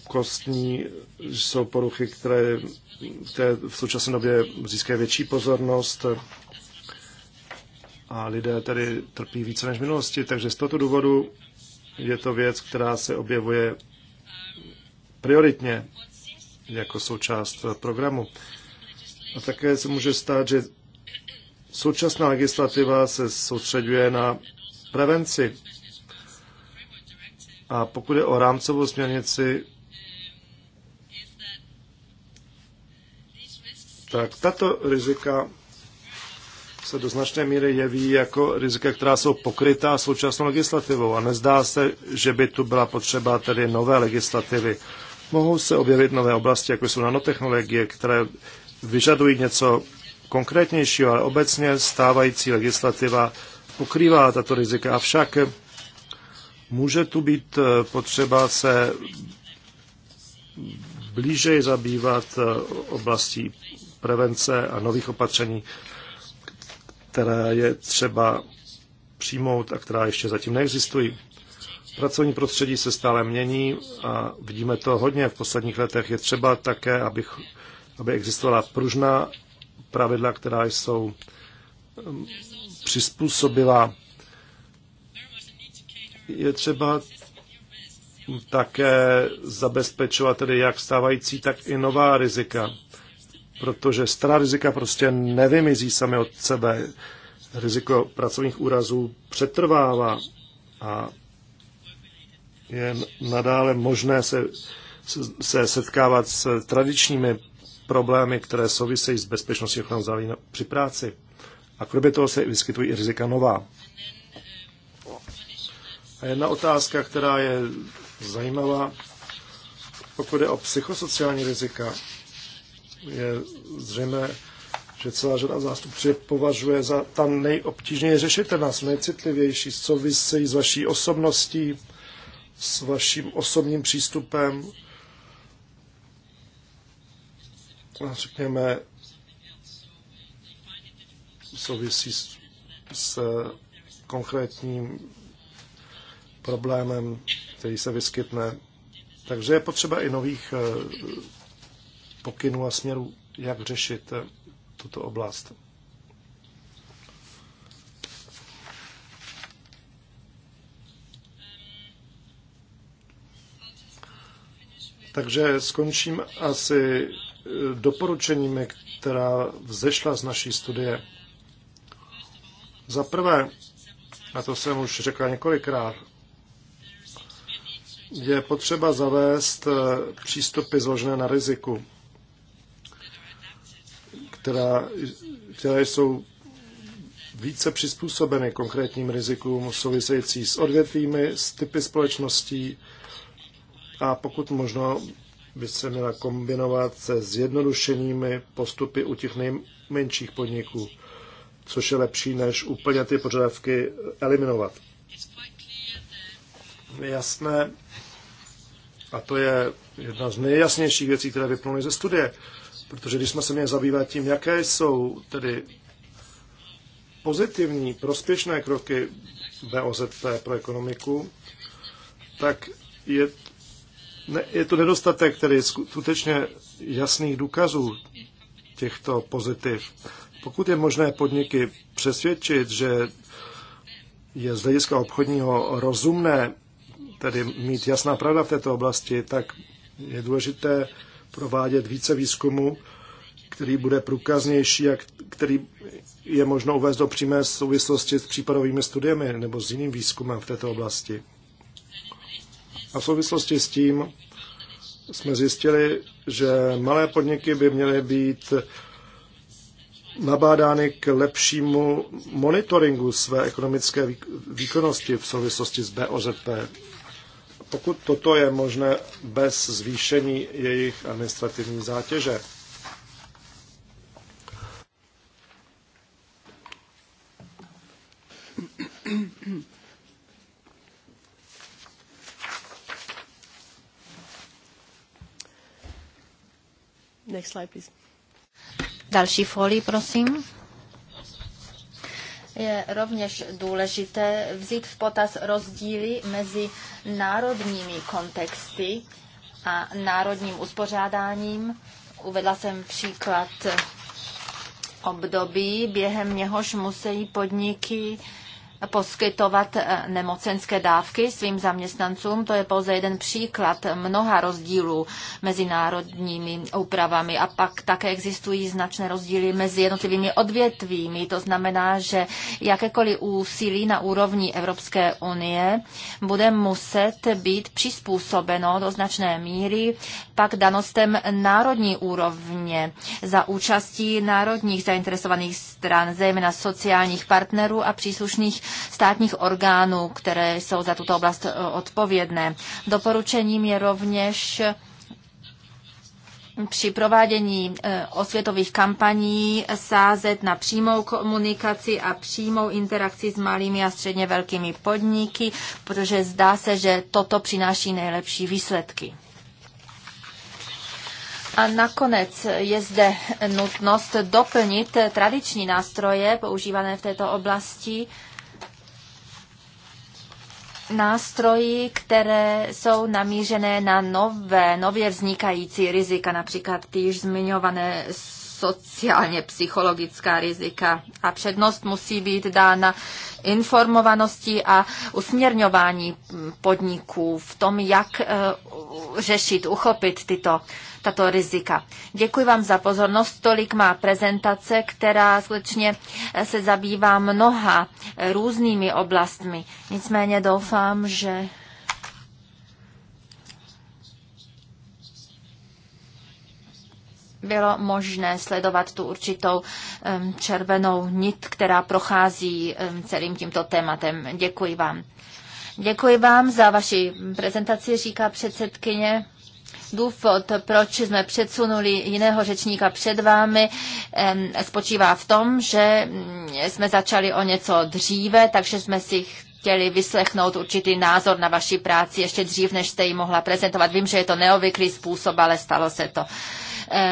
kostní jsou poruchy, které, které v současné době získají větší pozornost a lidé tady trpí více než v minulosti. Takže z tohoto důvodu je to věc, která se objevuje prioritně jako součást programu. A také se může stát, že současná legislativa se soustředuje na prevenci. A pokud je o rámcovou směrnici, tak tato rizika se do značné míry jeví jako rizika, která jsou pokrytá současnou legislativou a nezdá se, že by tu byla potřeba tedy nové legislativy. Mohou se objevit nové oblasti, jako jsou nanotechnologie, které vyžadují něco konkrétnějšího, ale obecně stávající legislativa pokrývá tato rizika. Avšak může tu být eh, potřeba se blíže zabývat eh, oblastí prevence a nových opatření, která je třeba přijmout a která ještě zatím neexistují. Pracovní prostředí se stále mění a vidíme to hodně v posledních letech. Je třeba také, abych aby existovala pružná pravidla, která jsou um, přizpůsobila. Je třeba také zabezpečovat tedy jak stávající, tak i nová rizika. Protože stará rizika prostě nevymizí sami od sebe. Riziko pracovních úrazů přetrvává a je nadále možné se, se setkávat s tradičními problémy, které souvisejí s bezpečností ochranou zdraví při práci. A kromě toho se vyskytují i rizika nová. A jedna otázka, která je zajímavá, pokud je o psychosociální rizika, je zřejmé, že celá řada zástupců je považuje za ta nejobtížněji řešitelná, nejcitlivější, vysejí s vaší osobností, s vaším osobním přístupem, řekněme, souvisí s, s konkrétním problémem, který se vyskytne. Takže je potřeba i nových eh, pokynů a směrů, jak řešit eh, tuto oblast. Takže skončím asi doporučeními, která vzešla z naší studie. Za prvé, a to jsem už řekla několikrát, je potřeba zavést eh, přístupy zložené na riziku, která, které jsou více přizpůsobeny konkrétním rizikům související s odvětvími, s typy společností a pokud možno by se měla kombinovat se zjednodušenými postupy u těch nejmenších podniků, což je lepší, než úplně ty požadavky eliminovat. Jasné, a to je jedna z nejjasnějších věcí, které vyplnuly ze studie, protože když jsme se měli zabývat tím, jaké jsou tedy pozitivní, prospěšné kroky BOZP pro ekonomiku, tak je ne, je to nedostatek tedy skutečně jasných důkazů těchto pozitiv. Pokud je možné podniky přesvědčit, že je z hlediska obchodního rozumné tedy mít jasná pravda v této oblasti, tak je důležité provádět více výzkumu, který bude průkaznější a který je možno uvést do přímé souvislosti s případovými studiemi nebo s jiným výzkumem v této oblasti. A v souvislosti s tím jsme zjistili, že malé podniky by měly být nabádány k lepšímu monitoringu své ekonomické výkonnosti v souvislosti s BOZP. Pokud toto je možné bez zvýšení jejich administrativní zátěže. Next slide, please. Další folii, prosím. Je rovněž důležité vzít v potaz rozdíly mezi národními kontexty a národním uspořádáním. Uvedla jsem příklad období, během něhož musí podniky poskytovat eh, nemocenské dávky svým zaměstnancům. To je pouze jeden příklad mnoha rozdílů mezi národními úpravami a pak také existují značné rozdíly mezi jednotlivými odvětvími. To znamená, že jakékoliv úsilí na úrovni Evropské unie bude muset být přizpůsobeno do značné míry pak danostem národní úrovně za účastí národních zainteresovaných stran, zejména sociálních partnerů a příslušných státních orgánů, které jsou za tuto oblast e, odpovědné. Doporučením je rovněž e, při provádění e, osvětových kampaní sázet na přímou komunikaci a přímou interakci s malými a středně velkými podniky, protože zdá se, že toto přináší nejlepší výsledky. A nakonec je zde nutnost doplnit tradiční nástroje používané v této oblasti nástroji, které jsou namířené na nové, nově vznikající rizika, například týž zmiňované sociálně psychologická rizika a přednost musí být dána informovanosti a usměrňování podniků v tom, jak eh, řešit, uchopit tyto tato rizika. Děkuji vám za pozornost. Tolik má prezentace, která skutečně eh, se zabývá mnoha eh, různými oblastmi. Nicméně doufám, že bylo možné sledovat tu určitou červenou nit, která prochází celým tímto tématem. Děkuji vám. Děkuji vám za vaši prezentaci, říká předsedkyně. Důvod, proč jsme předsunuli jiného řečníka před vámi, spočívá v tom, že mm, jsme začali o něco dříve, takže jsme si chtěli vyslechnout určitý názor na vaši práci ještě dřív, než jste ji mohla prezentovat. Vím, že je to neobvyklý způsob, ale stalo se to.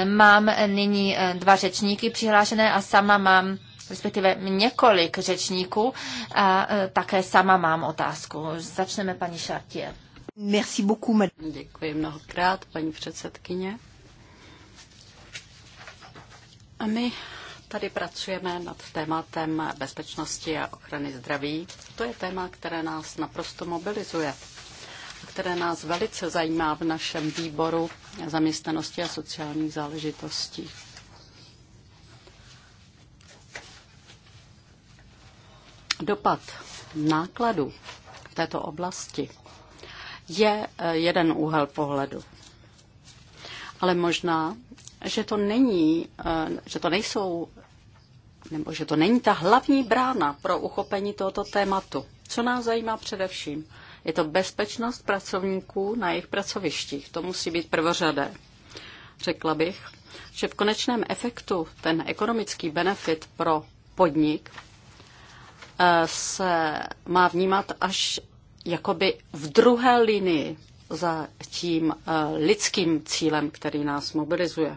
Mám nyní eh, dva řečníky přihlášené a sama mám respektive několik řečníků a eh, také sama mám otázku. Začneme paní Šartě. Merci beaucoup, Děkuji mnohokrát, paní předsedkyně. A my tady pracujeme nad tématem bezpečnosti a ochrany zdraví. To je téma, které nás naprosto mobilizuje a které nás velice zajímá v našem výboru zaměstnanosti a sociálních záležitostí. Dopad nákladu v této oblasti je eh, jeden úhel pohledu. Ale možná, že to není, eh, že to nejsou, nebo že to není ta hlavní brána pro uchopení tohoto tématu. Co nás zajímá především? Je to bezpečnost pracovníků na jejich pracovištích. To musí být prvořadé. Řekla bych, že v konečném efektu ten ekonomický benefit pro podnik eh, se má vnímat až jakoby v druhé linii za tím eh, lidským cílem, který nás mobilizuje.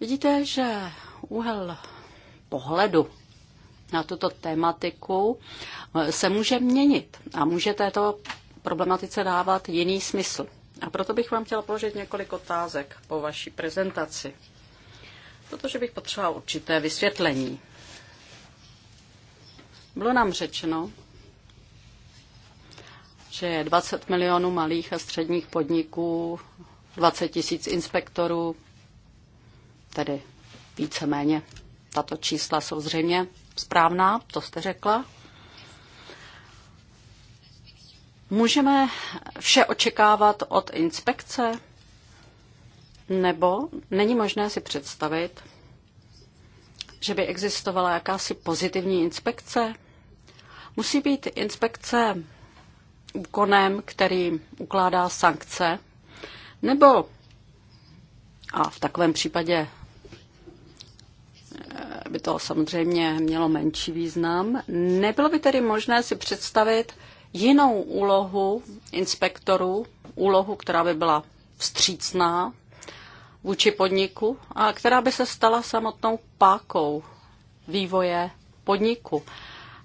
Vidíte, že úhel pohledu na tuto tématiku eh, se může měnit a může této problematice dávat jiný smysl. A proto bych vám chtěla položit několik otázek po vaší prezentaci, protože bych potřebovala určité vysvětlení. Bylo nám řečeno, že je 20 milionů malých a středních podniků, 20 tisíc inspektorů, tedy víceméně tato čísla jsou zřejmě správná, to jste řekla. Můžeme vše očekávat od inspekce? Nebo není možné si představit, že by existovala jakási pozitivní inspekce? Musí být inspekce úkonem, který ukládá sankce, nebo a v takovém případě eh, by to samozřejmě mělo menší význam. Nebylo by tedy možné si představit jinou úlohu inspektorů, úlohu, která by byla vstřícná vůči podniku a která by se stala samotnou pákou vývoje podniku.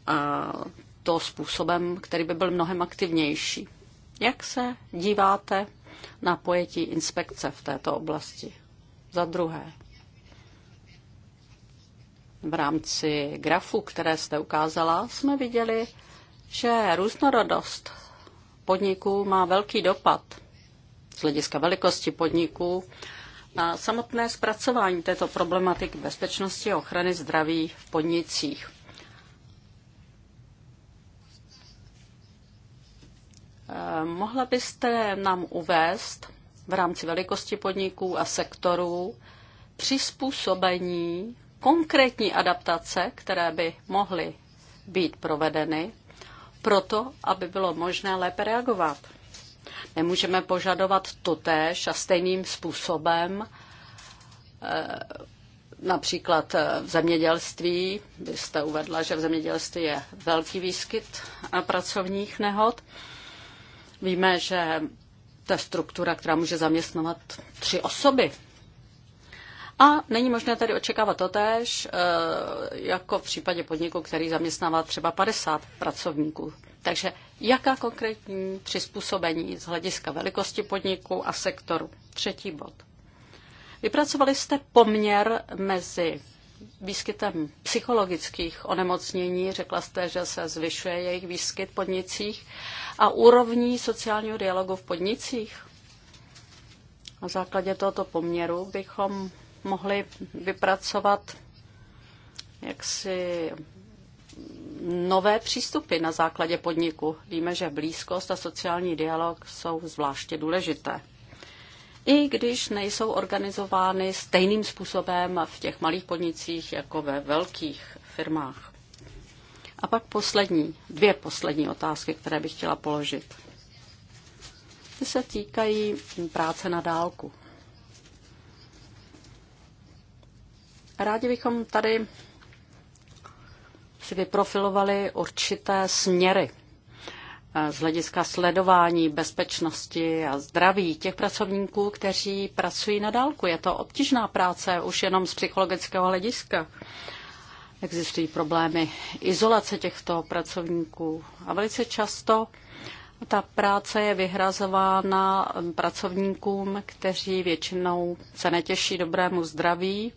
A eh, to způsobem, který by byl mnohem aktivnější. Jak se díváte na pojetí inspekce v této oblasti? Za druhé, v rámci grafu, které jste ukázala, jsme viděli, že různorodost podniků má velký dopad z hlediska velikosti podniků na samotné zpracování této problematiky bezpečnosti a ochrany zdraví v podnicích. Eh, mohla byste nám uvést v rámci velikosti podniků a sektorů přizpůsobení konkrétní adaptace, které by mohly být provedeny, proto, aby bylo možné lépe reagovat. Nemůžeme požadovat totéž a stejným způsobem eh, například eh, v zemědělství, byste uvedla, že v zemědělství je velký výskyt pracovních nehod, Víme, že to je struktura, která může zaměstnávat tři osoby. A není možné tady očekávat totéž, eh, jako v případě podniku, který zaměstnává třeba 50 pracovníků. Takže jaká konkrétní přizpůsobení z hlediska velikosti podniku a sektoru? Třetí bod. Vypracovali jste poměr mezi výskytem psychologických onemocnění, řekla jste, že se zvyšuje jejich výskyt v podnicích, a úrovní sociálního dialogu v podnicích. Na základě tohoto poměru bychom mohli vypracovat jaksi nové přístupy na základě podniku. Víme, že blízkost a sociální dialog jsou zvláště důležité. I když nejsou organizovány stejným způsobem v těch malých podnicích jako ve velkých firmách. A pak poslední, dvě poslední otázky, které bych chtěla položit. Ty se týkají práce na dálku. Rádi bychom tady si vyprofilovali určité směry eh, z hlediska sledování bezpečnosti a zdraví těch pracovníků, kteří pracují na dálku. Je to obtížná práce už jenom z psychologického hlediska. Existují problémy izolace těchto pracovníků a velice často ta práce je vyhrazována pracovníkům, kteří většinou se netěší dobrému zdraví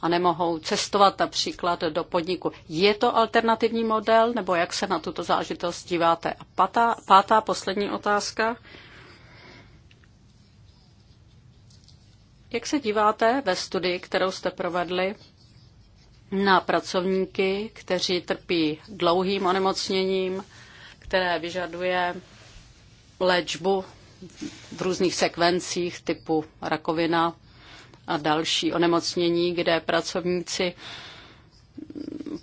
a nemohou cestovat například do podniku. Je to alternativní model, nebo jak se na tuto zážitost díváte? A pátá, pátá poslední otázka. Jak se díváte ve studii, kterou jste provedli na pracovníky, kteří trpí dlouhým onemocněním, které vyžaduje léčbu v různých sekvencích typu rakovina a další onemocnění, kde pracovníci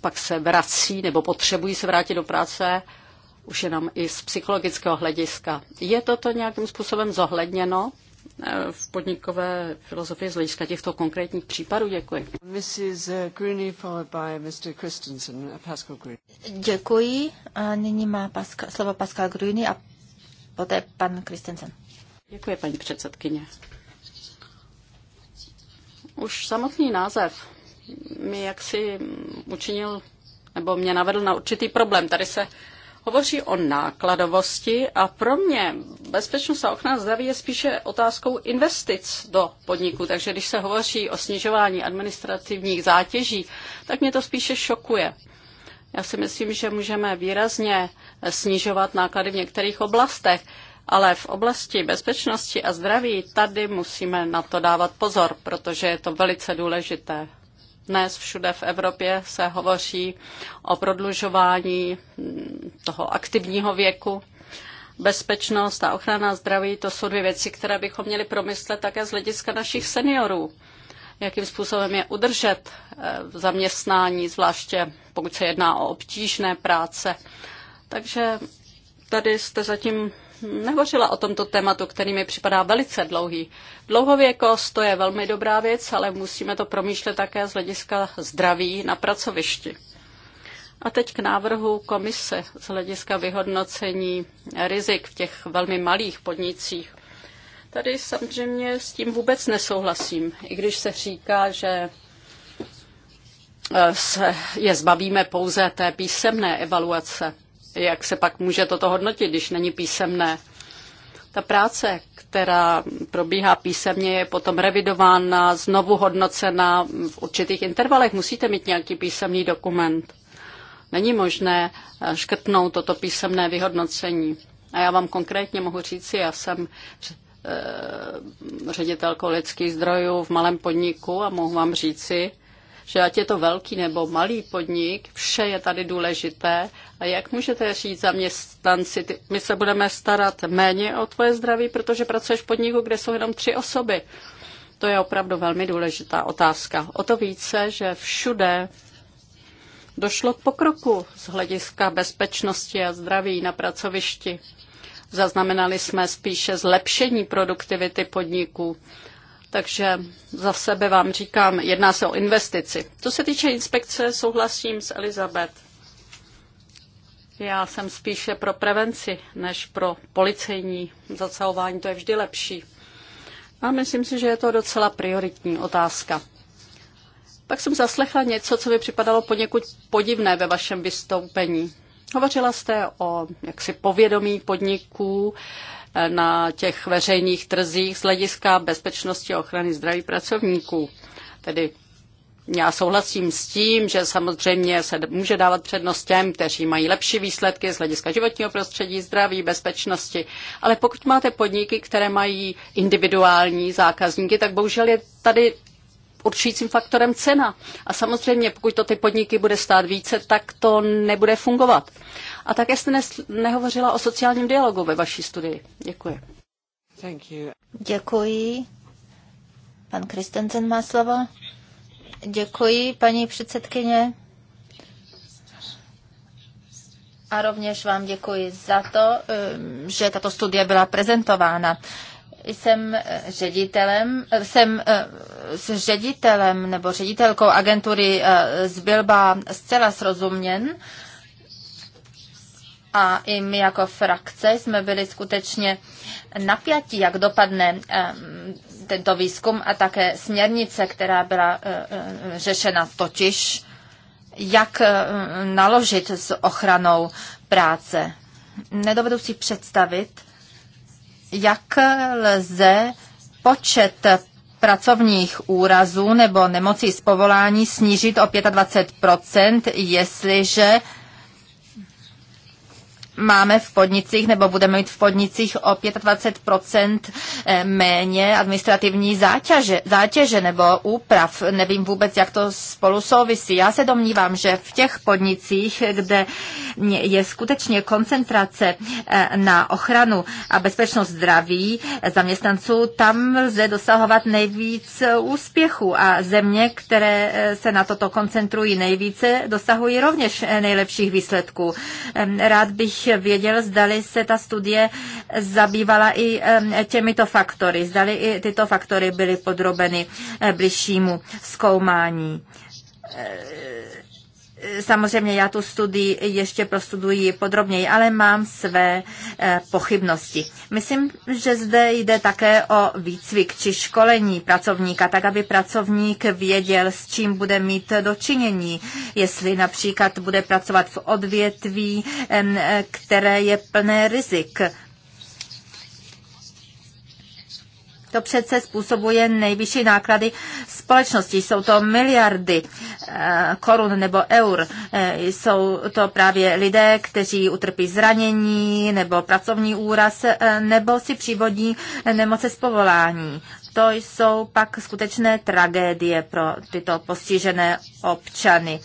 pak se vrací nebo potřebují se vrátit do práce už jenom i z psychologického hlediska. Je toto nějakým způsobem zohledněno Eh, v podnikové filozofii z hlediska těchto konkrétních případů. Děkuji. Mrs. Eh, Greeny, followed by Mr. Christensen, uh, Pascal Greeny. Děkuji. A nyní má Pascal, slovo Pascal Greeny a poté pan Christensen. Děkuji, paní předsedkyně. Už samotný název mi jaksi učinil, nebo mě navedl na určitý problém. Tady se hovoří o nákladovosti a pro mě bezpečnost a ochrana zdraví je spíše otázkou investic do podniku. Takže když se hovoří o snižování administrativních zátěží, tak mě to spíše šokuje. Já si myslím, že můžeme výrazně snižovat náklady v některých oblastech, ale v oblasti bezpečnosti a zdraví tady musíme na to dávat pozor, protože je to velice důležité. Dnes všude v Evropě se hovoří o prodlužování toho aktivního věku. Bezpečnost a ochrana zdraví, to jsou dvě věci, které bychom měli promyslet také z hlediska našich seniorů. Jakým způsobem je udržet v eh, zaměstnání, zvláště pokud se jedná o obtížné práce. Takže tady jste zatím nehovořila o tomto tématu, který mi připadá velice dlouhý. Dlouhověkost to je velmi dobrá věc, ale musíme to promýšlet také z hlediska zdraví na pracovišti. A teď k návrhu komise z hlediska vyhodnocení rizik v těch velmi malých podnicích. Tady samozřejmě s tím vůbec nesouhlasím, i když se říká, že eh, se je zbavíme pouze té písemné evaluace jak se pak může toto hodnotit, když není písemné. Ta práce, která probíhá písemně, je potom revidována, znovu hodnocena v určitých intervalech. Musíte mít nějaký písemný dokument. Není možné eh, škrtnout toto písemné vyhodnocení. A já vám konkrétně mohu říci, já jsem eh, ředitelkou lidských zdrojů v malém podniku a mohu vám říci, že ať je to velký nebo malý podnik, vše je tady důležité. A jak můžete říct zaměstnanci, ty, my se budeme starat méně o tvoje zdraví, protože pracuješ v podniku, kde jsou jenom tři osoby. To je opravdu velmi důležitá otázka. O to více, že všude došlo k pokroku z hlediska bezpečnosti a zdraví na pracovišti. Zaznamenali jsme spíše zlepšení produktivity podniků. Takže za sebe vám říkám, jedná se o investici. Co se týče inspekce, souhlasím s Elizabeth. Já jsem spíše pro prevenci než pro policejní zacelování, to je vždy lepší. A myslím si, že je to docela prioritní otázka. Pak jsem zaslechla něco, co by připadalo poněkud podivné ve vašem vystoupení. Hovořila jste o jaksi povědomí podniků, na těch veřejných trzích z hlediska bezpečnosti a ochrany zdraví pracovníků. Tedy já souhlasím s tím, že samozřejmě se může dávat přednost těm, kteří mají lepší výsledky z hlediska životního prostředí, zdraví, bezpečnosti. Ale pokud máte podniky, které mají individuální zákazníky, tak bohužel je tady určujícím faktorem cena. A samozřejmě, pokud to ty podniky bude stát více, tak to nebude fungovat. A také jste ne- nehovořila o sociálním dialogu ve vaší studii. Děkuji. Thank you. Děkuji. Pan Kristensen má slovo. Děkuji, paní předsedkyně. A rovněž vám děkuji za to, um, že tato studie byla prezentována. Jsem eh, ředitelem, eh, jsem eh, s ředitelem nebo ředitelkou agentury z Bilba zcela srozuměn a i my jako frakce jsme byli skutečně napjatí, jak dopadne tento výzkum a také směrnice, která byla eh, eh, řešena totiž, jak eh, naložit s ochranou práce. Nedovedu si představit, jak lze počet pracovních úrazů nebo nemocí z povolání snížit o 25 jestliže máme v podnicích nebo budeme mít v podnicích o 25 eh, méně administrativní zátěže, zátěže nebo úprav. Nevím vůbec, jak to spolu souvisí. Já se domnívám, že v těch podnicích, kde je skutečně koncentrace eh, na ochranu a bezpečnost zdraví eh, zaměstnanců, tam lze dosahovat nejvíc úspěchu a země, které se na toto koncentrují nejvíce, dosahují rovněž nejlepších výsledků. Rád bych věděl, zdali se ta studie zabývala i těmito faktory, zdali i tyto faktory byly podrobeny eh, bližšímu zkoumání eh, Samozřejmě já tu studii ještě prostuduji podrobněji, ale mám své eh, pochybnosti. Myslím, že zde jde také o výcvik či školení pracovníka, tak aby pracovník věděl, s čím bude mít dočinění. Jestli například bude pracovat v odvětví, eh, které je plné rizik To přece způsobuje nejvyšší náklady společnosti. Jsou to miliardy eh, korun nebo eur. Eh, jsou to právě lidé, kteří utrpí zranění nebo pracovní úraz eh, nebo si přivodí nemoce z povolání. To jsou pak skutečné tragédie pro tyto postižené občany.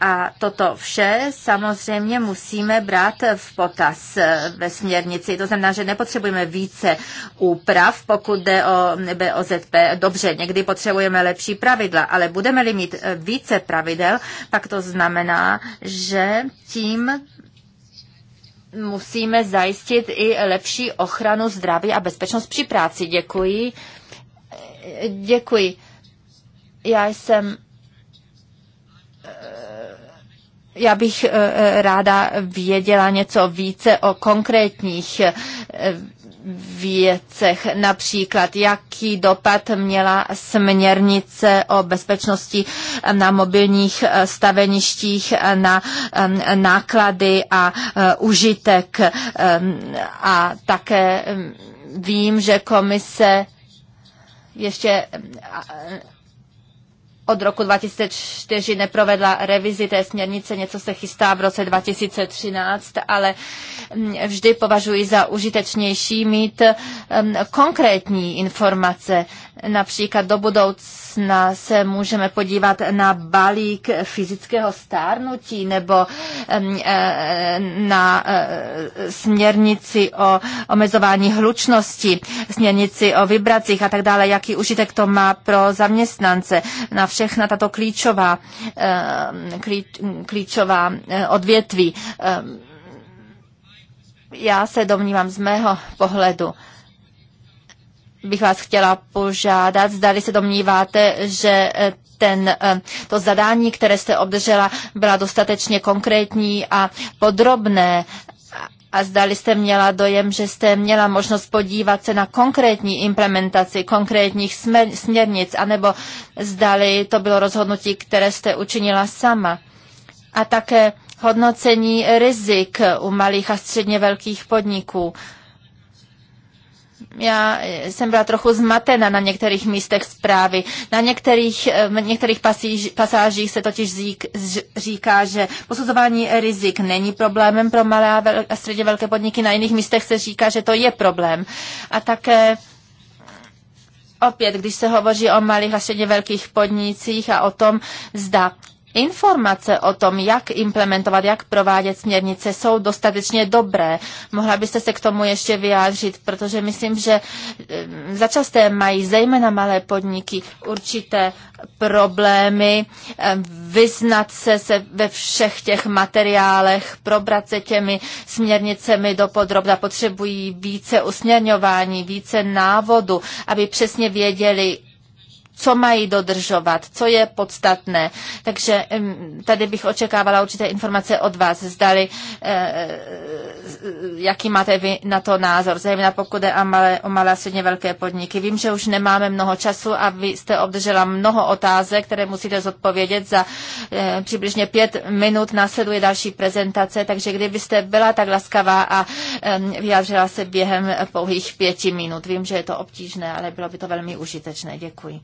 A toto vše samozřejmě musíme brát v potaz eh, ve směrnici. To znamená, že nepotřebujeme více úprav, pokud jde o BOZP. Dobře, někdy potřebujeme lepší pravidla, ale budeme-li mít eh, více pravidel, tak to znamená, že tím musíme zajistit i lepší ochranu zdraví a bezpečnost při práci. Děkuji. Eh, děkuji. Já jsem Já bych eh, eh, ráda věděla něco více o konkrétních eh, věcech, například jaký dopad měla směrnice o bezpečnosti na mobilních staveništích, na náklady a užitek. A také mm, vím, že komise ještě od roku 2004 neprovedla revizi té směrnice, něco se chystá v roce 2013, ale mm, vždy považuji za užitečnější mít mm, konkrétní informace Například do budoucna se můžeme podívat na balík fyzického stárnutí nebo e, na e, směrnici o omezování hlučnosti, směrnici o vibracích a tak dále, jaký užitek to má pro zaměstnance. Na všechna tato klíčová, klíčová e, odvětví. Já se domnívám z mého pohledu, bych vás chtěla požádat, zdali se domníváte, že eh, ten, eh, to zadání, které jste obdržela, byla dostatečně konkrétní a podrobné a zdali jste měla dojem, že jste měla možnost podívat se na konkrétní implementaci konkrétních směr, směrnic, anebo zdali to bylo rozhodnutí, které jste učinila sama. A také hodnocení rizik u malých a středně velkých podniků já jsem byla trochu zmatena na některých místech zprávy. Na některých, eh, v některých pasíž, pasážích se totiž zík, z, říká, že posuzování rizik není problémem pro malé a, vel, a středně velké podniky, na jiných místech se říká, že to je problém. A také opět, když se hovoří o malých a středně velkých podnicích a o tom, zda informace o tom, jak implementovat, jak provádět směrnice, jsou dostatečně dobré. Mohla byste se k tomu ještě vyjádřit, protože myslím, že eh, začasté mají zejména malé podniky určité problémy eh, vyznat se, se ve všech těch materiálech, probrat se těmi směrnicemi do podrobna. Potřebují více usměrňování, více návodu, aby přesně věděli, co mají dodržovat, co je podstatné. Takže tady bych očekávala určité informace od vás. Zdali, eh, jaký máte vy na to názor, zejména pokud je o malé, o malé a středně velké podniky. Vím, že už nemáme mnoho času a vy jste obdržela mnoho otázek, které musíte zodpovědět za eh, přibližně pět minut. Následuje další prezentace, takže kdybyste byla tak laskavá a vyjádřila se během pouhých pěti minut. Vím, že je to obtížné, ale bylo by to velmi užitečné. Děkuji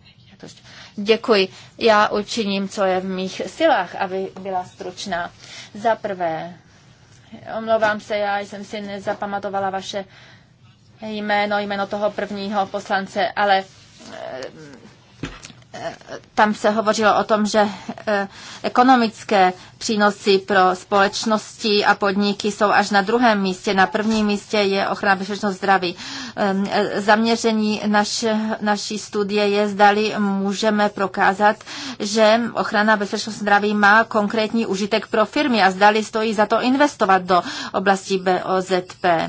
záležitost. Děkuji. Já učiním, co je v mých silách, aby byla stručná. Za prvé, omlouvám se, já jsem si nezapamatovala vaše jméno, jméno toho prvního poslance, ale eh, tam se hovořilo o tom, že e, ekonomické přínosy pro společnosti a podniky jsou až na druhém místě. Na prvním místě je ochrana bezpečnost zdraví. E, zaměření naš, naší studie je, zdali můžeme prokázat, že ochrana bezpečnost zdraví má konkrétní užitek pro firmy a zdali stojí za to investovat do oblasti BOZP e,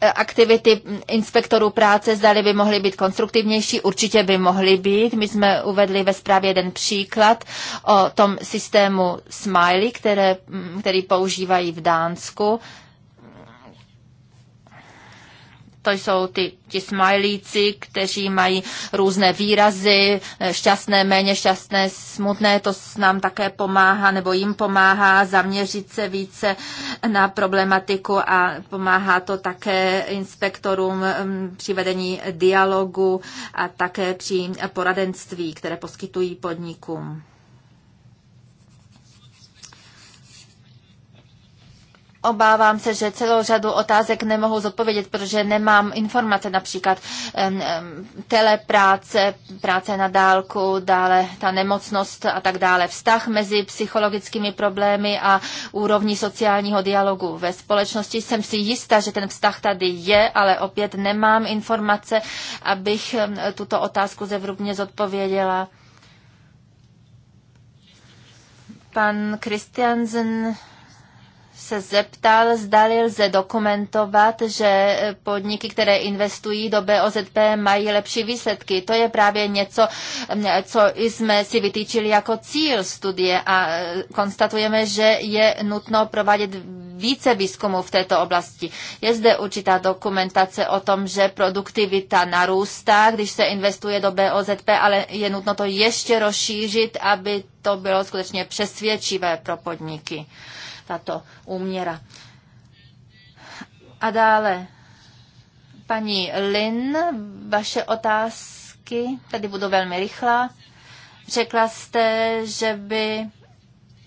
aktivity inspektorů práce, zdali by mohly být konstruktivnější, určitě by mohly být. My jsme uvedli ve zprávě jeden příklad o tom systému Smiley, které, mm, který používají v Dánsku. To jsou ty, ti smajlíci, kteří mají různé výrazy, eh, šťastné, méně šťastné, smutné. To nám také pomáhá, nebo jim pomáhá zaměřit se více na problematiku a pomáhá to také inspektorům mm, při vedení dialogu a také při poradenství, které poskytují podnikům. Obávám se, že celou řadu otázek nemohu zodpovědět, protože nemám informace, například um, telepráce, práce na dálku, dále ta nemocnost a tak dále, vztah mezi psychologickými problémy a úrovní sociálního dialogu ve společnosti. Jsem si jistá, že ten vztah tady je, ale opět nemám informace, abych um, tuto otázku zevrubně zodpověděla. Pan Christiansen se zeptal, zdali lze dokumentovat, že podniky, které investují do BOZP, mají lepší výsledky. To je právě něco, co jsme si vytýčili jako cíl studie a e, konstatujeme, že je nutno provádět více výzkumu v této oblasti. Je zde určitá dokumentace o tom, že produktivita narůstá, když se investuje do BOZP, ale je nutno to ještě rozšířit, aby to bylo skutečně přesvědčivé pro podniky tato úměra. A dále, paní Lin, vaše otázky, tady budu velmi rychlá. Řekla jste, že by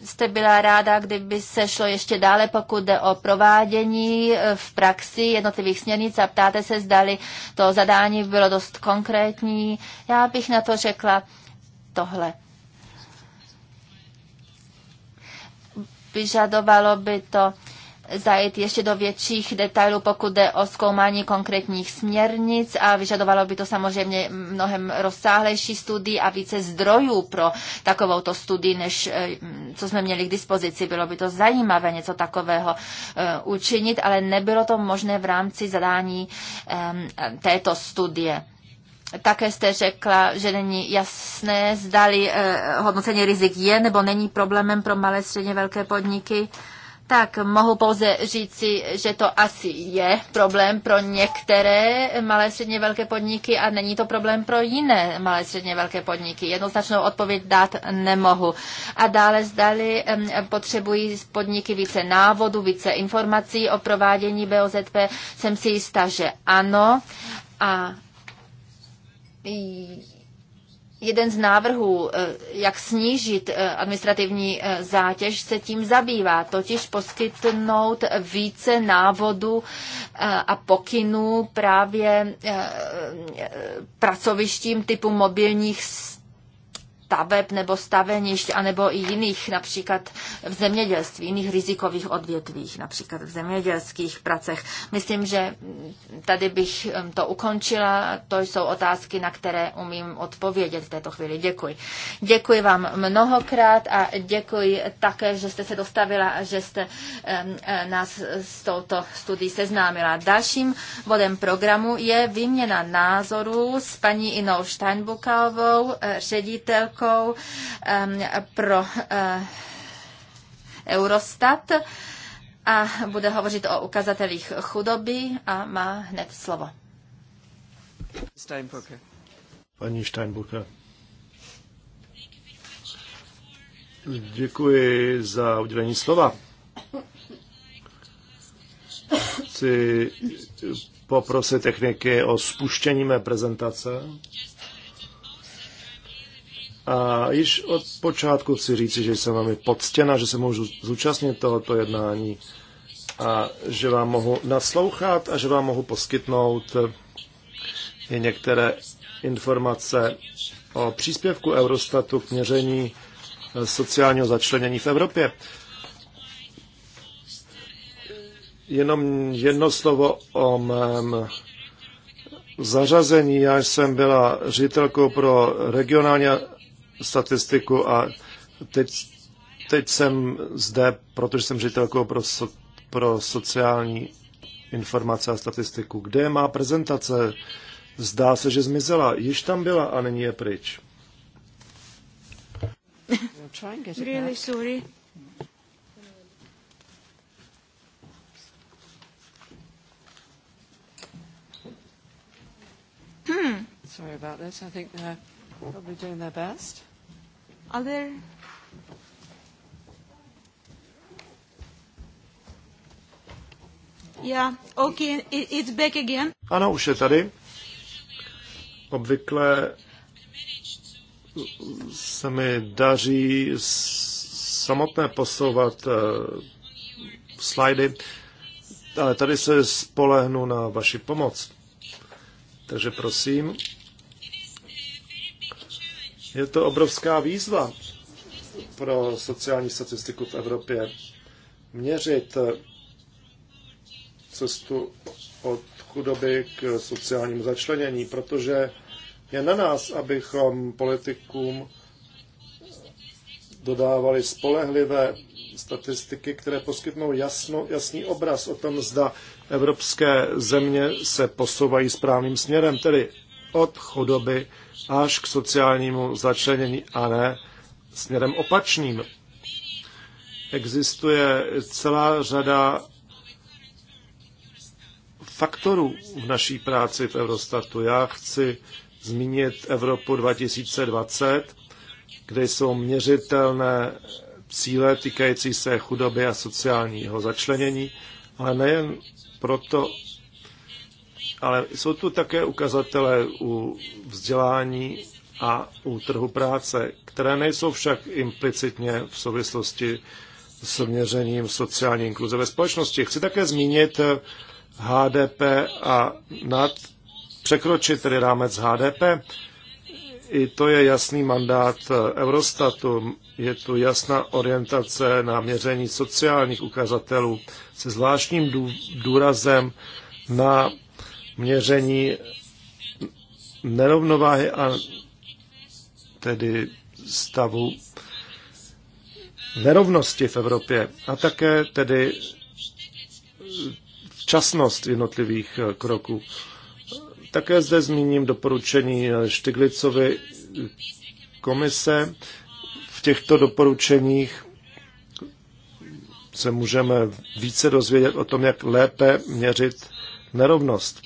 jste byla ráda, kdyby se šlo ještě dále, pokud jde o provádění eh, v praxi jednotlivých směrnic a ptáte se, zdali to zadání bylo dost konkrétní. Já bych na to řekla tohle. vyžadovalo by to zajít ještě do větších detailů, pokud jde o zkoumání konkrétních směrnic a vyžadovalo by to samozřejmě mnohem rozsáhlejší studii a více zdrojů pro takovouto studii, než eh, co jsme měli k dispozici. Bylo by to zajímavé něco takového eh, učinit, ale nebylo to možné v rámci zadání ehm, této studie. Také jste řekla, že není jasné, zdali eh, hodnocení rizik je nebo není problémem pro malé, středně velké podniky. Tak mohu pouze říci, že to asi je problém pro některé malé středně velké podniky a není to problém pro jiné malé středně velké podniky. Jednoznačnou odpověď dát nemohu. A dále zdali potřebují podniky více návodu, více informací o provádění BOZP. Jsem si jistá, že ano. A jeden z návrhů, eh, jak snížit eh, administrativní eh, zátěž, se tím zabývá, totiž poskytnout více návodů a pokynů právě pracovištím typu mobilních staveb nebo stavenišť, anebo i jiných, například v zemědělství, jiných rizikových odvětvích, například v zemědělských pracech. Myslím, že tady bych to ukončila. To jsou otázky, na které umím odpovědět v této chvíli. Děkuji. Děkuji vám mnohokrát a děkuji také, že jste se dostavila a že jste e, nás s touto studií seznámila. Dalším bodem programu je výměna názorů s paní Inou Steinbukovou, e, ředitelkou ředitelkou pro eh, Eurostat a bude hovořit o ukazatelích chudoby a má hned slovo. Steinbrücker. Paní Steinbrücker. Děkuji za udělení slova. Chci poprosit techniky o spuštění mé prezentace. A již od počátku chci říci, že jsem velmi poctěna, že se můžu zúčastnit tohoto jednání a že vám mohu naslouchat a že vám mohu poskytnout eh, i některé informace o příspěvku Eurostatu k měření eh, sociálního začlenění v Evropě. Jenom jedno slovo o mém zařazení. Já jsem byla ředitelkou pro regionální statistiku a teď, teď jsem zde, protože jsem ředitelkou pro, so, pro sociální informace a statistiku. Kde je má prezentace? Zdá se, že zmizela. Již tam byla a není je pryč. really sorry. Sorry about this. I think the uh, probably doing their best. Are there Yeah, okay, it's back again. Ano, už je tady. Obvykle se mi daří samotné posouvat uh, slajdy, ale tady se spolehnu na vaši pomoc. Takže prosím. Je to obrovská výzva pro sociální statistiku v Evropě. Měřit cestu od chudoby k sociálnímu začlenění, protože je na nás, abychom politikům dodávali spolehlivé statistiky, které poskytnou jasno, jasný obraz o tom, zda evropské země se posouvají správným směrem, tedy od chudoby až k sociálnímu začlenění a ne směrem opačným. Existuje celá řada faktorů v naší práci v Eurostatu. Já chci zmínit Evropu 2020, kde jsou měřitelné cíle týkající se chudoby a sociálního začlenění, ale nejen proto, ale jsou tu také ukazatele u vzdělání a u trhu práce, které nejsou však implicitně v souvislosti s měřením sociální inkluze ve společnosti. Chci také zmínit HDP a nad překročit tedy rámec HDP. I to je jasný mandát Eurostatu. Je tu jasná orientace na měření sociálních ukazatelů se zvláštním důrazem na měření nerovnováhy a tedy stavu nerovnosti v Evropě a také tedy včasnost jednotlivých eh, kroků. Také zde zmíním doporučení eh, Štiglicovy komise. V těchto doporučeních se můžeme více dozvědět o tom, jak lépe měřit nerovnost.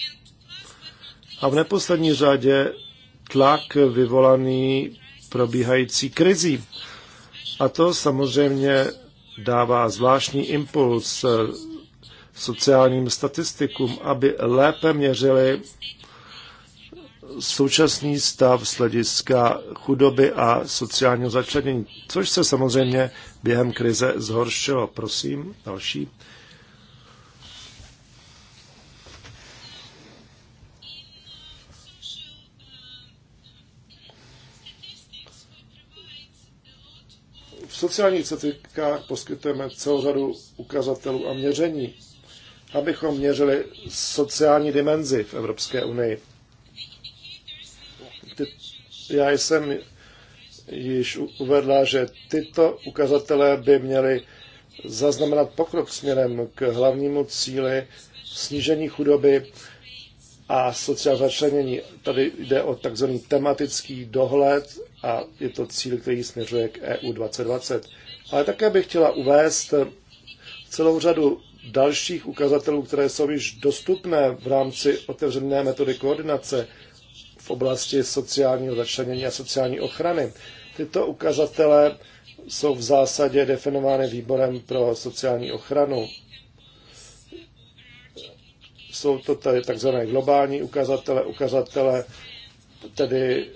A v neposlední řadě tlak vyvolaný probíhající krizí. A to samozřejmě dává zvláštní impuls eh, sociálním statistikům, aby lépe měřili současný stav z hlediska chudoby a sociálního začlenění, což se samozřejmě během krize zhoršilo. Prosím, další. sociální certifikách poskytujeme celou řadu ukazatelů a měření, abychom měřili sociální dimenzi v Evropské unii. Já jsem již uvedla, že tyto ukazatele by měly zaznamenat pokrok směrem k hlavnímu cíli snížení chudoby a sociální začlenění. Tady jde o takzvaný tematický dohled a je to cíl, který směřuje k EU 2020. Ale také bych chtěla uvést celou řadu dalších ukazatelů, které jsou již dostupné v rámci otevřené metody koordinace v oblasti sociálního začlenění a sociální ochrany. Tyto ukazatele jsou v zásadě definovány výborem pro sociální ochranu jsou to tady takzvané globální ukazatele, ukazatele tedy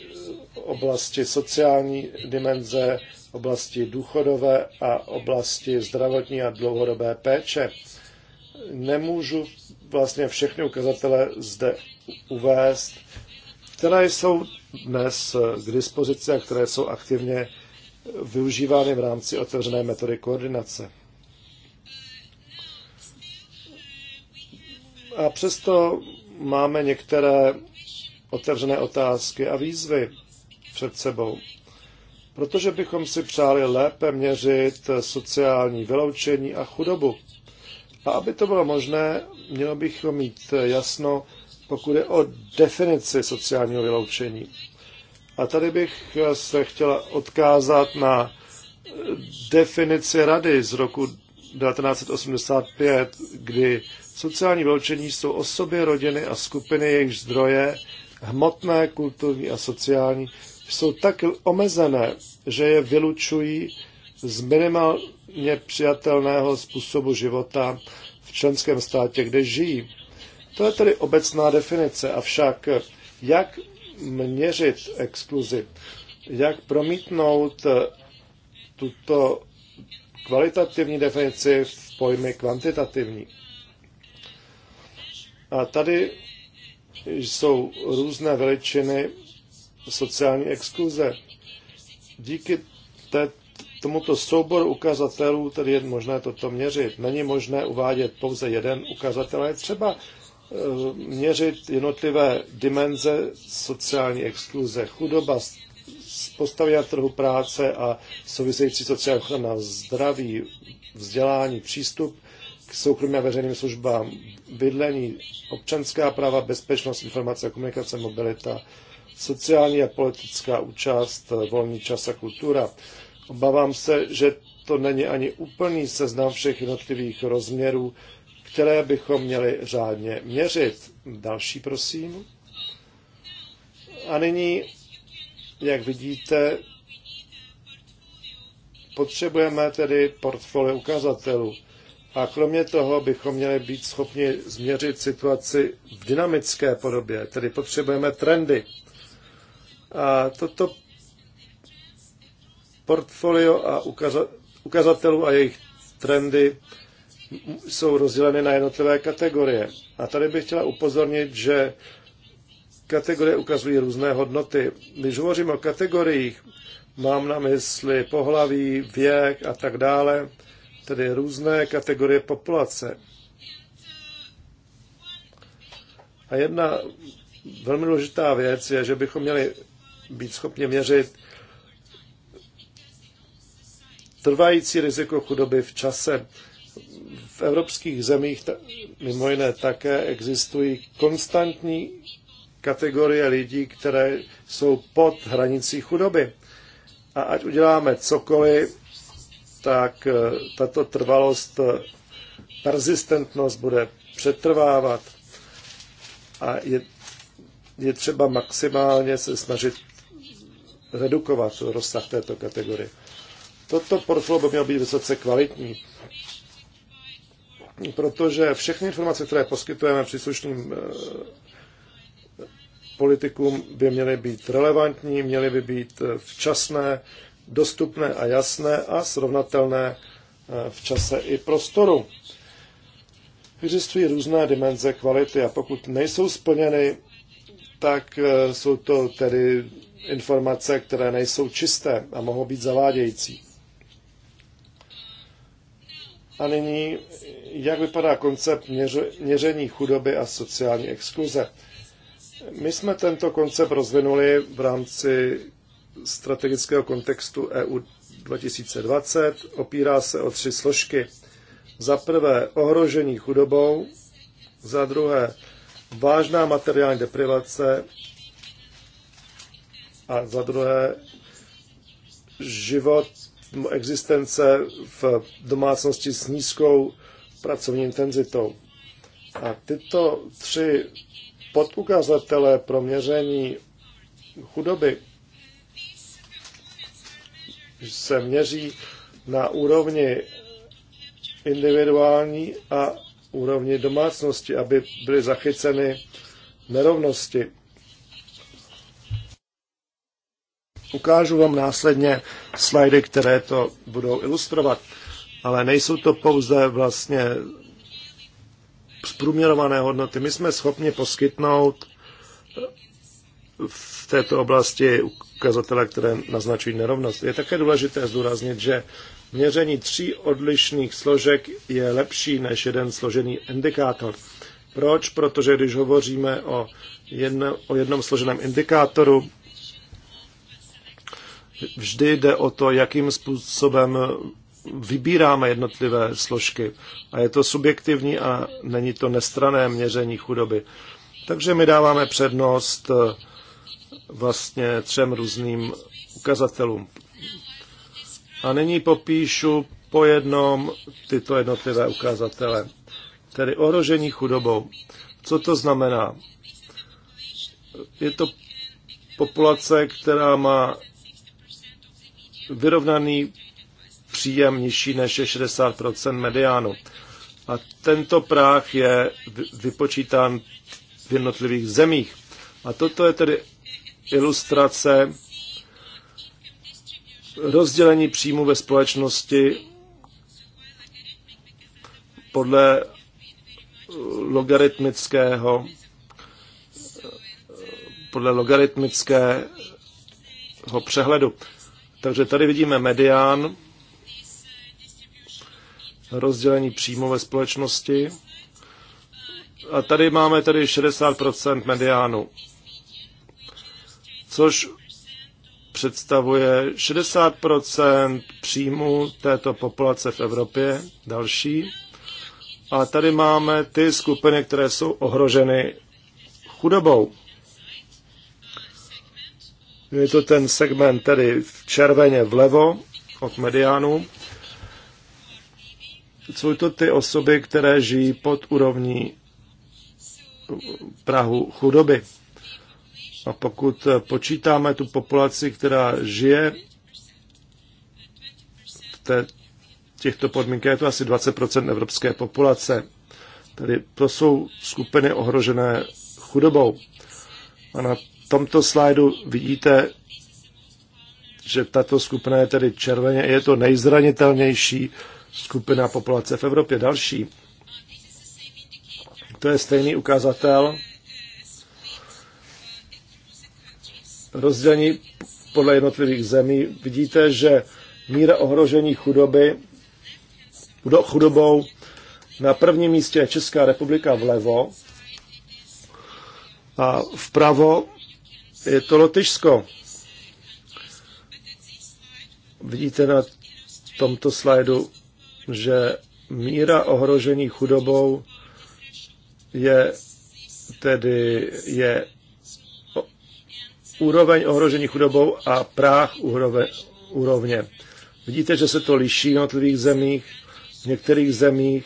oblasti sociální dimenze, oblasti důchodové a oblasti zdravotní a dlouhodobé péče. Nemůžu vlastně všechny ukazatele zde uvést, které jsou dnes k dispozici a které jsou aktivně využívány v rámci otevřené metody koordinace. A přesto máme některé otevřené otázky a výzvy před sebou. Protože bychom si přáli lépe měřit sociální vyloučení a chudobu. A aby to bylo možné, mělo bychom mít jasno, pokud je o definici sociálního vyloučení. A tady bych se chtěla odkázat na definici rady z roku 1985, kdy Sociální vyloučení jsou osoby, rodiny a skupiny, jejichž zdroje hmotné, kulturní a sociální jsou tak omezené, že je vylučují z minimálně přijatelného způsobu života v členském státě, kde žijí. To je tedy obecná definice, avšak jak měřit exkluzi, jak promítnout tuto kvalitativní definici v pojmy kvantitativní. A tady jsou různé veličiny sociální exkluze. Díky té, tomuto souboru ukazatelů tedy je možné toto měřit. Není možné uvádět pouze jeden ukazatel, je třeba e, měřit jednotlivé dimenze sociální exkluze, chudoba, postavy na trhu práce a související sociální ochrana, zdraví, vzdělání, přístup k soukromým a veřejným službám, bydlení, občanská práva, bezpečnost, informace a komunikace, mobilita, sociální a politická účast, volný čas a kultura. Obávám se, že to není ani úplný seznam všech jednotlivých rozměrů, které bychom měli řádně měřit. Další, prosím. A nyní, jak vidíte, potřebujeme tedy portfolio ukazatelů. A kromě toho bychom měli být schopni změřit situaci v dynamické podobě, tedy potřebujeme trendy. A toto portfolio a ukazatelů a jejich trendy jsou rozděleny na jednotlivé kategorie. A tady bych chtěla upozornit, že kategorie ukazují různé hodnoty. Když hovořím o kategoriích, mám na mysli pohlaví, věk a tak dále tedy různé kategorie populace. A jedna velmi důležitá věc je, že bychom měli být schopni měřit trvající riziko chudoby v čase. V evropských zemích mimo jiné také existují konstantní kategorie lidí, které jsou pod hranicí chudoby. A ať uděláme cokoliv, tak eh, tato trvalost, eh, persistentnost bude přetrvávat a je, je třeba maximálně se snažit redukovat rozsah této kategorie. Toto portfolio by mělo být vysoce kvalitní, protože všechny informace, které poskytujeme příslušným eh, politikům, by měly být relevantní, měly by být včasné, dostupné a jasné a srovnatelné eh, v čase i prostoru. Existují různé dimenze kvality a pokud nejsou splněny, tak eh, jsou to tedy informace, které nejsou čisté a mohou být zavádějící. A nyní, jak vypadá koncept měření chudoby a sociální exkluze? My jsme tento koncept rozvinuli v rámci strategického kontextu EU 2020 opírá se o tři složky. Za prvé ohrožení chudobou, za druhé vážná materiální deprivace a za druhé život existence v domácnosti s nízkou pracovní intenzitou. A tyto tři podukazatele pro měření chudoby se měří na úrovni individuální a úrovni domácnosti, aby byly zachyceny nerovnosti. Ukážu vám následně slajdy, které to budou ilustrovat, ale nejsou to pouze vlastně zprůměrované hodnoty. My jsme schopni poskytnout v této oblasti ukazatele, které naznačují nerovnost. Je také důležité zdůraznit, že měření tří odlišných složek je lepší než jeden složený indikátor. Proč? Protože když hovoříme o, jedno, o jednom složeném indikátoru, vždy jde o to, jakým způsobem vybíráme jednotlivé složky. A je to subjektivní a není to nestrané měření chudoby. Takže my dáváme přednost vlastně třem různým ukazatelům. A nyní popíšu po jednom tyto jednotlivé ukazatele. Tedy ohrožení chudobou. Co to znamená? Je to populace, která má vyrovnaný příjem nižší než je 60 mediánu. A tento práh je vypočítán v jednotlivých zemích. A toto je tedy ilustrace rozdělení příjmu ve společnosti podle logaritmického podle logaritmického přehledu. Takže tady vidíme medián, rozdělení příjmu ve společnosti. A tady máme tady 60% mediánu což představuje 60 příjmů této populace v Evropě, další. A tady máme ty skupiny, které jsou ohroženy chudobou. Je to ten segment tedy v červeně vlevo od mediánu. Jsou to ty osoby, které žijí pod úrovní Prahu chudoby. A pokud eh, počítáme tu populaci, která žije v té, těchto podmínkách, je to asi 20 evropské populace. Tedy to jsou skupiny ohrožené chudobou. A na tomto slajdu vidíte, že tato skupina je tedy červeně, je to nejzranitelnější skupina populace v Evropě. Další. To je stejný ukazatel rozdělení podle jednotlivých zemí, vidíte, že míra ohrožení chudoby, chudobou na prvním místě je Česká republika vlevo a vpravo je to Lotyšsko. Vidíte na tomto slajdu, že míra ohrožení chudobou je tedy je úroveň ohrožení chudobou a práh úrove, úrovně. Vidíte, že se to liší v jednotlivých zemích, v některých zemích,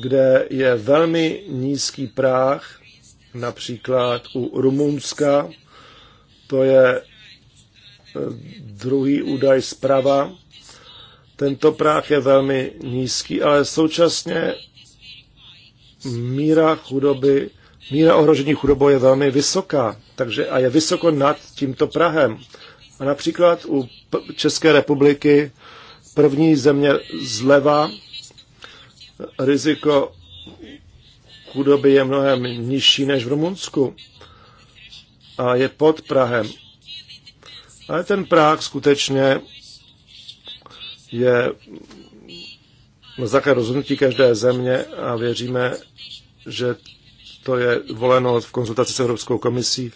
kde je velmi nízký práh, například u Rumunska, to je e, druhý údaj zprava. Tento práh je velmi nízký, ale současně míra chudoby míra ohrožení chudobou je velmi vysoká, takže a je vysoko nad tímto Prahem. A například u České republiky první země zleva riziko chudoby je mnohem nižší než v Rumunsku a je pod Prahem. Ale ten Prah skutečně je na základ rozhodnutí každé země a věříme, že to je voleno v konzultaci s Evropskou komisí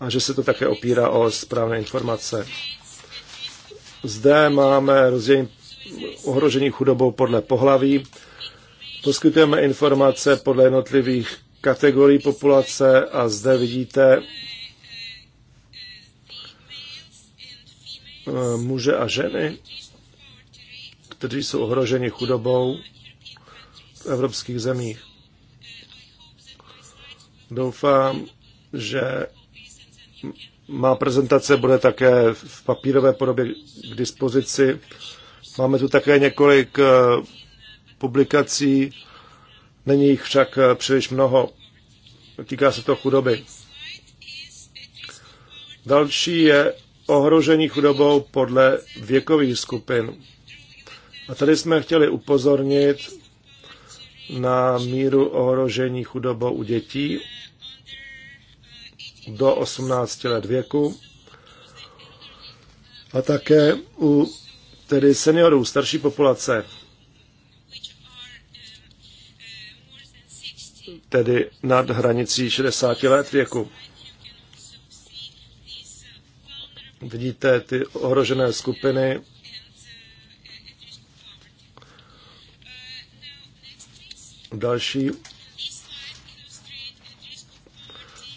a že se to také opírá o správné informace. Zde máme rozdělení ohrožení chudobou podle pohlaví. Poskytujeme informace podle jednotlivých kategorií populace a zde vidíte eh, muže a ženy, kteří jsou ohroženi chudobou v evropských zemích. Doufám, že má prezentace bude také v papírové podobě k dispozici. Máme tu také několik eh, publikací, není jich však eh, příliš mnoho. Týká se to chudoby. Další je ohrožení chudobou podle věkových skupin. A tady jsme chtěli upozornit na míru ohrožení chudobou u dětí do 18 let věku a také u tedy seniorů starší populace, tedy nad hranicí 60 let věku. Vidíte ty ohrožené skupiny další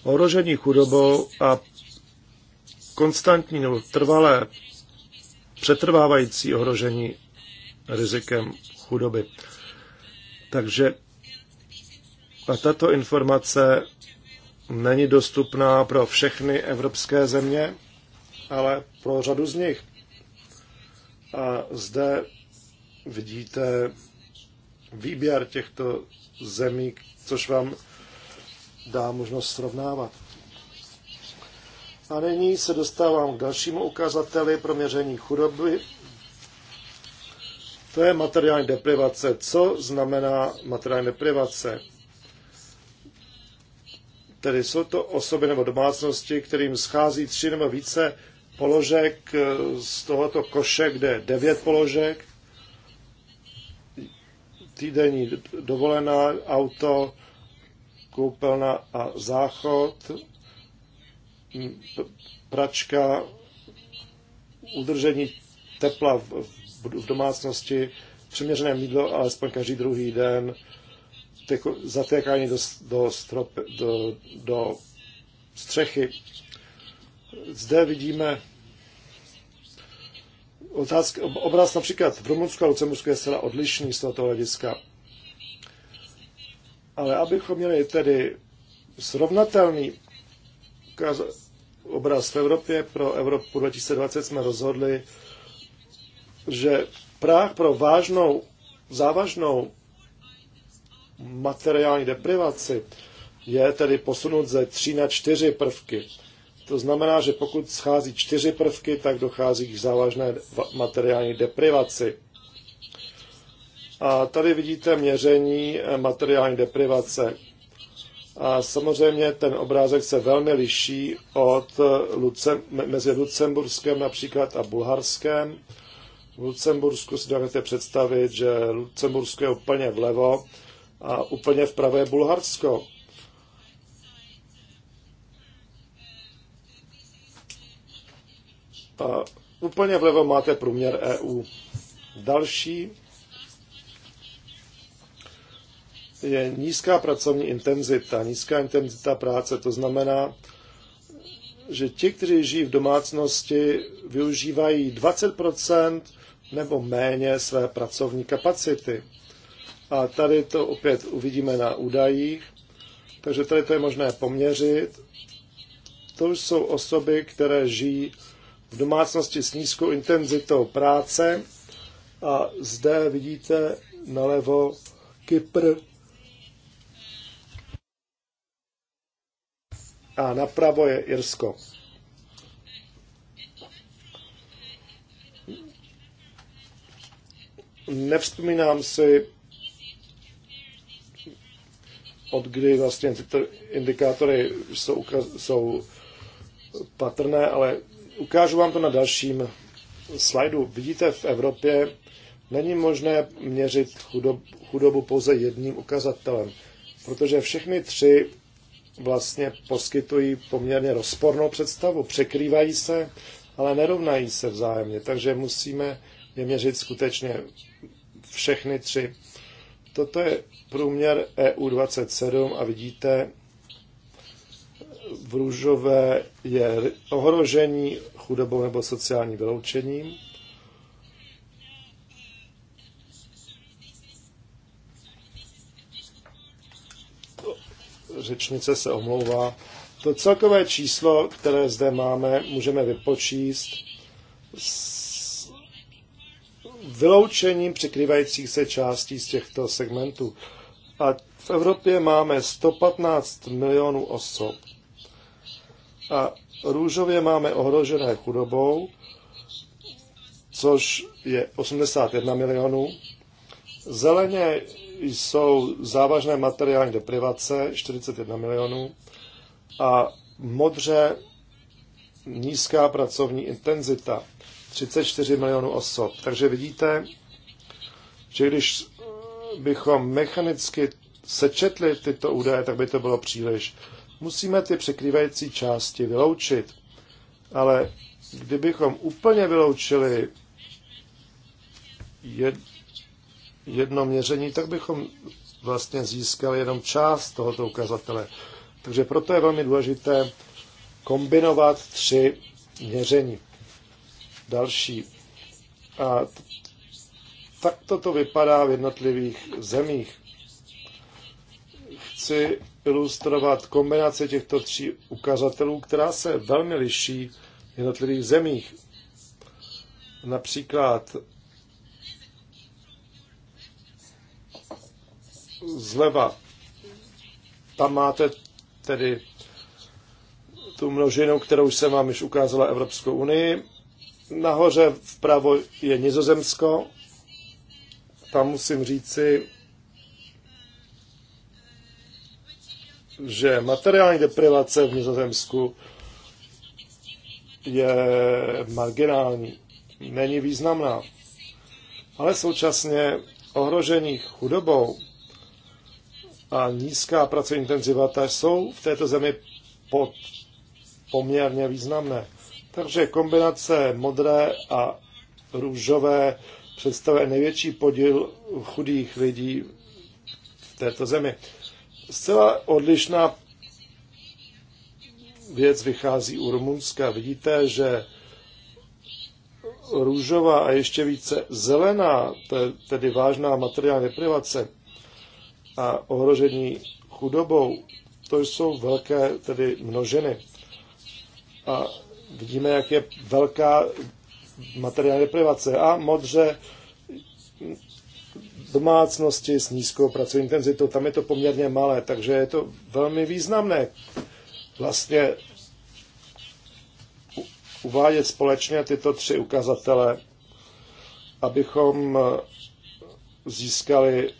ohrožení chudobou a konstantní nebo trvalé přetrvávající ohrožení rizikem chudoby. Takže a tato informace není dostupná pro všechny evropské země, ale pro řadu z nich. A zde vidíte výběr těchto zemí, což vám dá možnost srovnávat. A nyní se dostávám k dalšímu ukazateli pro měření chudoby. To je materiální deprivace. Co znamená materiální deprivace? Tedy jsou to osoby nebo domácnosti, kterým schází tři nebo více položek eh, z tohoto koše, kde je devět položek, týdenní dovolená, auto, koupelna a záchod, pračka, udržení tepla v, v domácnosti, přiměřené mídlo alespoň každý druhý den, tyko, zatékání do, do, strop, do, do střechy. Zde vidíme otázky, obraz například v Rumunsku a Lucembursku je zcela odlišný z tohoto hlediska. Ale abychom měli tedy srovnatelný obraz v Evropě pro Evropu 2020 jsme rozhodli, že práh pro vážnou, závažnou materiální deprivaci je tedy posunut ze 3 na 4 prvky. To znamená, že pokud schází čtyři prvky, tak dochází k závažné materiální deprivaci. A tady vidíte měření eh, materiální deprivace. A samozřejmě ten obrázek se velmi liší od eh, Lucem, mezi Lucemburskem například a Bulharskem. V Lucembursku si dovedete představit, že Lucembursko je úplně vlevo a úplně vpravo je Bulharsko. A úplně vlevo máte průměr EU. Další je nízká pracovní intenzita. Nízká intenzita práce, to znamená, že ti, kteří žijí v domácnosti, využívají 20 nebo méně své pracovní kapacity. A tady to opět uvidíme na údajích, takže tady to je možné poměřit. To jsou osoby, které žijí v domácnosti s nízkou intenzitou práce a zde vidíte nalevo Kypr a napravo je Irsko. Nevzpomínám si, od kdy vlastně tyto indikátory jsou, jsou patrné, ale ukážu vám to na dalším slajdu. Vidíte, v Evropě není možné měřit chudob, chudobu pouze jedním ukazatelem, protože všechny tři vlastně poskytují poměrně rozpornou představu. Překrývají se, ale nerovnají se vzájemně, takže musíme je měřit skutečně všechny tři. Toto je průměr EU27 a vidíte, v růžové je ohrožení chudobou nebo sociálním vyloučením. řečnice se omlouvá. To celkové číslo, které zde máme, můžeme vypočíst s vyloučením překrývajících se částí z těchto segmentů. A v Evropě máme 115 milionů osob. A růžově máme ohrožené chudobou, což je 81 milionů. Zeleně jsou závažné materiální deprivace 41 milionů a modře nízká pracovní intenzita 34 milionů osob. Takže vidíte, že když bychom mechanicky sečetli tyto údaje, tak by to bylo příliš. Musíme ty překrývající části vyloučit, ale kdybychom úplně vyloučili jedno měření, tak bychom vlastně získali jenom část tohoto ukazatele. Takže proto je velmi důležité kombinovat tři měření. Další. A tak toto vypadá v jednotlivých zemích. Chci ilustrovat kombinaci těchto tří ukazatelů, která se velmi liší v jednotlivých zemích. Například zleva. Tam máte tedy tu množinu, kterou jsem vám již ukázala Evropskou unii. Nahoře vpravo je Nizozemsko. Tam musím říci, že materiální deprivace v Nizozemsku je marginální, není významná. Ale současně ohrožení chudobou a nízká pracovní intenzivita jsou v této zemi pod poměrně významné. Takže kombinace modré a růžové představuje největší podíl chudých lidí v této zemi. Zcela odlišná věc vychází u Rumunska. Vidíte, že růžová a ještě více zelená, tedy vážná materiální privace, a ohrožení chudobou, to jsou velké tedy množiny. A vidíme, jak je velká materiální deprivace. A modře domácnosti s nízkou pracovní intenzitou, tam je to poměrně malé, takže je to velmi významné vlastně uvádět společně tyto tři ukazatele, abychom eh, získali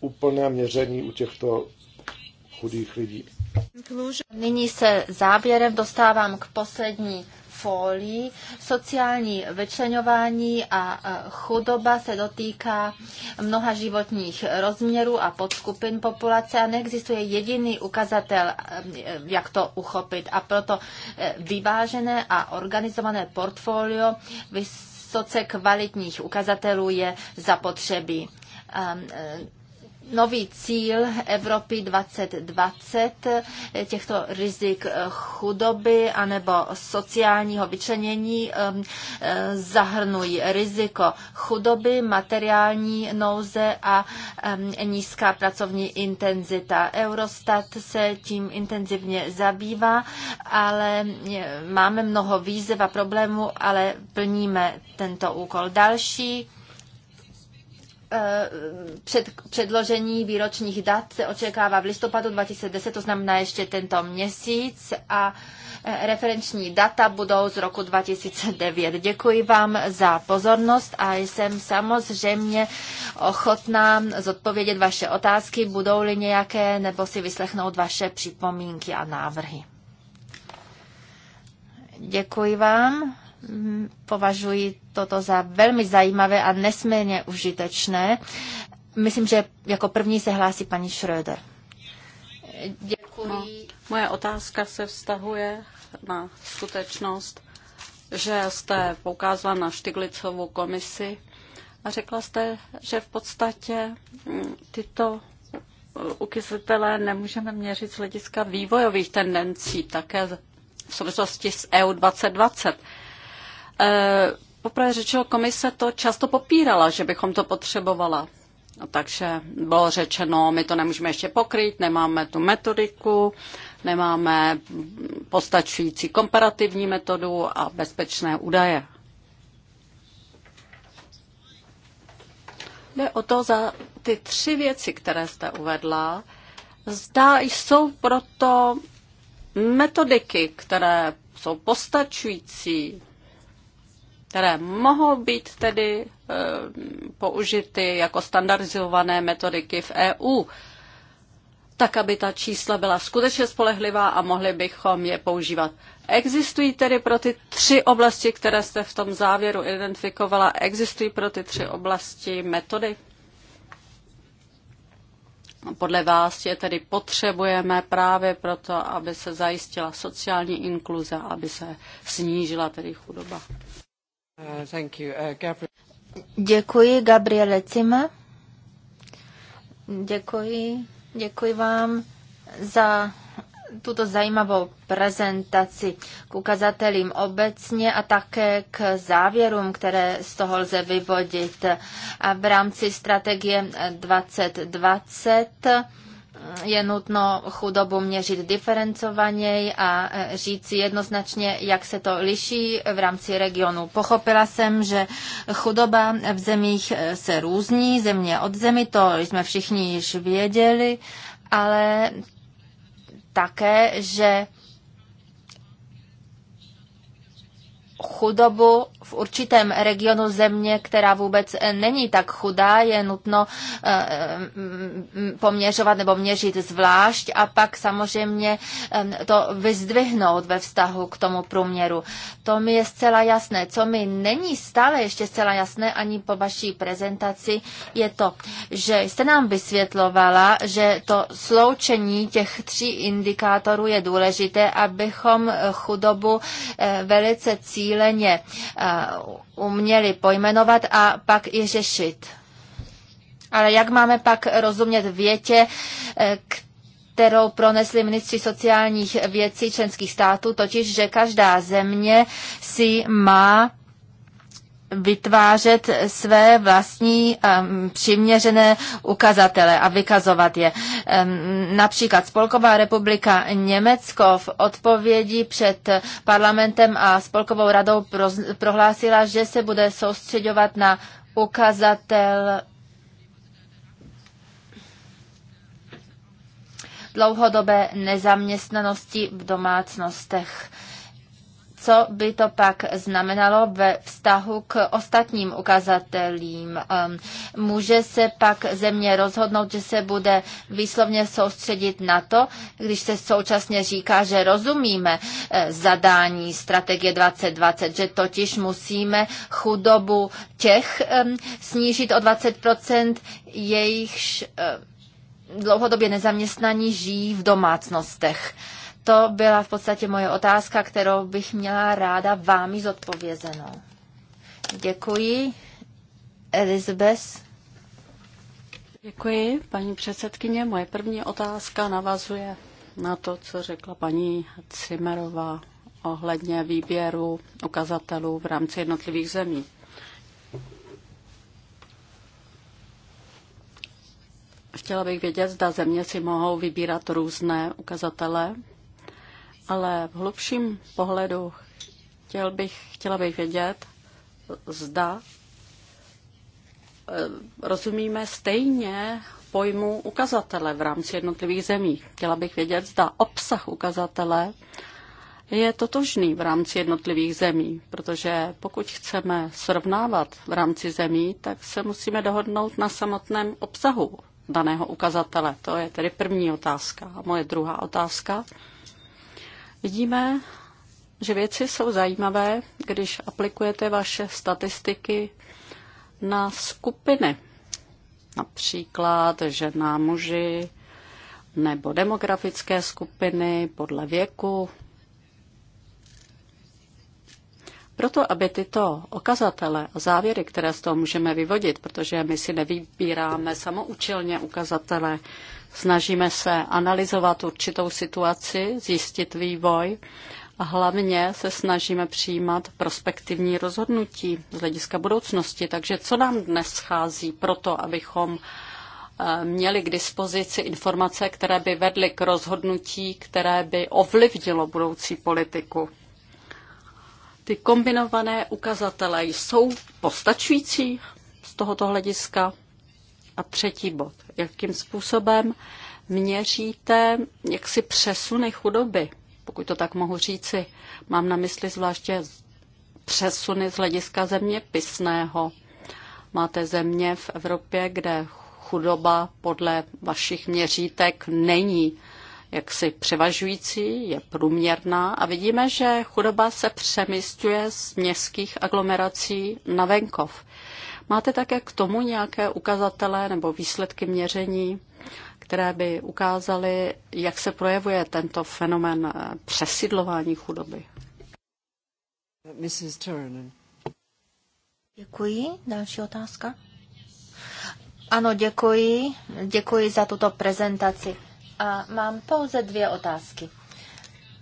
úplné měření u těchto chudých lidí. Nyní se záběrem dostávám k poslední folii. Sociální vyčleňování a chudoba se dotýká mnoha životních rozměrů a podskupin populace a neexistuje jediný ukazatel, eh, jak to uchopit. A proto eh, vyvážené a organizované portfolio vysoce kvalitních ukazatelů je zapotřebí ehm, eh, nový cíl Evropy 2020 těchto rizik eh, chudoby anebo sociálního vyčlenění ehm, eh, zahrnují riziko chudoby, materiální nouze a ehm, nízká pracovní intenzita. Eurostat se tím intenzivně zabývá, ale eh, máme mnoho výzev a problémů, ale plníme tento úkol. Další před, předložení výročních dat se očekává v listopadu 2010, to znamená ještě tento měsíc a e, referenční data budou z roku 2009. Děkuji vám za pozornost a jsem samozřejmě ochotná zodpovědět vaše otázky, budou-li nějaké, nebo si vyslechnout vaše připomínky a návrhy. Děkuji vám považuji toto za velmi zajímavé a nesmírně užitečné. Myslím, že jako první se hlásí paní Schröder. Děkuji. No, moje otázka se vztahuje na skutečnost, že jste poukázala na Štiglicovou komisi a řekla jste, že v podstatě mm, tyto ukazatele nemůžeme měřit z hlediska vývojových tendencí, také v souvislosti s EU 2020. Eh, poprvé řečeno, komise to často popírala, že bychom to potřebovala. No, takže bylo řečeno, my to nemůžeme ještě pokryt, nemáme tu metodiku, nemáme postačující komparativní metodu a bezpečné údaje. Jde o to za ty tři věci, které jste uvedla. Zdá jsou proto metodiky, které jsou postačující které mohou být tedy eh, použity jako standardizované metodiky v EU, tak aby ta čísla byla skutečně spolehlivá a mohli bychom je používat. Existují tedy pro ty tři oblasti, které jste v tom závěru identifikovala, existují pro ty tři oblasti metody? Podle vás je tedy potřebujeme právě proto, aby se zajistila sociální inkluze, aby se snížila tedy chudoba. Uh, děkuji, Gabriele Cima. Děkuji, děkuji vám za tuto zajímavou prezentaci k ukazatelím obecně a také k závěrům, které z toho lze vyvodit. A v rámci strategie 2020 je nutno chudobu měřit diferencovaněji a e, říci jednoznačně, jak se to liší v rámci regionu. Pochopila jsem, že chudoba v zemích e, se různí, země od zemi, to jsme všichni již věděli, ale také, že chudobu v určitém regionu země, která vůbec není tak chudá, je nutno eh, mm, mm, poměřovat nebo měřit zvlášť a pak samozřejmě eh, to vyzdvihnout ve vztahu k tomu průměru. To mi je zcela jasné. Co mi není stále ještě zcela jasné ani po vaší prezentaci, je to, že jste nám vysvětlovala, že to sloučení těch tří indikátorů je důležité, abychom chudobu eh, velice cílili cíleně eh, uměli pojmenovat a pak i řešit. Ale jak máme pak rozumět větě, eh, kterou pronesli ministři sociálních věcí členských států, totiž, že každá země si má vytvářet své vlastní um, přiměřené ukazatele a vykazovat je. Um, například Spolková republika Německo v odpovědi před parlamentem a Spolkovou radou prohlásila, že se bude soustředovat na ukazatel dlouhodobé nezaměstnanosti v domácnostech co by to pak znamenalo ve vztahu k ostatním ukazatelím. Může se pak země rozhodnout, že se bude výslovně soustředit na to, když se současně říká, že rozumíme eh, zadání strategie 2020, že totiž musíme chudobu těch snížit o 20%, jejichž eh, dlouhodobě nezaměstnaní žijí v domácnostech to byla v podstatě moje otázka, kterou bych měla ráda vámi zodpovězenou. Děkuji. Elizabeth. Děkuji, paní předsedkyně. Moje první otázka navazuje na to, co řekla paní Cimerová ohledně výběru ukazatelů v rámci jednotlivých zemí. Chtěla bych vědět, zda země si mohou vybírat různé ukazatele ale v hlubším pohledu chtěl bych, chtěla bych vědět, zda eh, rozumíme stejně pojmu ukazatele v rámci jednotlivých zemí. Chtěla bych vědět, zda obsah ukazatele je totožný v rámci jednotlivých zemí, protože pokud chceme srovnávat v rámci zemí, tak se musíme dohodnout na samotném obsahu daného ukazatele. To je tedy první otázka. A moje druhá otázka Vidíme, že věci jsou zajímavé, když aplikujete vaše statistiky na skupiny. Například žena, muži nebo demografické skupiny podle věku. Proto, aby tyto okazatele a závěry, které z toho můžeme vyvodit, protože my si nevybíráme samoučelně ukazatele, Snažíme se analyzovat určitou situaci, zjistit vývoj a hlavně se snažíme přijímat prospektivní rozhodnutí z hlediska budoucnosti. Takže co nám dnes schází pro to, abychom eh, měli k dispozici informace, které by vedly k rozhodnutí, které by ovlivnilo budoucí politiku? Ty kombinované ukazatele jsou postačující z tohoto hlediska? A třetí bod. Jakým způsobem měříte jaksi přesuny chudoby, pokud to tak mohu říci. Mám na mysli zvláště přesuny z hlediska zeměpisného. Máte země v Evropě, kde chudoba podle vašich měřítek není jaksi převažující, je průměrná a vidíme, že chudoba se přemysťuje z městských aglomerací na venkov. Máte také k tomu nějaké ukazatele nebo výsledky měření, které by ukázaly, jak se projevuje tento fenomen eh, přesidlování chudoby? Mrs. Turner. Děkuji. Další otázka? Ano, děkuji. Děkuji za tuto prezentaci. A mám pouze dvě otázky.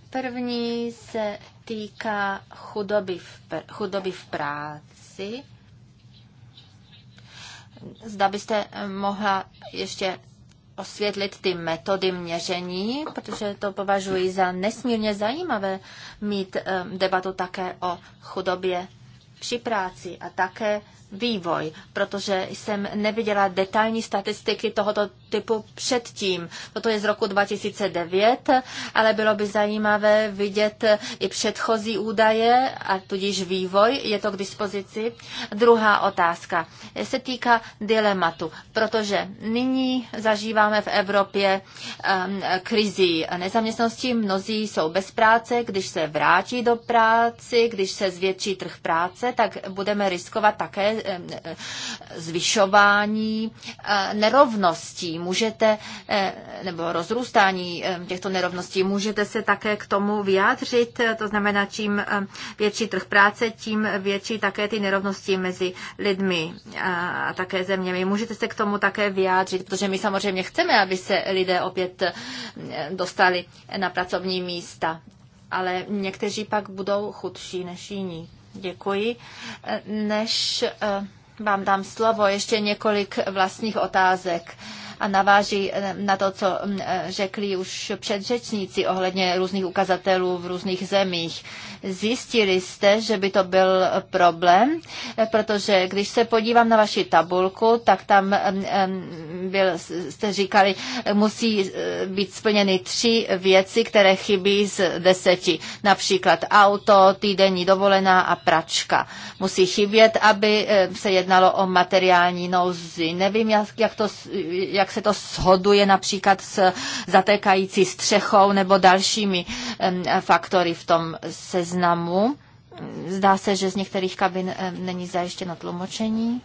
První se týká chudoby v, chudoby v práci. Zda byste eh, mohla ještě osvětlit ty metody měření, protože to považuji za nesmírně zajímavé mít eh, debatu také o chudobě při práci a také vývoj, protože jsem neviděla detailní statistiky tohoto typu předtím. Toto je z roku 2009, ale bylo by zajímavé vidět i předchozí údaje a tudíž vývoj. Je to k dispozici. Druhá otázka se týká dilematu, protože nyní zažíváme v Evropě um, krizi nezaměstnosti. Mnozí jsou bez práce, když se vrátí do práci, když se zvětší trh práce, tak budeme riskovat také um, zvyšování uh, nerovností Můžete, eh, nebo rozrůstání eh, těchto nerovností, můžete se také k tomu vyjádřit, eh, to znamená, čím větší trh práce, tím větší také ty nerovnosti mezi lidmi a také zeměmi. Můžete se k tomu také vyjádřit, protože my samozřejmě chceme, aby se lidé opět dostali na pracovní místa, ale někteří pak budou chudší než jiní. Děkuji. Než vám dám slovo, ještě několik vlastních otázek a naváží eh, na to, co mm, eh, řekli už předřečníci ohledně různých ukazatelů v různých zemích. Zjistili jste, že by to byl problém, eh, protože když se podívám na vaši tabulku, tak tam mm, byl, jste říkali, musí být splněny tři věci, které chybí z deseti. Například auto, týdenní dovolená a pračka. Musí chybět, aby se jednalo o materiální nouzi. Nevím, jak, to, jak jak se to shoduje například s zatékající střechou nebo dalšími faktory v tom seznamu. Zdá se, že z některých kabin není zajištěno tlumočení.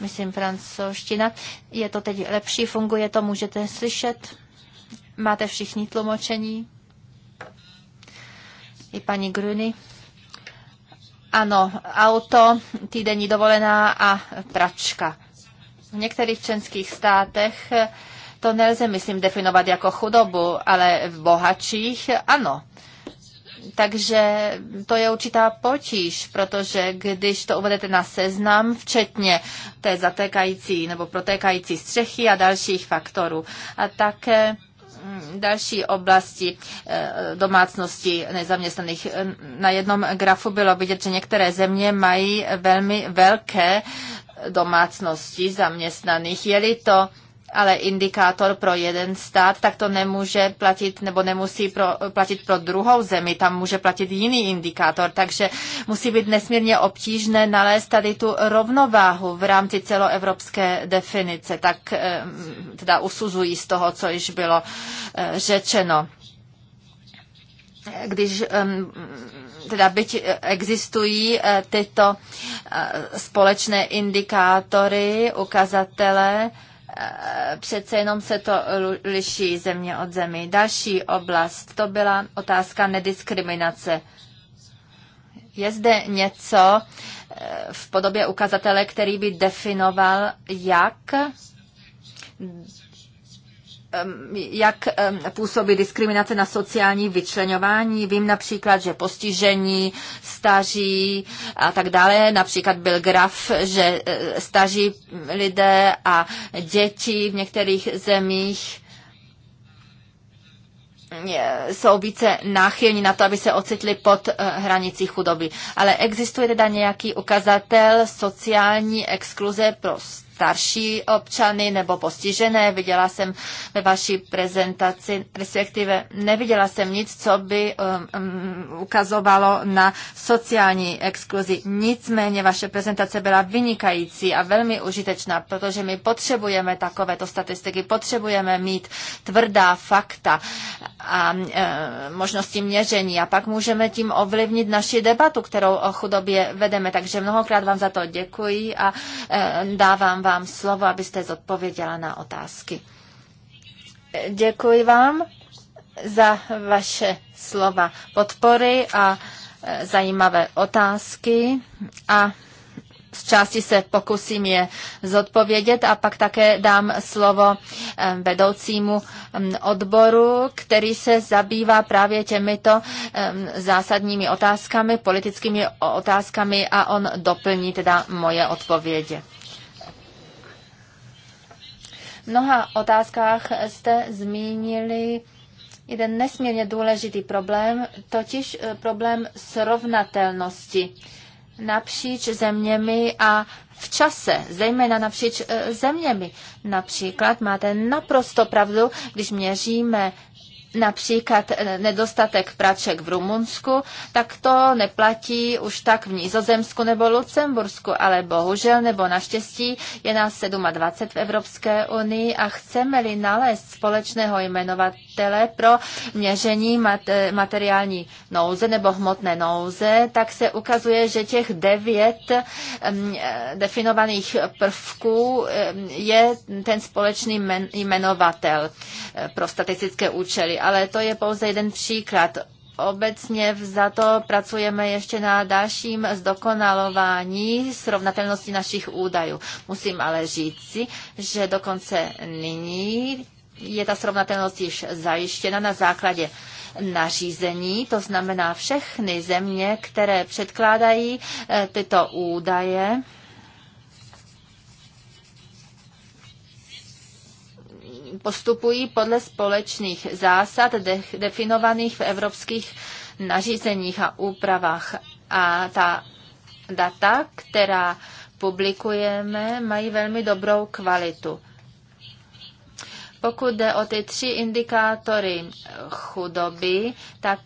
Myslím francouzština. Je to teď lepší, funguje to, můžete slyšet. Máte všichni tlumočení? I paní Gruny? Ano, auto, týdenní dovolená a pračka. V některých členských státech eh, to nelze, myslím, definovat jako chudobu, ale v bohatších ano. Takže to je určitá potíž, protože když to uvedete na seznam, včetně té zatékající nebo protékající střechy a dalších faktorů, a také mm, další oblasti eh, domácnosti nezaměstnaných. Eh, na jednom grafu bylo vidět, že některé země mají velmi velké domácností zaměstnaných. Je-li to ale indikátor pro jeden stát, tak to nemůže platit nebo nemusí pro, platit pro druhou zemi, tam může platit jiný indikátor, takže musí být nesmírně obtížné nalézt tady tu rovnováhu v rámci celoevropské definice, tak eh, teda usuzují z toho, co již bylo eh, řečeno když um, teda byť existují eh, tyto eh, společné indikátory, ukazatele, eh, přece jenom se to liší země od zemi. Další oblast, to byla otázka nediskriminace. Je zde něco v podobě ukazatele, který by definoval, jak jak působí diskriminace na sociální vyčlenování. Vím například, že postižení, staří a tak dále, například byl graf, že e, staří lidé a děti v některých zemích e, jsou více náchylní na to, aby se ocitli pod e, hranicí chudoby. Ale existuje teda nějaký ukazatel sociální exkluze pro starší občany nebo postižené. Viděla jsem ve vaší prezentaci, respektive neviděla jsem nic, co by um, um, ukazovalo na sociální exkluzi. Nicméně vaše prezentace byla vynikající a velmi užitečná, protože my potřebujeme takovéto statistiky, potřebujeme mít tvrdá fakta a e, možnosti měření a pak můžeme tím ovlivnit naši debatu, kterou o chudobě vedeme. Takže mnohokrát vám za to děkuji a e, dávám vám vám slovo, abyste zodpověděla na otázky. Děkuji vám za vaše slova podpory a e, zajímavé otázky a z části se pokusím je zodpovědět a pak také dám slovo e, vedoucímu odboru, který se zabývá právě těmito e, zásadními otázkami, politickými otázkami a on doplní teda moje odpovědi mnoha otázkách jste zmínili jeden nesmírně důležitý problém, totiž eh, problém srovnatelnosti napříč zeměmi a v čase, zejména napříč eh, zeměmi. Například máte naprosto pravdu, když měříme například eh, nedostatek praček v Rumunsku, tak to neplatí už tak v Nizozemsku nebo Lucembursku, ale bohužel nebo naštěstí je nás 27 v Evropské unii a chceme-li nalézt společného jmenovatele pro měření eh, materiální nouze nebo hmotné nouze, tak se ukazuje, že těch devět eh, definovaných prvků je ten společný jmenovatel pro statistické účely ale to je pouze jeden příklad. Obecně za to pracujeme ještě na dalším zdokonalování srovnatelnosti našich údajů. Musím ale říci, že dokonce nyní je ta srovnatelnost již zajištěna na základě nařízení, to znamená všechny země, které předkládají eh, tyto údaje, postupují podle společných zásad definovaných v evropských nařízeních a úpravách. A ta data, která publikujeme, mají velmi dobrou kvalitu. Pokud jde o ty tři indikátory chudoby, tak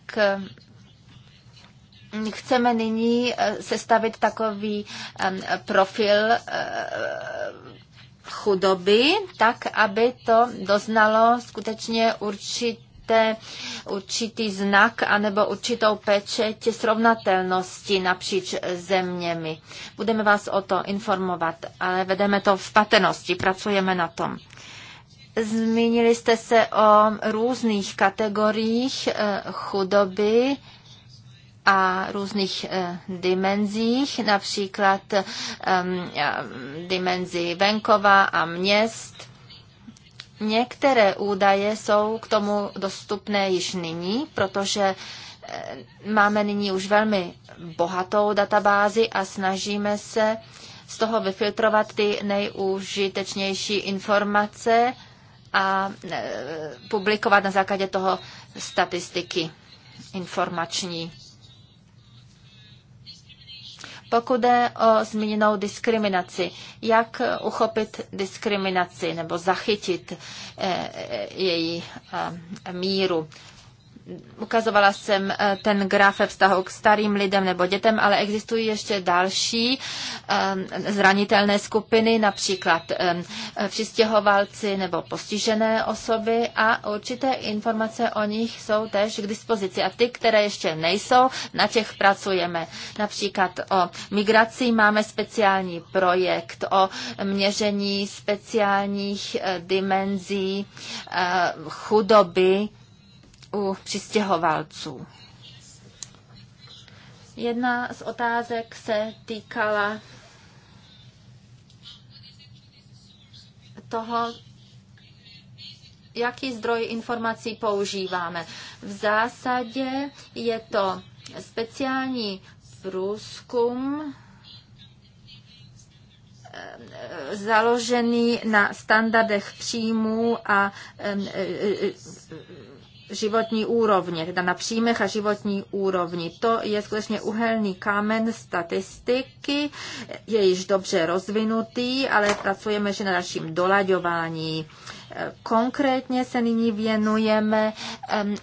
hm, chceme nyní eh, sestavit takový hm, profil eh, chudoby, tak aby to doznalo skutečně určité, určitý znak anebo určitou pečeť srovnatelnosti napříč zeměmi. Budeme vás o to informovat, ale vedeme to v patenosti, pracujeme na tom. Zmínili jste se o různých kategoriích eh, chudoby, a různých eh, dimenzích, například ehm, ehm, dimenzi venkova a měst. Některé údaje jsou k tomu dostupné již nyní, protože eh, máme nyní už velmi bohatou databázi a snažíme se z toho vyfiltrovat ty nejúžitečnější informace a eh, publikovat na základě toho statistiky informační. Pokud jde o zmíněnou diskriminaci, jak uchopit diskriminaci nebo zachytit eh, eh, její eh, míru? ukazovala jsem eh, ten graf ve vztahu k starým lidem nebo dětem, ale existují ještě další eh, zranitelné skupiny, například eh, přistěhovalci nebo postižené osoby a určité informace o nich jsou tež k dispozici. A ty, které ještě nejsou, na těch pracujeme. Například o migraci máme speciální projekt o měření speciálních dimenzí chudoby u přistěhovalců. Jedna z otázek se týkala toho, jaký zdroj informací používáme. V zásadě je to speciální průzkum eh, založený na standardech příjmů a eh, eh, životní úrovně, teda na příjmech a životní úrovni. To je skutečně uhelný kámen statistiky, je již dobře rozvinutý, ale pracujeme ještě na dalším dolaďování. Uh, Konkrétně se nyní věnujeme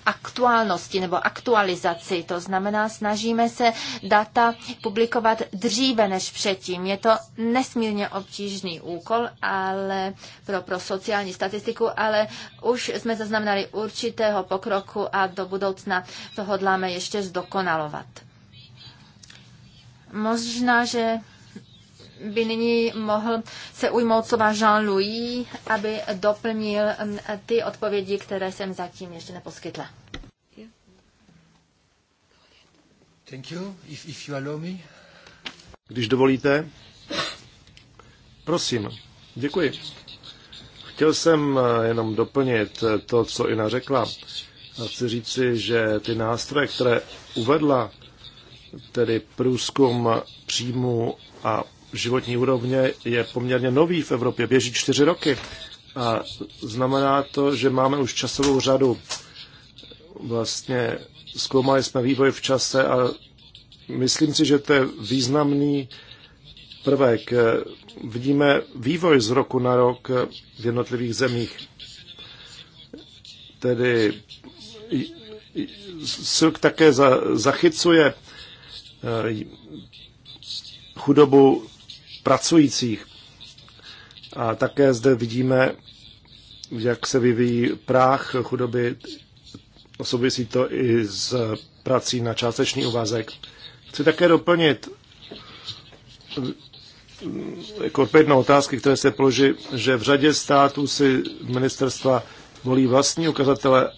aktuálnosti nebo aktualizaci, to znamená, snažíme se data publikovat dříve než předtím. Je to nesmírně obtížný úkol, ale pro, pro sociální statistiku, ale už jsme zaznamenali určitého pokroku a do budoucna to hodláme ještě zdokonalovat. Možná, že by nyní mohl se ujmout slova Jean-Louis, aby doplnil mm, ty odpovědi, které jsem zatím ještě neposkytla. Thank you, if, if you allow me. Když dovolíte. Prosím, děkuji. Chtěl jsem eh, jenom doplnit eh, to, co Ina řekla. A chci říci, že ty nástroje, které uvedla, tedy průzkum příjmu a životní úrovně je poměrně nový v Evropě, běží čtyři roky a znamená to, že máme už časovou řadu. Vlastně zkoumali jsme vývoj v čase a myslím si, že to je významný prvek. Vidíme vývoj z roku na rok v jednotlivých zemích. Tedy Silk také zachycuje eh, chudobu pracujících. A také zde vidíme, jak se vyvíjí práh chudoby. Souvisí to i s prací na částečný uvazek. Chci také doplnit jako odpověď na otázky, které se položí, že v řadě států si ministerstva volí vlastní ukazatele,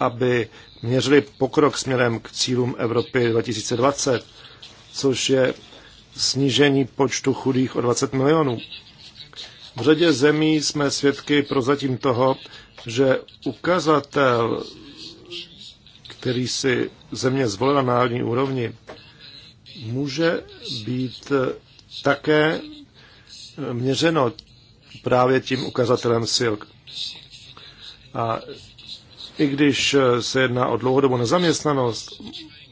aby měřili pokrok směrem k cílům Evropy 2020, což je snížení počtu chudých o 20 milionů. V řadě zemí jsme svědky prozatím toho, že ukazatel, který si země zvolila na národní úrovni, může být také eh, měřeno právě tím ukazatelem SILK. A i když eh, se jedná o dlouhodobou nezaměstnanost,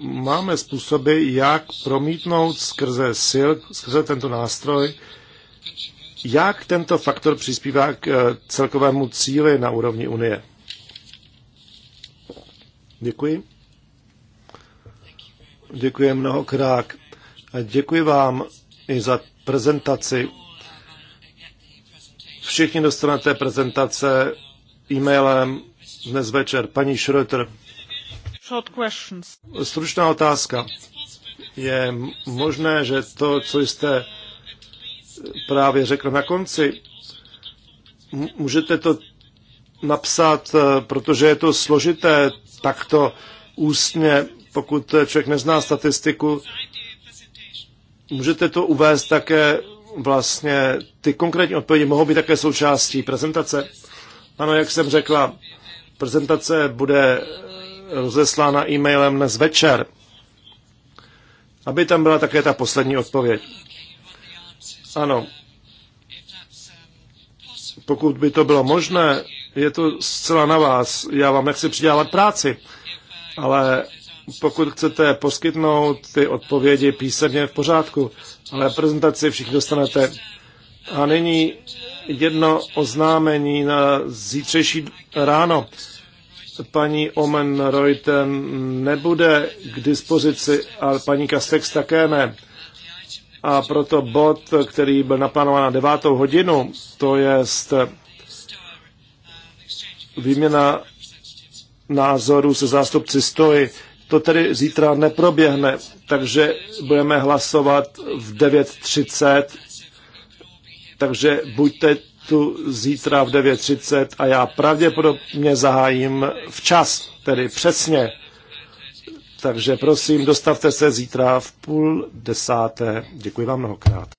máme způsoby, jak promítnout skrze sil, skrze tento nástroj, jak tento faktor přispívá k eh, celkovému cíli na úrovni Unie. Děkuji. Děkuji mnohokrát. A děkuji vám i za prezentaci. Všichni dostanete prezentace e-mailem dnes večer. Paní Schröter, Stručná otázka. Je možné, že to, co jste právě řekl na konci, můžete to napsat, eh, protože je to složité takto ústně, pokud člověk nezná statistiku, můžete to uvést také vlastně, ty konkrétní odpovědi mohou být také součástí prezentace. Ano, jak jsem řekla, prezentace bude rozeslána e-mailem dnes večer, aby tam byla také ta poslední odpověď. Ano, pokud by to bylo možné, je to zcela na vás. Já vám nechci přidávat práci, ale pokud chcete poskytnout ty odpovědi písemně v pořádku, ale prezentaci všichni dostanete. A nyní jedno oznámení na zítřejší ráno paní Omen Reuten nebude k dispozici a paní Kastex také ne. A proto bod, který byl naplánován na devátou hodinu, to je výměna názorů se zástupci stoji, to tedy zítra neproběhne, takže budeme hlasovat v 9.30, takže buďte tu zítra v 9.30 a já pravděpodobně zahájím včas, tedy přesně. Takže prosím, dostavte se zítra v půl desáté. Děkuji vám mnohokrát.